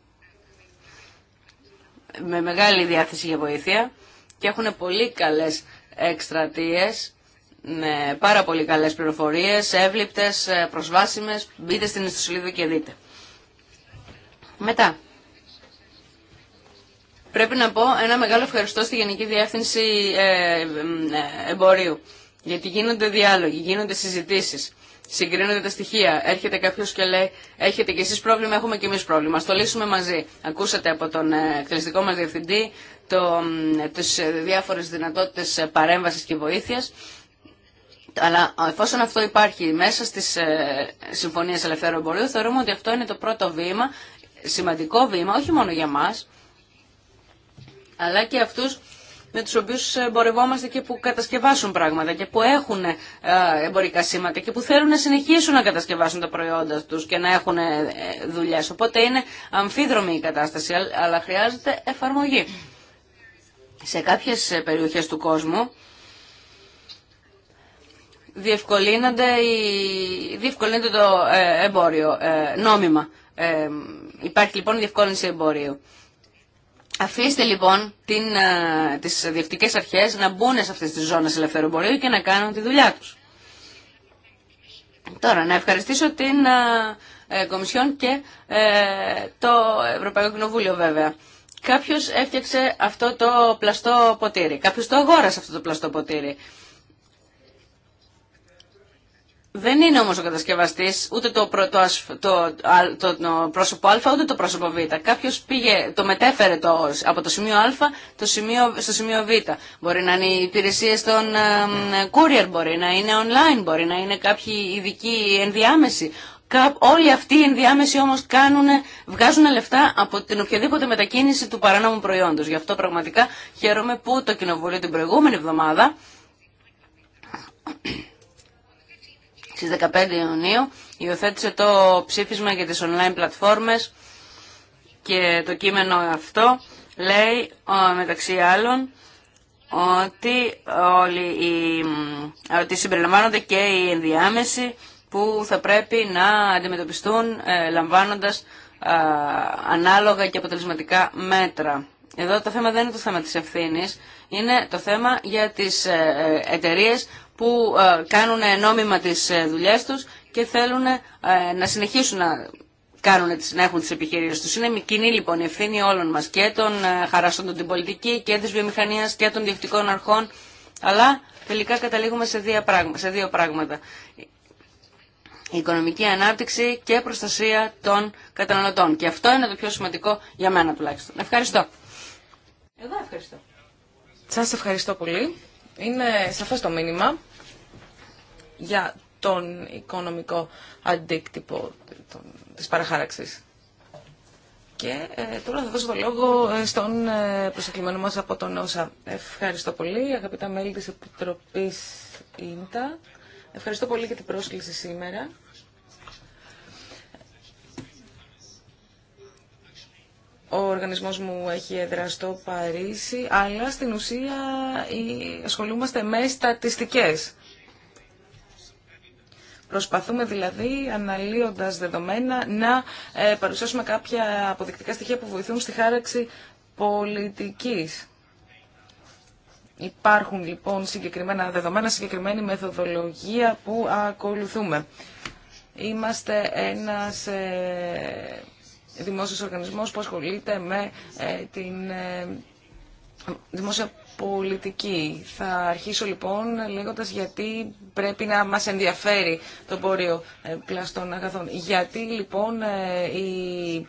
με μεγάλη διάθεση για βοήθεια και έχουν πολύ καλές εκστρατείες, με πάρα πολύ καλές πληροφορίες, εύληπτες, ε, προσβάσιμες, μπείτε στην ιστοσελίδα και δείτε. Μετά, Πρέπει να πω ένα μεγάλο ευχαριστώ στη Γενική Διεύθυνση ε, ε, Εμπορίου. Γιατί γίνονται διάλογοι, γίνονται συζητήσει, συγκρίνονται τα στοιχεία. Έρχεται κάποιο και λέει, έχετε κι εσεί πρόβλημα, έχουμε κι εμεί πρόβλημα. Α το λύσουμε μαζί. Ακούσατε από τον ε, εκτελεστικό μα διευθυντή το, διάφορε δυνατότητε δυνατότητες παρέμβασης και βοήθεια, Αλλά εφόσον αυτό υπάρχει μέσα στις συμφωνίε ελευθέρου εμπορίου, θεωρούμε ότι αυτό είναι το πρώτο βήμα, σημαντικό βήμα, όχι μόνο για μας, αλλά και αυτούς με τους οποίους εμπορευόμαστε και που κατασκευάσουν πράγματα και που έχουν ε, εμπορικά σήματα και που θέλουν να συνεχίσουν να κατασκευάσουν τα προϊόντα τους και να έχουν ε, ε, δουλειές. Οπότε είναι αμφίδρομη η κατάσταση, αλλά χρειάζεται εφαρμογή. Σε κάποιες περιοχές του κόσμου διευκολύνονται, διευκολύνεται το εμπόριο νόμιμα. Υπάρχει λοιπόν διευκόλυνση εμπορίου. Αφήστε λοιπόν την, ε, τις διεκτικές αρχές να μπουν σε αυτές τις ζώνες ελευθεροπορίου και να κάνουν τη δουλειά τους. Τώρα, να ευχαριστήσω την ε, ε Κομισιόν και ε, το Ευρωπαϊκό Κοινοβούλιο βέβαια. Κάποιος έφτιαξε αυτό το πλαστό ποτήρι, κάποιος το αγόρασε αυτό το πλαστό ποτήρι. Δεν είναι όμως ο κατασκευαστής ούτε το, το, το, το, το, πρόσωπο α ούτε το πρόσωπο β. Κάποιος πήγε, το μετέφερε το, από το σημείο α το σημείο, στο σημείο β. Μπορεί να είναι οι υπηρεσίες των courier, μπορεί να είναι online, μπορεί να είναι κάποιοι ειδικοί ενδιάμεση. Κά, όλοι αυτοί οι ενδιάμεσοι όμως κάνουν, βγάζουν λεφτά από την οποιαδήποτε μετακίνηση του παράνομου προϊόντος. Γι' αυτό πραγματικά χαίρομαι που το Κοινοβούλιο την προηγούμενη εβδομάδα στις 15 Ιουνίου υιοθέτησε το ψήφισμα για τις online πλατφόρμες και το κείμενο αυτό λέει μεταξύ άλλων ότι, όλοι οι, ότι συμπεριλαμβάνονται και οι ενδιάμεσοι που θα πρέπει να αντιμετωπιστούν ε, λαμβάνοντας ε, ανάλογα και αποτελεσματικά μέτρα. Εδώ το θέμα δεν είναι το θέμα της ευθύνη, είναι το θέμα για τις ε, εταιρείε που ε, κάνουν νόμιμα τις ε, δουλειές τους και θέλουν ε, να συνεχίσουν να, κάνουν, να έχουν τις επιχειρήσεις τους. Είναι κοινή λοιπόν η ευθύνη όλων μας και των χαραστών την πολιτική και της βιομηχανίας και των διευθυντικών αρχών αλλά τελικά καταλήγουμε σε δύο πράγματα. Η οικονομική ανάπτυξη και προστασία των καταναλωτών. Και αυτό είναι το πιο σημαντικό για μένα τουλάχιστον. Ευχαριστώ. Εγώ ευχαριστώ. Σας ευχαριστώ πολύ. Είναι σαφές το μήνυμα για τον οικονομικό αντίκτυπο της παραχάραξης. Και ε, τώρα θα δώσω το λόγο ε, στον ε, μας από τον Όσα. Ευχαριστώ πολύ, αγαπητά μέλη της Επιτροπής ΙΝΤΑ. Ευχαριστώ πολύ για την πρόσκληση σήμερα. Ο οργανισμός μου έχει έδρα στο Παρίσι, αλλά στην ουσία ε, ασχολούμαστε με στατιστικές. Προσπαθούμε δηλαδή, αναλύοντας δεδομένα, να ε, παρουσιάσουμε κάποια αποδεικτικά στοιχεία που βοηθούν στη χάραξη πολιτικής. Υπάρχουν λοιπόν συγκεκριμένα δεδομένα, συγκεκριμένη μεθοδολογία που ακολουθούμε. Είμαστε ένας ε, δημόσιος οργανισμός που ασχολείται με ε, την δημόσια πολιτική. Θα αρχίσω λοιπόν λέγοντας γιατί πρέπει να μας ενδιαφέρει το πόριο ε, πλαστών αγαθών. Γιατί λοιπόν η ε,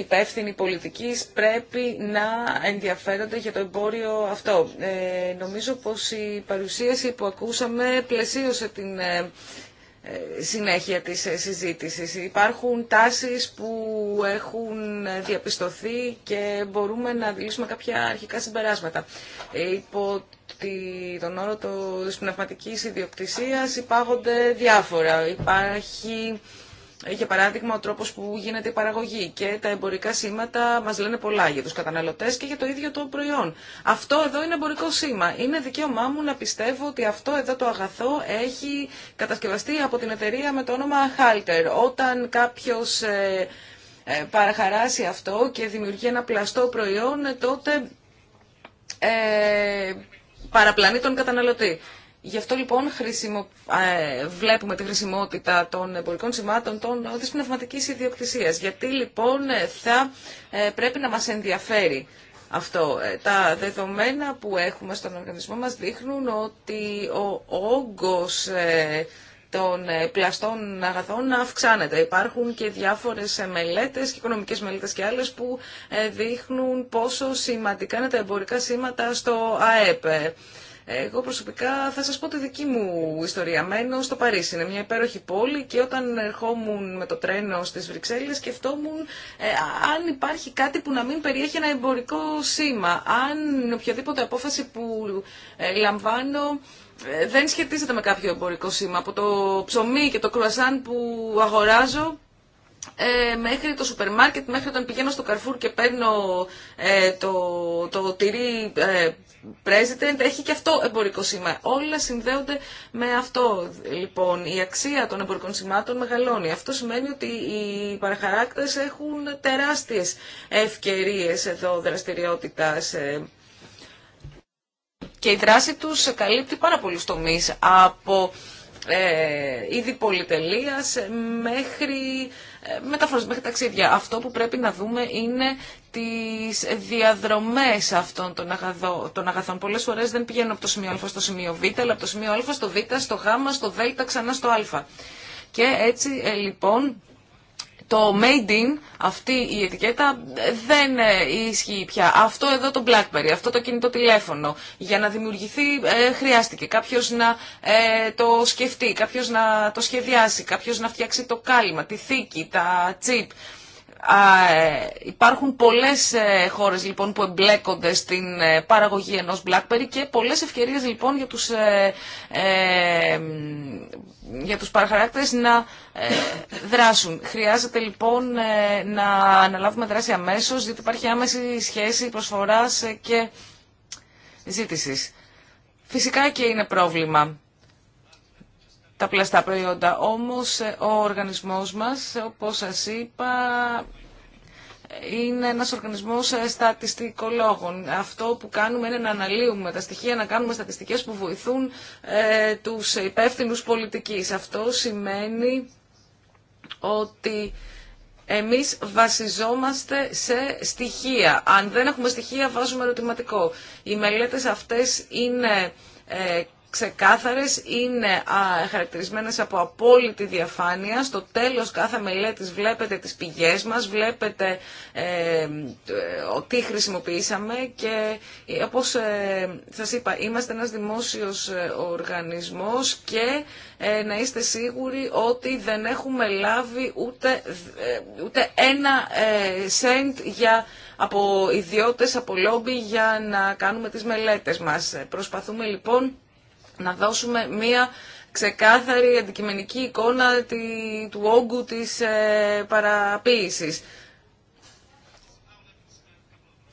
υπεύθυνοι πολιτικής πρέπει να ενδιαφέρονται για το εμπόριο αυτό. Ε, νομίζω πως η παρουσίαση που ακούσαμε πλαισίωσε την ε, συνέχεια της ε, συζήτησης. Υπάρχουν τάσεις που έχουν διαπιστωθεί και μπορούμε να δηλήσουμε κάποια αρχικά συμπεράσματα. Ε, υπό τον όρο της πνευματικής ιδιοκτησίας υπάγονται διάφορα. Υπάρχει για παράδειγμα, ο τρόπος που γίνεται η παραγωγή και τα εμπορικά σήματα μας λένε πολλά για τους καταναλωτές και για το ίδιο το προϊόν. Αυτό εδώ είναι εμπορικό σήμα. Είναι δικαίωμά μου να πιστεύω ότι αυτό εδώ το αγαθό έχει κατασκευαστεί από την εταιρεία με το όνομα Halter. Όταν κάποιο ε, ε, παραχαράσει αυτό και δημιουργεί ένα πλαστό προϊόν, τότε ε, παραπλανεί τον καταναλωτή. Γι' αυτό λοιπόν χρησιμο... Ε, βλέπουμε τη χρησιμότητα των εμπορικών σημάτων των, της πνευματικής ιδιοκτησίας. Γιατί λοιπόν ε, θα ε, πρέπει να μας ενδιαφέρει αυτό. Τα δεδομένα που έχουμε στον οργανισμό μας δείχνουν ότι ο όγκος των πλαστών αγαθών αυξάνεται. Υπάρχουν και διάφορες μελέτες, και οικονομικές μελέτες και άλλες, που δείχνουν πόσο σημαντικά είναι τα εμπορικά σήματα στο ΑΕΠ. Εγώ προσωπικά θα σας πω τη δική μου ιστορία. Μένω στο Παρίσι, είναι μια υπέροχη πόλη και όταν ερχόμουν με το τρένο στις Βρυξέλλες σκεφτόμουν ε, αν υπάρχει κάτι που να μην περιέχει ένα εμπορικό σήμα. Αν οποιαδήποτε απόφαση που ε, λαμβάνω ε, δεν σχετίζεται με κάποιο εμπορικό σήμα. Από το ψωμί και το κρουασάν που αγοράζω ε, μέχρι το σούπερ μάρκετ, μέχρι όταν πηγαίνω στο Καρφούρ και παίρνω ε, το, το τυρί ε, president, έχει και αυτό εμπορικό σήμα. Όλα συνδέονται με αυτό. Λοιπόν, η αξία των εμπορικών σημάτων μεγαλώνει. Αυτό σημαίνει ότι οι παραχαράκτες έχουν τεράστιες ευκαιρίες εδώ δραστηριότητας. Και η δράση τους καλύπτει πάρα πολλούς τομείς, από είδη πολυτελείας μέχρι μεταφορές ταξίδια. Αυτό που πρέπει να δούμε είναι τις διαδρομές αυτών των, των αγαθών. Πολλές φορές δεν πηγαίνουν από το σημείο Α στο σημείο Β, αλλά από το σημείο Α στο Β, στο Γ, στο Δ, ξανά στο Α. Και έτσι ε, λοιπόν το made in, αυτή η ετικέτα ε, δεν ε, ισχύει πια. Αυτό εδώ το Blackberry, αυτό το κινητό τηλέφωνο. Για να δημιουργηθεί ε, χρειάστηκε κάποιος να το σκεφτεί, κάποιος να το σχεδιάσει, κάποιος να φτιάξει το κάλυμα, τη θήκη, τα chip υπάρχουν πολλές ε, χώρες λοιπόν που εμπλέκονται στην ε, παραγωγή ενός BlackBerry και πολλές ευκαιρίες λοιπόν για τους, ε, ε για τους παραχαράκτες να δράσουν. Χρειάζεται λοιπόν να αναλάβουμε δράση αμέσως διότι υπάρχει άμεση σχέση προσφοράς και ζήτησης. Φυσικά και είναι πρόβλημα τα πλαστά προϊόντα. Όμως ε, ο οργανισμός μας, όπως σας είπα, είναι ένας οργανισμός ε, στατιστικολόγων. Αυτό που κάνουμε είναι να αναλύουμε τα στοιχεία, να κάνουμε στατιστικές που βοηθούν ε, τους υπεύθυνους πολιτικής. Αυτό σημαίνει ότι εμείς βασιζόμαστε σε στοιχεία. Αν δεν έχουμε στοιχεία βάζουμε ερωτηματικό. Οι μελέτες αυτές είναι ε, ξεκάθαρες, είναι χαρακτηρισμένες από απόλυτη διαφάνεια. Στο τέλος κάθε μελέτης βλέπετε τις πηγές μας, βλέπετε ε, ε τι χρησιμοποιήσαμε και ε, όπως ε, σας είπα, είμαστε ένας δημόσιος ε, οργανισμός και να είστε σίγουροι ότι δεν έχουμε λάβει ούτε, ούτε ένα σέντ για από ιδιώτες, από λόμπι για να κάνουμε τις μελέτες μας. Προσπαθούμε λοιπόν να δώσουμε μία ξεκάθαρη αντικειμενική εικόνα του όγκου της ε, παραποίησης.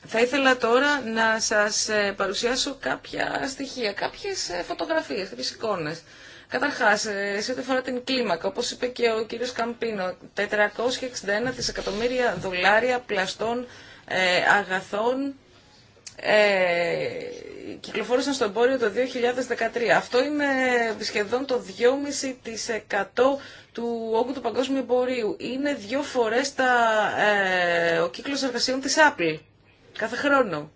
Θα ήθελα τώρα να σας ε, παρουσιάσω κάποια στοιχεία, κάποιες ε, φωτογραφίες, κάποιες εικόνες. Καταρχάς, σε ό,τι αφορά την κλίμακα, όπως είπε και ο κύριος Καμπίνο, 461 δισεκατομμύρια δολάρια πλαστών αγαθών ε, κυκλοφόρησαν στο εμπόριο το 2013. Αυτό είναι σχεδόν το 2,5% του όγκου του παγκόσμιου εμπορίου. Είναι δύο φορές τα, ε, ο κύκλος εργασιών της Apple κάθε χρόνο.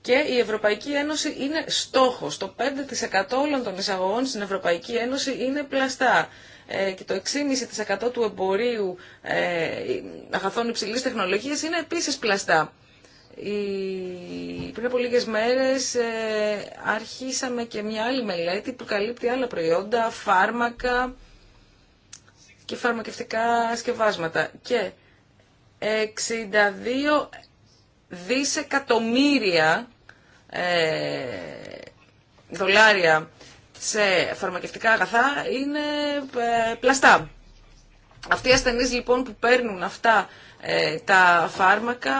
Και η Ευρωπαϊκή Ένωση είναι στόχος. Το 5% όλων των εισαγωγών στην Ευρωπαϊκή Ένωση είναι πλαστά. Ε, και το 6,5% του εμπορίου ε, αγαθών υψηλής τεχνολογίας είναι επίσης πλαστά. Πριν από λίγες μέρες ε, αρχίσαμε και μια άλλη μελέτη που καλύπτει άλλα προϊόντα, φάρμακα και φαρμακευτικά σκευάσματα. Και 62 δισεκατομμύρια δολάρια σε φαρμακευτικά αγαθά είναι ε, πλαστά. Αυτοί οι ασθενείς λοιπόν που παίρνουν αυτά ε, τα φάρμακα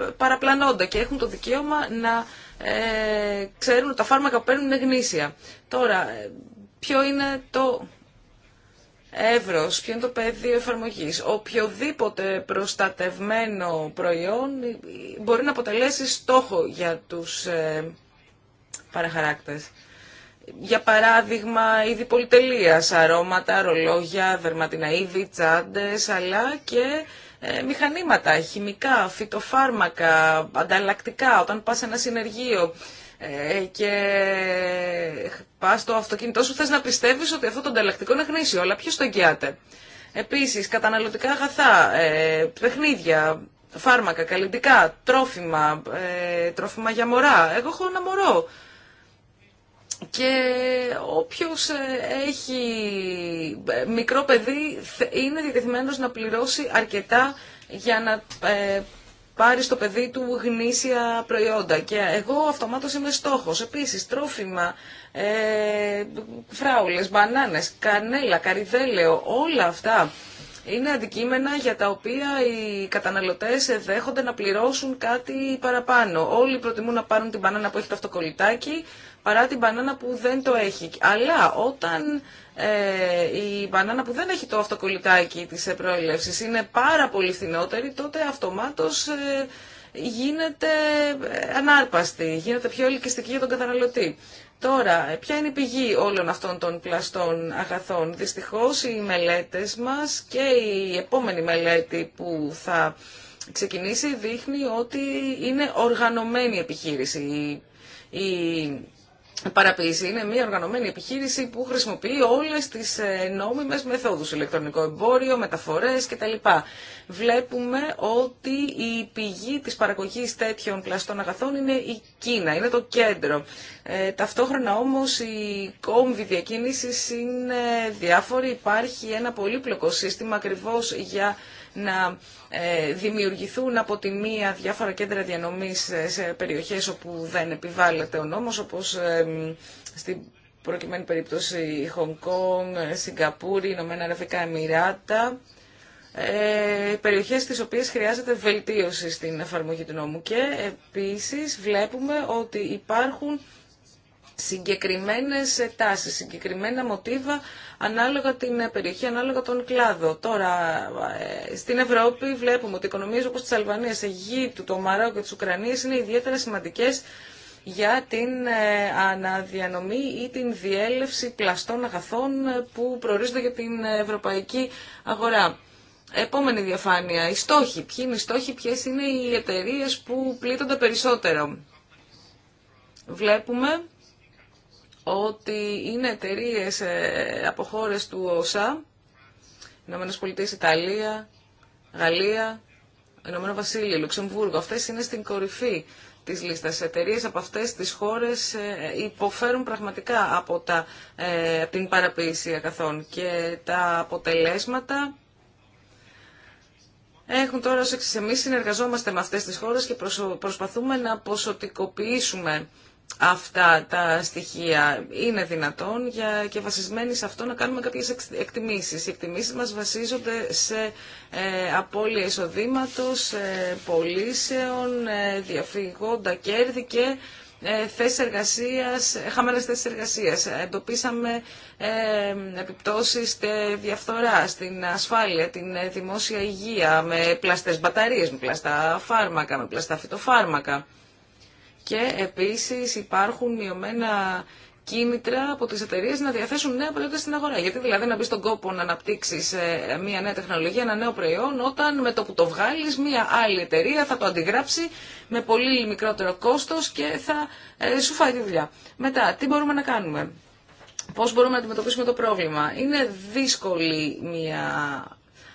ε, παραπλανώνται και έχουν το δικαίωμα να ε, ξέρουν ότι τα φάρμακα που παίρνουν είναι γνήσια. Τώρα, ποιο είναι το εύρος, ποιο είναι το πεδίο εφαρμογής. Οποιοδήποτε προστατευμένο προϊόν μπορεί να αποτελέσει στόχο για τους ε, παραχαράκτες για παράδειγμα είδη πολυτελείας, αρώματα, ρολόγια, δερματινά είδη, τσάντες, αλλά και ε, μηχανήματα, χημικά, φυτοφάρμακα, ανταλλακτικά, όταν πας σε ένα συνεργείο ε, και πας στο αυτοκίνητό σου θες να πιστεύεις ότι αυτό το ανταλλακτικό είναι γνήσιο, αλλά ποιος το εγγυάται. Επίσης, καταναλωτικά αγαθά, ε, παιχνίδια, φάρμακα, καλλιντικά, τρόφιμα, τρόφιμα για μωρά. Εγώ έχω ένα μωρό και όποιος ε, έχει ε, μικρό παιδί είναι διατεθειμένος να πληρώσει αρκετά για να ε, πάρει στο παιδί του γνήσια προϊόντα. Και εγώ αυτομάτως είμαι στόχος. Επίσης, τρόφιμα, ε, φράουλες, μπανάνες, κανέλα, καριδέλαιο, όλα αυτά είναι αντικείμενα για τα οποία οι καταναλωτές δέχονται να πληρώσουν κάτι παραπάνω. Όλοι προτιμούν να πάρουν την μπανάνα που έχει το αυτοκολλητάκι παρά την μπανάνα που δεν το έχει. Αλλά όταν ε, η μπανάνα που δεν έχει το αυτοκολλητάκι της ε, προέλευσης είναι πάρα πολύ φθηνότερη, τότε αυτομάτως ε, γίνεται ε, ανάρπαστη, γίνεται πιο ελκυστική για τον καταναλωτή. Τώρα, ποια είναι η πηγή όλων αυτών των πλαστών αγαθών. Δυστυχώς οι μελέτες μας και η επόμενη μελέτη που θα ξεκινήσει δείχνει ότι είναι οργανωμένη επιχείρηση η, η είναι μια οργανωμένη επιχείρηση που χρησιμοποιεί όλες τις ε, νόμιμε μεθόδους, ηλεκτρονικό εμπόριο, μεταφορές κτλ. Βλέπουμε ότι η πηγή της παραγωγή τέτοιων πλαστών αγαθών είναι η Κίνα, είναι το κέντρο. Ε, ταυτόχρονα όμως οι κόμβοι διακίνηση είναι διάφοροι, υπάρχει ένα πολύπλοκο σύστημα ακριβώ για να ε, δημιουργηθούν από τη μία διάφορα κέντρα διανομής ε, σε περιοχές όπου δεν επιβάλλεται ο νόμος, όπως ε, στην προκειμένη περίπτωση Χονγκ Σιγκαπούρη, Ηνωμένα Αραβικά Εμμυράτα, ε, περιοχές στις οποίες χρειάζεται βελτίωση στην εφαρμογή του νόμου. Και επίσης βλέπουμε ότι υπάρχουν συγκεκριμένες τάσεις, συγκεκριμένα μοτίβα ανάλογα την περιοχή, ανάλογα τον κλάδο. Τώρα, ε, στην Ευρώπη βλέπουμε ότι οι οικονομίες όπως της Αλβανίας, Αιγύπτου, το Μαρόκο και της Ουκρανίας είναι ιδιαίτερα σημαντικές για την ε, αναδιανομή ή την διέλευση πλαστών αγαθών ε, που προορίζονται για την ευρωπαϊκή αγορά. Επόμενη διαφάνεια, οι στόχοι. Ποιοι είναι οι στόχοι, ποιε είναι οι εταιρείε που πλήττονται περισσότερο. Βλέπουμε ότι είναι εταιρείε ε, από χώρε του ΟΣΑ, Ηνωμένε Πολιτείε, Ιταλία, Γαλλία, Ηνωμένο Βασίλειο, Λουξεμβούργο. Αυτέ είναι στην κορυφή τη λίστα. Εταιρείε από αυτέ τι χώρε ε, υποφέρουν πραγματικά από, τα, ε, την παραποίηση αγαθών και τα αποτελέσματα. Έχουν τώρα ως εξής, εμείς συνεργαζόμαστε με αυτές τις χώρες και προσπαθούμε να ποσοτικοποιήσουμε αυτά τα στοιχεία. Είναι δυνατόν για, και βασισμένοι σε αυτό να κάνουμε κάποιες εκτιμήσεις. Οι εκτιμήσεις μας βασίζονται σε ε, απώλεια εισοδήματος, ε, πωλήσεων, ε, διαφυγόντα κέρδη και ε, θέσεις εργασίας, ε, χαμένες θέσεις εργασίας. Εντοπίσαμε ε, επιπτώσεις στη διαφθορά, στην ασφάλεια, την ε, δημόσια υγεία, με πλαστές μπαταρίες, με πλαστά φάρμακα, με πλαστά φυτοφάρμακα και επίσης υπάρχουν μειωμένα κίνητρα από τις εταιρείες να διαθέσουν νέα προϊόντα στην αγορά. Γιατί δηλαδή να μπει στον κόπο να αναπτύξεις ε, μια νέα τεχνολογία, ένα νέο προϊόν, όταν με το που το βγάλεις μια άλλη εταιρεία θα το αντιγράψει με πολύ μικρότερο κόστος και θα ε, σου φάει τη δουλειά. Μετά, τι μπορούμε να κάνουμε. Πώς μπορούμε να αντιμετωπίσουμε το πρόβλημα. Είναι δύσκολη μια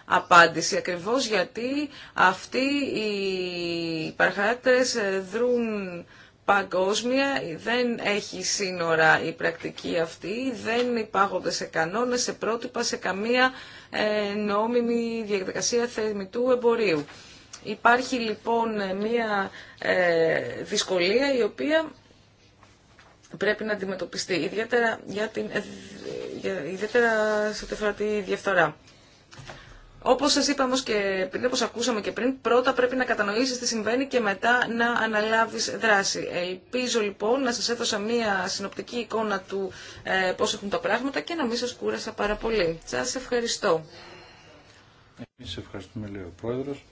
απάντηση ακριβώς γιατί αυτοί οι παραχαρακτές ε, δρούν παγκόσμια, δεν έχει σύνορα η πρακτική αυτή, δεν υπάγονται σε κανόνες, σε πρότυπα, σε καμία ε, νόμιμη διαδικασία θεμητού εμπορίου. Υπάρχει λοιπόν μία ε, δυσκολία η οποία πρέπει να αντιμετωπιστεί, ιδιαίτερα, για την, ε, ιδιαίτερα σε ό,τι αφορά τη διαφθορά. Όπως σα είπα όμω και πριν, όπω ακούσαμε και πριν, πρώτα πρέπει να κατανοήσεις τι συμβαίνει και μετά να αναλάβεις δράση. Ελπίζω λοιπόν να σας έδωσα μία συνοπτική εικόνα του ε, πώς έχουν τα πράγματα και να μην σα κούρασα πάρα πολύ. Σας ευχαριστώ. Εμεί ευχαριστούμε λέει ο Πρόεδρος.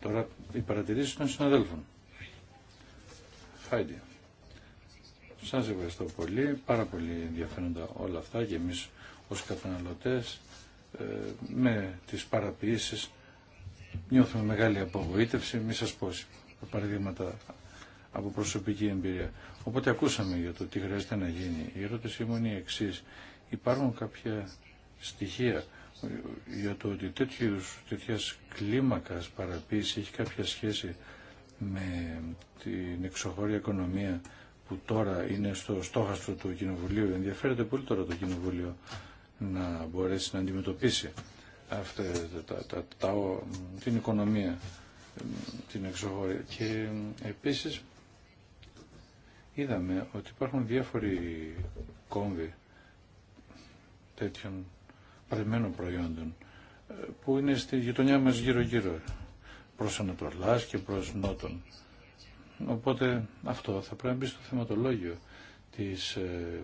Τώρα οι παρατηρήσει των συναδέλφων. Φάιντι. Σας ευχαριστώ πολύ. Πάρα πολύ ενδιαφέροντα όλα αυτά και εμεί ω καταναλωτέ. Ε, με τις παραποιήσεις νιώθουμε μεγάλη απογοήτευση, μη σας πω παραδείγματα από προσωπική εμπειρία. Οπότε ακούσαμε για το τι χρειάζεται να γίνει. Η ερώτησή μου είναι η εξή. Υπάρχουν κάποια στοιχεία για το ότι τέτοιους, τέτοιας κλίμακας παραποίηση έχει κάποια σχέση με την εξωχώρια οικονομία που τώρα είναι στο στόχαστρο του Κοινοβουλίου. Ενδιαφέρεται πολύ τώρα το Κοινοβούλιο να μπορέσει να αντιμετωπίσει αυτή, τα, τα, την οικονομία την εξωχώρια. Και επίσης είδαμε ότι υπάρχουν διάφοροι κόμβοι τέτοιων παρεμένων προϊόντων που είναι στη γειτονιά μας γύρω-γύρω προς Ανατολάς και προς Νότον. Οπότε αυτό θα πρέπει να μπει στο θεματολόγιο της ε,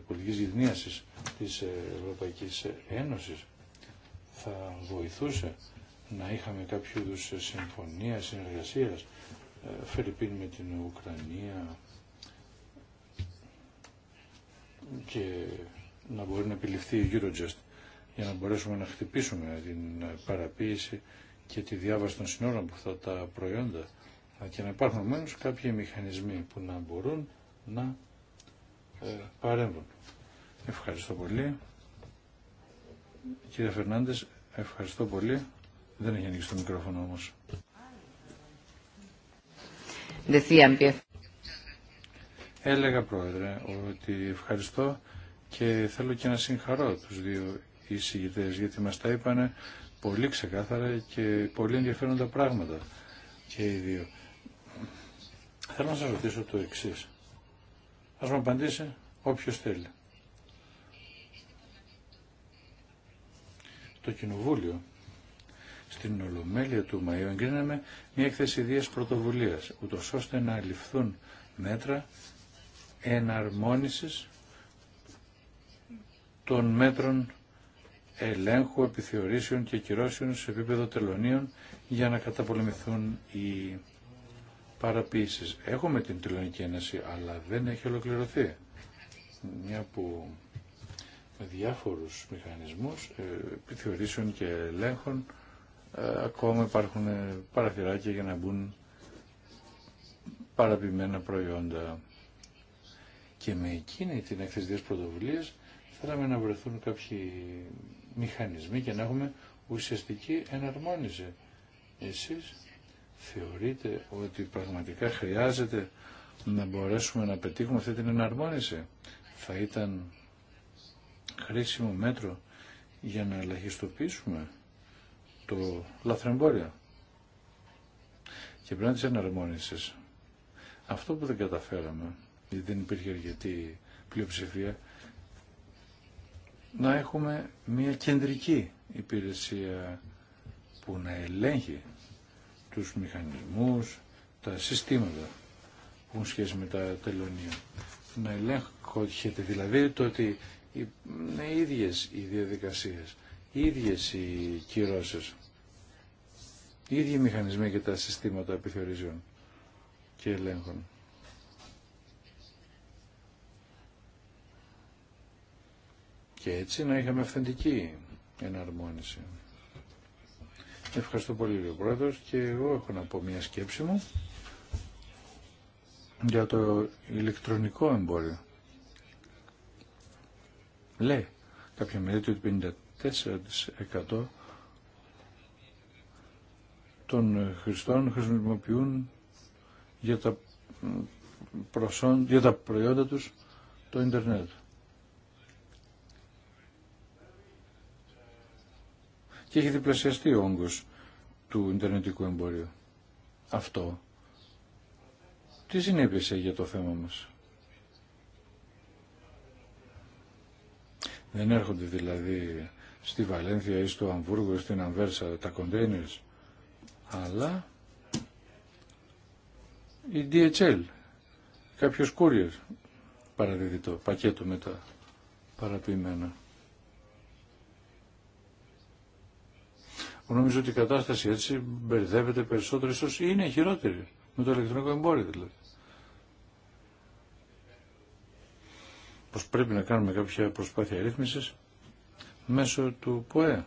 πολιτικής γυθνίασης της ε, Ευρωπαϊκής Ένωσης θα βοηθούσε να είχαμε κάποιο είδου ε, συμφωνία, συνεργασία, Φερρυπίν με την Ουκρανία και να μπορεί να επιληφθεί η Eurojust για να μπορέσουμε να χτυπήσουμε την παραποίηση και τη διάβαση των συνόρων από αυτά τα προϊόντα και να υπάρχουν μόνος κάποιοι μηχανισμοί που να μπορούν να ε, παρέμβουν. Ευχαριστώ πολύ. Κύριε Φερνάντες, ευχαριστώ πολύ. Δεν έχει ανοίξει το μικρόφωνο όμως. Έλεγα πρόεδρε ότι ευχαριστώ και θέλω και να συγχαρώ τους δύο εισηγητές γιατί μας τα είπανε πολύ ξεκάθαρα και πολύ ενδιαφέροντα πράγματα και οι δύο. Θέλω να σας ρωτήσω το εξής. Ας μου απαντήσει όποιος θέλει. Το Κοινοβούλιο στην Ολομέλεια του Μαΐου εγκρίναμε μια έκθεση ιδίας πρωτοβουλίας, ούτως ώστε να ληφθούν μέτρα εναρμόνισης των μέτρων ελέγχου, επιθεωρήσεων και κυρώσεων σε επίπεδο τελωνίων για να καταπολεμηθούν οι παραποίησης. Έχουμε την Τελωνική Ένωση, αλλά δεν έχει ολοκληρωθεί. Μια που με διάφορους μηχανισμούς ε, επιθεωρήσεων και ελέγχων ε, ακόμα υπάρχουν ε, παραθυράκια για να μπουν παραποιημένα προϊόντα. Και με εκείνη την έκθεση πρωτοβουλίες θέλαμε να βρεθούν κάποιοι μηχανισμοί και να έχουμε ουσιαστική εναρμόνιση. Εσείς θεωρείτε ότι πραγματικά χρειάζεται να μπορέσουμε να πετύχουμε αυτή την εναρμόνιση. Θα ήταν χρήσιμο μέτρο για να ελαχιστοποιήσουμε το λαθρεμπόριο και πριν τις εναρμόνισης. Αυτό που δεν καταφέραμε, γιατί δεν υπήρχε αρκετή πλειοψηφία, να έχουμε μια κεντρική υπηρεσία που να ελέγχει τους μηχανισμούς, τα συστήματα που έχουν σχέση με τα τελωνία. Να ελέγχεται δηλαδή το ότι είναι ίδιες οι διαδικασίες, ίδιες οι κυρώσεις, οι ίδιοι οι μηχανισμοί και τα συστήματα επιθεωρήσεων και ελέγχων. Και έτσι να είχαμε αυθεντική εναρμόνιση. Ευχαριστώ πολύ, ο Πρόεδρος, και εγώ έχω να πω μια σκέψη μου για το ηλεκτρονικό εμπόριο. Λέει κάποια μελέτη ότι 54% των χρηστών χρησιμοποιούν για τα, προσόν, για τα προϊόντα τους το ίντερνετ. και έχει διπλασιαστεί ο όγκος του Ιντερνετικού εμπορίου. Αυτό τι συνέπειε για το θέμα μας. Δεν έρχονται δηλαδή στη Βαλένθια ή στο Αμβούργο ή στην Αμβέρσα τα κοντέινερς, αλλά η DHL, κάποιος κουρίερ, παραδίδει το πακέτο με τα παραποιημένα. Νομίζω ότι η κατάσταση έτσι μπερδεύεται περισσότερο, ίσως είναι χειρότερη με το ηλεκτρονικό εμπόριο δηλαδή. Πως πρέπει να κάνουμε κάποια προσπάθεια ρύθμισης μέσω του ΠΟΕ.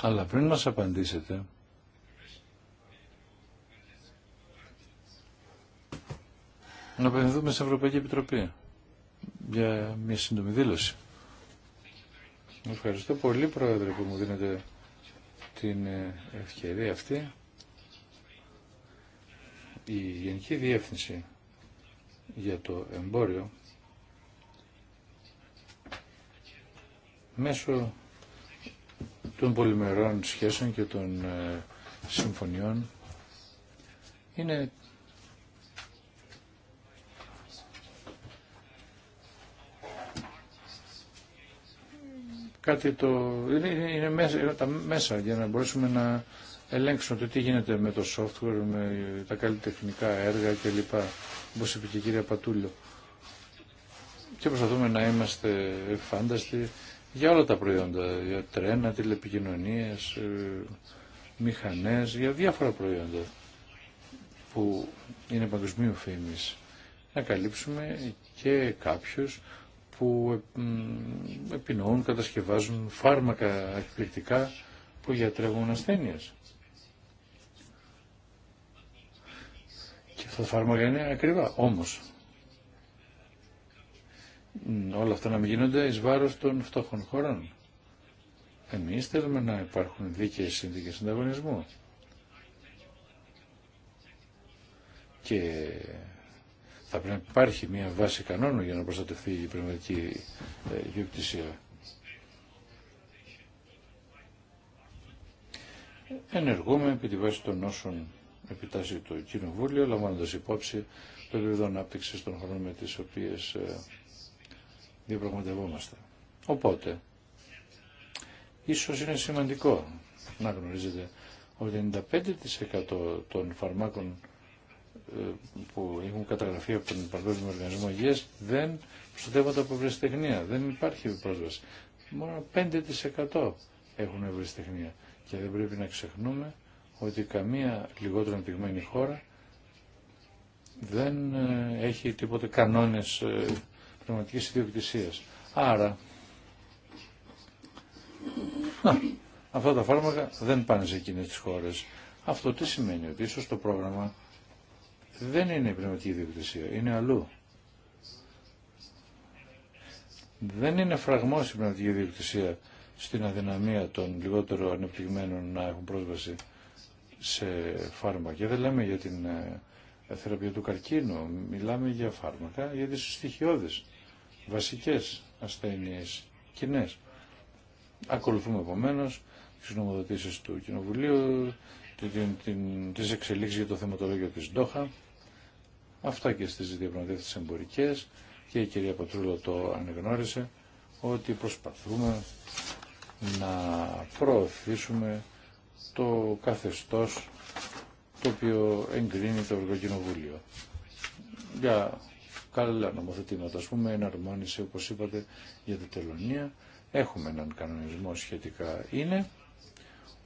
Αλλά πριν μας απαντήσετε, να απευθυνθούμε σε Ευρωπαϊκή Επιτροπή για μια σύντομη δήλωση. Ευχαριστώ πολύ, Πρόεδρε, που μου δίνετε την ε, ευκαιρία αυτή. Η Γενική Διεύθυνση για το εμπόριο μέσω των πολυμερών σχέσεων και των ε, συμφωνιών είναι κάτι το... είναι, είναι μέσα, τα μέσα για να μπορέσουμε να ελέγξουμε το τι γίνεται με το software, με τα καλλιτεχνικά έργα κλπ. Όπως είπε και η κυρία Πατούλιο. Και προσπαθούμε να είμαστε φάνταστοι για όλα τα προϊόντα, για τρένα, τηλεπικοινωνίες, ε, μηχανές, για διάφορα προϊόντα που είναι παγκοσμίου φήμης. Να καλύψουμε και κάποιους που επινοούν, κατασκευάζουν φάρμακα εκπληκτικά που γιατρεύουν ασθένειες. Και αυτά τα φάρμακα είναι ακριβά. Όμως, όλα αυτά να μην γίνονται εις βάρος των φτώχων χωρών. Εμείς θέλουμε να υπάρχουν δίκαιες συνθήκες ανταγωνισμού. Και θα πρέπει να υπάρχει μια βάση κανόνων για να προστατευτεί η πνευματική ε, ιδιοκτησία. Ενεργούμε επί τη βάση των όσων επιτάσσει το Κοινοβούλιο, λαμβάνοντας υπόψη το επίπεδο ανάπτυξη των χρόνων με τις οποίες ε, διαπραγματευόμαστε. Οπότε, ίσως είναι σημαντικό να γνωρίζετε ότι 95% των φαρμάκων που έχουν καταγραφεί από τον Παγκόσμιο Οργανισμό Υγείας δεν προστατεύονται από ευρεσιτεχνία. Δεν υπάρχει πρόσβαση. Μόνο 5% έχουν ευρεσιτεχνία. Και δεν πρέπει να ξεχνούμε ότι καμία λιγότερο αναπτυγμένη χώρα δεν ε, έχει τίποτε κανόνες ε, πνευματικής ιδιοκτησία. Άρα, αυτά τα φάρμακα δεν πάνε σε εκείνες τις χώρες. Αυτό τι σημαίνει, ότι ίσως το πρόγραμμα δεν είναι πνευματική διοκτησία, είναι αλλού. Δεν είναι φραγμός η πνευματική διοκτησία στην αδυναμία των λιγότερο ανεπτυγμένων να έχουν πρόσβαση σε φάρμακα. Και δεν λέμε για την ε, θεραπεία του καρκίνου, μιλάμε για φάρμακα, για τις στοιχειώδεις, βασικές ασθένειες, κοινέ. Ακολουθούμε επομένω τις νομοδοτήσει του Κοινοβουλίου, τι εξελίξει για το θεματολόγιο της Ντόχα Αυτά και στις διαπραγματεύσεις εμπορικές και η κυρία Πατρούλα το ανεγνώρισε ότι προσπαθούμε να προωθήσουμε το καθεστώς το οποίο εγκρίνει το Ευρωκοινοβούλιο. Για καλά νομοθετήματα, ας πούμε, εναρμόνιση, όπως είπατε, για την τελωνία. Έχουμε έναν κανονισμό σχετικά. Είναι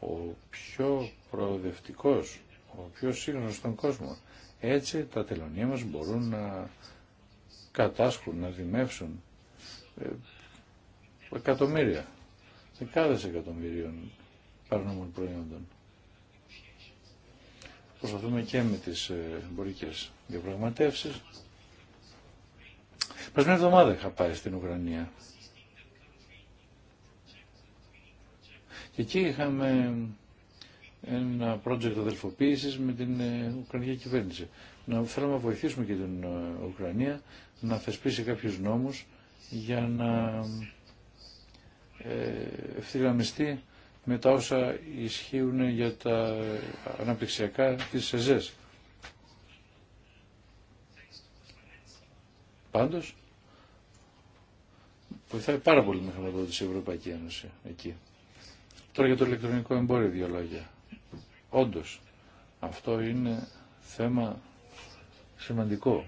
ο πιο προοδευτικός, ο πιο σύγχρονος στον κόσμο. Έτσι τα τελωνία μας μπορούν να κατάσχουν, να δημεύσουν ε, εκατομμύρια, δεκάδες εκατομμυρίων παρανόμων προϊόντων. Προσπαθούμε και με τις ε, εμπορικές διαπραγματεύσεις. Πριν μια εβδομάδα είχα πάει στην Ουκρανία. Και εκεί είχαμε ένα project αδελφοποίησης με την ε, Ουκρανική κυβέρνηση. Να θέλουμε να βοηθήσουμε και την ε, Ουκρανία να θεσπίσει κάποιους νόμους για να ε, ευθυγραμμιστεί με τα όσα ισχύουν για τα αναπτυξιακά της ΕΖΕΣ. Πάντως, βοηθάει πάρα πολύ με χρηματοδότηση η Ευρωπαϊκή Ένωση εκεί. Τώρα για το ηλεκτρονικό εμπόριο δύο λόγια. Όντως, αυτό είναι θέμα σημαντικό.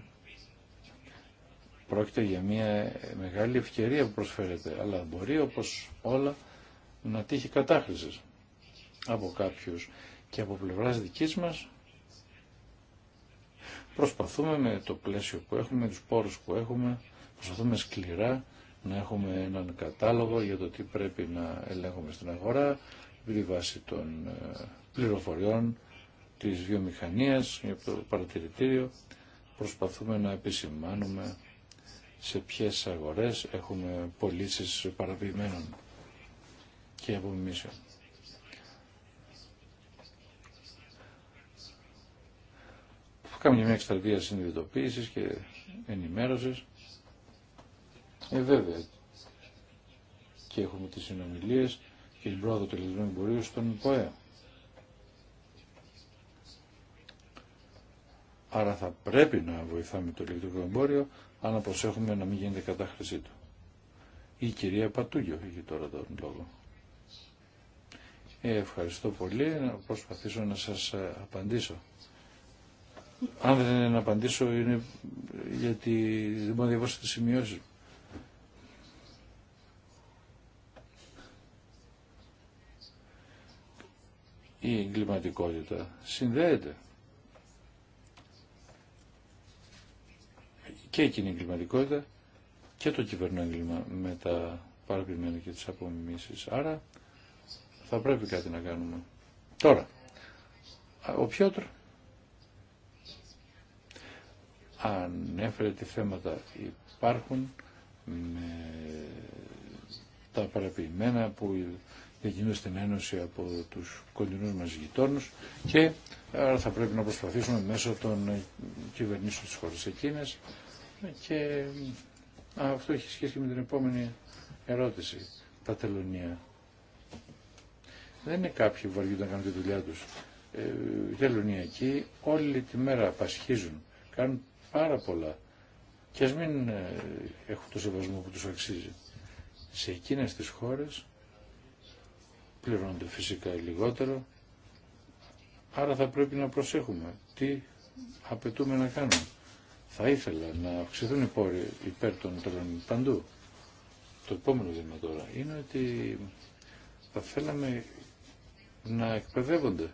Πρόκειται για μια μεγάλη ευκαιρία που προσφέρεται, αλλά μπορεί όπως όλα να τύχει κατάχρηση από κάποιους και από πλευράς δικής μας προσπαθούμε με το πλαίσιο που έχουμε, τους πόρους που έχουμε, προσπαθούμε σκληρά να έχουμε έναν κατάλογο για το τι πρέπει να ελέγχουμε στην αγορά, των ε, πληροφοριών, της βιομηχανίας, για το παρατηρητήριο. Προσπαθούμε να επισημάνουμε σε ποιες αγορές έχουμε πωλήσει παραποιημένων και απομιμήσεων. Κάμε μια εξτρατεία συνειδητοποίησης και ενημέρωσης. Ε, βέβαια, και έχουμε τις συνομιλίες και την πρόοδο του ελληνικού εμπορίου στον ΠΟΕ. Άρα θα πρέπει να βοηθάμε το ηλεκτρικό εμπόριο αν προσέχουμε να μην γίνεται κατάχρησή του. Η κυρία Πατούγιο έχει τώρα τον λόγο. Ε, ευχαριστώ πολύ. Να προσπαθήσω να σας ε, απαντήσω. Αν δεν απαντήσω είναι γιατί δεν μπορώ να διαβάσω τις σημειώσεις μου. Η εγκληματικότητα συνδέεται και η εγκληματικότητα και το κυβερνό έγκλημα με τα παραπημένα και τις απομιμήσεις. Άρα θα πρέπει κάτι να κάνουμε. Τώρα, ο Πιότρ ανέφερε τι θέματα υπάρχουν με τα παραποιημένα που γίνονται στην Ένωση από τους κοντινούς μας γειτόνους και άρα ε, θα πρέπει να προσπαθήσουμε μέσω των κυβερνήσεων της χώρας εκείνες και αυτό έχει σχέση με την επόμενη ερώτηση. Τα τελωνία. Δεν είναι κάποιοι που βαριούνται να κάνουν τη δουλειά τους. Ε, τελωνιακοί όλη τη μέρα απασχίζουν. Κάνουν πάρα πολλά. Και ας μην ε, έχουν το σεβασμό που τους αξίζει. Σε εκείνες τις χώρες πληρώνονται φυσικά λιγότερο. Άρα θα πρέπει να προσέχουμε τι απαιτούμε να κάνουμε. Θα ήθελα να αυξηθούν οι πόροι υπέρ των τελών παντού. Το επόμενο βήμα τώρα είναι ότι θα θέλαμε να εκπαιδεύονται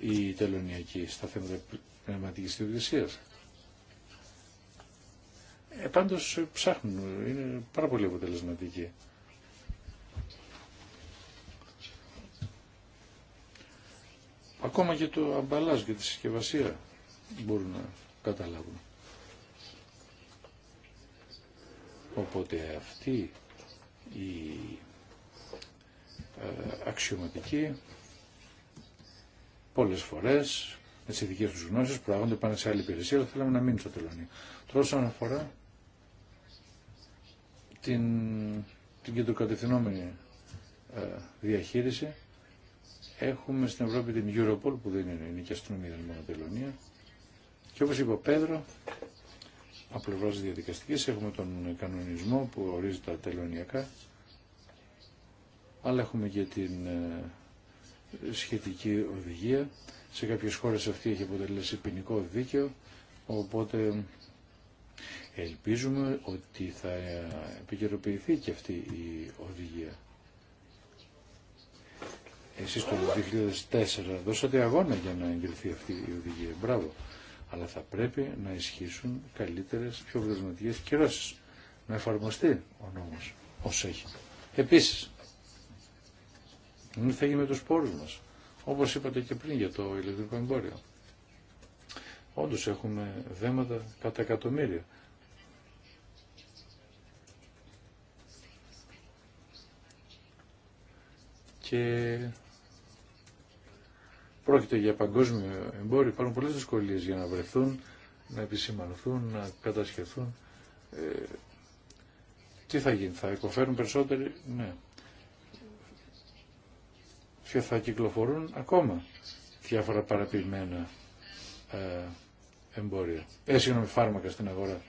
οι τελωνιακοί στα θέματα πνευματική διοκτησίας. Ε, ψάχνουν, είναι πάρα πολύ αποτελεσματικοί. Ακόμα και το αμπαλάζ και τη συσκευασία μπορούν να καταλάβουν. Οπότε αυτή η ε, αξιωματική πολλές φορές με τις ειδικές τους γνώσεις προάγονται πάνε σε άλλη υπηρεσία αλλά θέλαμε να μείνει στο τελωνίο. Τώρα όσον αφορά την, την κεντροκατευθυνόμενη ε, διαχείριση έχουμε στην Ευρώπη την Europol που δεν είναι, είναι και αστυνομία, δεν είναι μόνο τελωνία και όπως είπε ο Πέδρο από πλευρά διαδικαστική έχουμε τον κανονισμό που ορίζει τα τελωνιακά, αλλά έχουμε και την ε, σχετική οδηγία. Σε κάποιες χώρε αυτή έχει αποτελέσει ποινικό δίκαιο, οπότε ελπίζουμε ότι θα επικαιροποιηθεί και αυτή η οδηγία. Εσείς το 2004 δώσατε αγώνα για να εγκριθεί αυτή η οδηγία. Μπράβο αλλά θα πρέπει να ισχύσουν καλύτερες, πιο αποτελεσματικές κυρώσεις. Να εφαρμοστεί ο νόμος ως έχει. Επίσης, δεν θα γίνει με τους πόρου μας, όπως είπατε και πριν για το ηλεκτρικό εμπόριο. Όντως έχουμε δέματα κατά εκατομμύρια. Και Πρόκειται για παγκόσμιο εμπόριο, υπάρχουν πολλές δυσκολίε για να βρεθούν, να επισημανθούν, να κατασκευθούν. Ε, τι θα γίνει, θα υποφέρουν περισσότεροι, ναι. Και θα κυκλοφορούν ακόμα διάφορα παραποιημένα ε, εμπόρια. Ε, συγγνώμη, φάρμακα στην αγορά.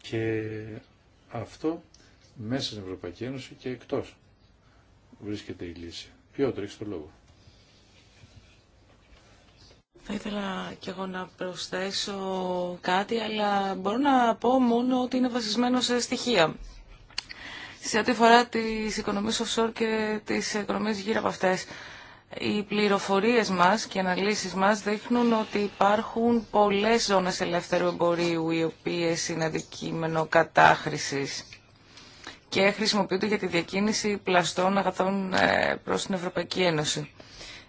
Και αυτό μέσα στην Ευρωπαϊκή Ένωση και εκτός βρίσκεται η λύση. Ποιο τρέχει το λόγο. Θα ήθελα κι εγώ να προσθέσω κάτι, αλλά μπορώ να πω μόνο ότι είναι βασισμένο σε στοιχεία. Σε ό,τι αφορά τι οικονομίε offshore και τι οικονομίες γύρω από αυτές, οι πληροφορίες μας και οι αναλύσεις μας δείχνουν ότι υπάρχουν πολλές ζώνες ελεύθερου εμπορίου οι οποίες είναι αντικείμενο κατάχρηση και χρησιμοποιούνται για τη διακίνηση πλαστών αγαθών ε, προ την Ευρωπαϊκή Ένωση.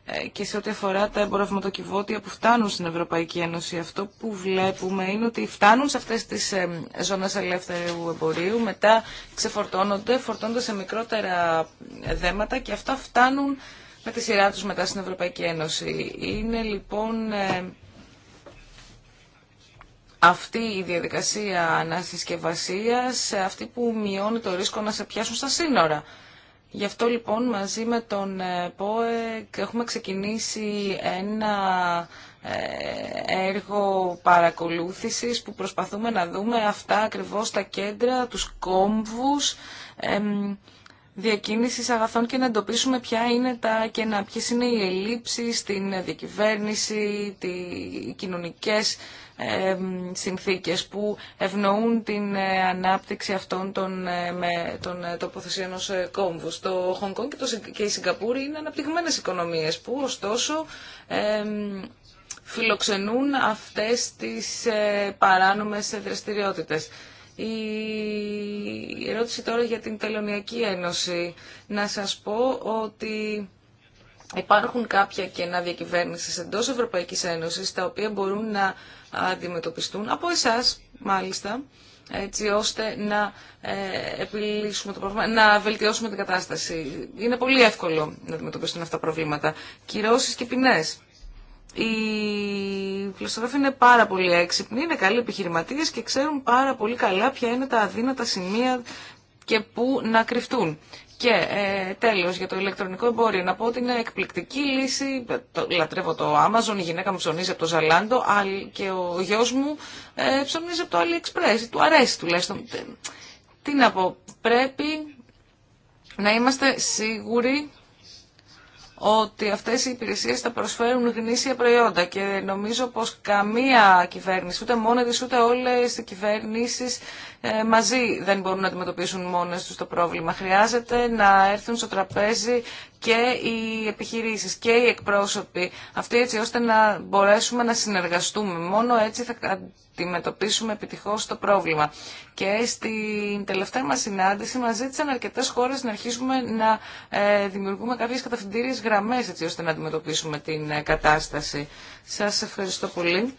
Ε, και σε ό,τι αφορά τα εμπορευματοκιβώτια που φτάνουν στην Ευρωπαϊκή Ένωση. Αυτό που βλέπουμε είναι ότι φτάνουν σε αυτές τις ε, ζώνες ελεύθερου εμπορίου, μετά ξεφορτώνονται, φορτώνονται σε μικρότερα δέματα και αυτά φτάνουν με τη σειρά τους μετά στην Ευρωπαϊκή Ένωση. Είναι λοιπόν ε, αυτή η διαδικασία ανασυσκευασίας, αυτή που μειώνει το ρίσκο να σε πιάσουν στα σύνορα. Γι' αυτό λοιπόν μαζί με τον ε, ΠΟΕΚ έχουμε ξεκινήσει ένα ε, έργο παρακολούθησης που προσπαθούμε να δούμε αυτά ακριβώς τα κέντρα, τους κόμβους εμ, διακίνησης αγαθών και να εντοπίσουμε ποια είναι τα και να ποιες είναι οι ελλείψεις στην διακυβέρνηση, τι κοινωνικές συνθήκες που ευνοούν την ε, ανάπτυξη αυτών των, ε, με, των ε, τοποθεσίων ως Το Χονγκ και, και η Σιγκαπούρη είναι αναπτυγμένες οικονομίες που ωστόσο φιλοξενούν αυτές τις παράνομες δραστηριότητες. Η ερώτηση τώρα για την Τελωνιακή Ένωση. Να σας πω ότι υπάρχουν κάποια κενά διακυβέρνησης εντός Ευρωπαϊκής Ένωσης τα οποία μπορούν να αντιμετωπιστούν από εσάς μάλιστα έτσι ώστε να ε, επιλύσουμε το πρόβλημα, να βελτιώσουμε την κατάσταση. Είναι πολύ εύκολο να αντιμετωπιστούν αυτά τα προβλήματα. Κυρώσεις και ποινές. Οι φιλοσοφοί είναι πάρα πολύ έξυπνοι, είναι καλοί επιχειρηματίες και ξέρουν πάρα πολύ καλά ποια είναι τα αδύνατα σημεία και πού να κρυφτούν. Και ε, τέλος για το ηλεκτρονικό εμπόριο να πω ότι είναι εκπληκτική λύση. Το, λατρεύω το Amazon, η γυναίκα μου ψωνίζει από το Ζαλάντο και ο γιο μου ε, ψωνίζει από το AliExpress. Του αρέσει τουλάχιστον. Ε, τι να πω, πρέπει να είμαστε σίγουροι ότι αυτές οι υπηρεσίες θα προσφέρουν γνήσια προϊόντα και νομίζω πως καμία κυβέρνηση, ούτε μόνη της ούτε όλες οι κυβερνήσεις ε, μαζί δεν μπορούν να αντιμετωπίσουν μόνο τους το πρόβλημα. Χρειάζεται να έρθουν στο τραπέζι και οι επιχειρήσεις και οι εκπρόσωποι αυτοί έτσι ώστε να μπορέσουμε να συνεργαστούμε. Μόνο έτσι θα αντιμετωπίσουμε επιτυχώς το πρόβλημα. Και στην τελευταία μας συνάντηση μας ζήτησαν αρκετές χώρες να αρχίσουμε να ε, δημιουργούμε κάποιες καταφυντήριες γραμμές έτσι ώστε να αντιμετωπίσουμε την ε, κατάσταση. Σας ευχαριστώ πολύ.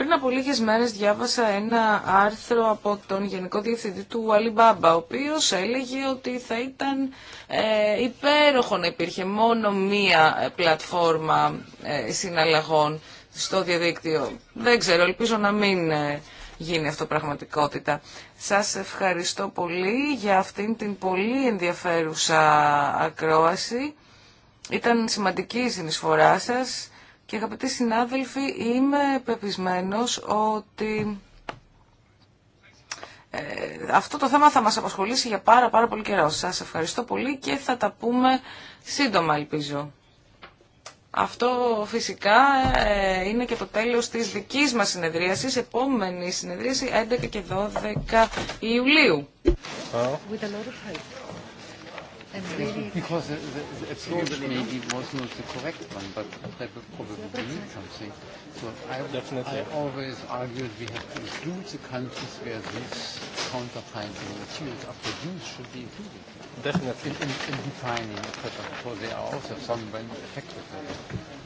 Πριν από λίγες μέρες διάβασα ένα άρθρο από τον Γενικό Διευθυντή του Alibaba, ο οποίος έλεγε ότι θα ήταν ε, υπέροχο να υπήρχε μόνο μία ε, πλατφόρμα ε, συναλλαγών στο διαδίκτυο. Δεν ξέρω, ελπίζω να μην γίνει αυτό πραγματικότητα. Σας ευχαριστώ πολύ για αυτήν την πολύ ενδιαφέρουσα ακρόαση. Ήταν σημαντική η συνεισφορά σας και αγαπητοί συνάδελφοι, είμαι πεπισμένος ότι ε, αυτό το θέμα θα μας απασχολήσει για πάρα πάρα πολύ καιρό. Σας ευχαριστώ πολύ και θα τα πούμε σύντομα ελπίζω. Αυτό φυσικά ε, είναι και το τέλος της δικής μας συνεδρίασης, επόμενη συνεδρίαση 11 και 12 Ιουλίου. Because the, the approach maybe was not the correct one, but that would probably mean something. So I, I always argued we have to include the countries where these counterfeiting materials are produced should be included. Definitely. In, in, in defining, because they are also some affected by that.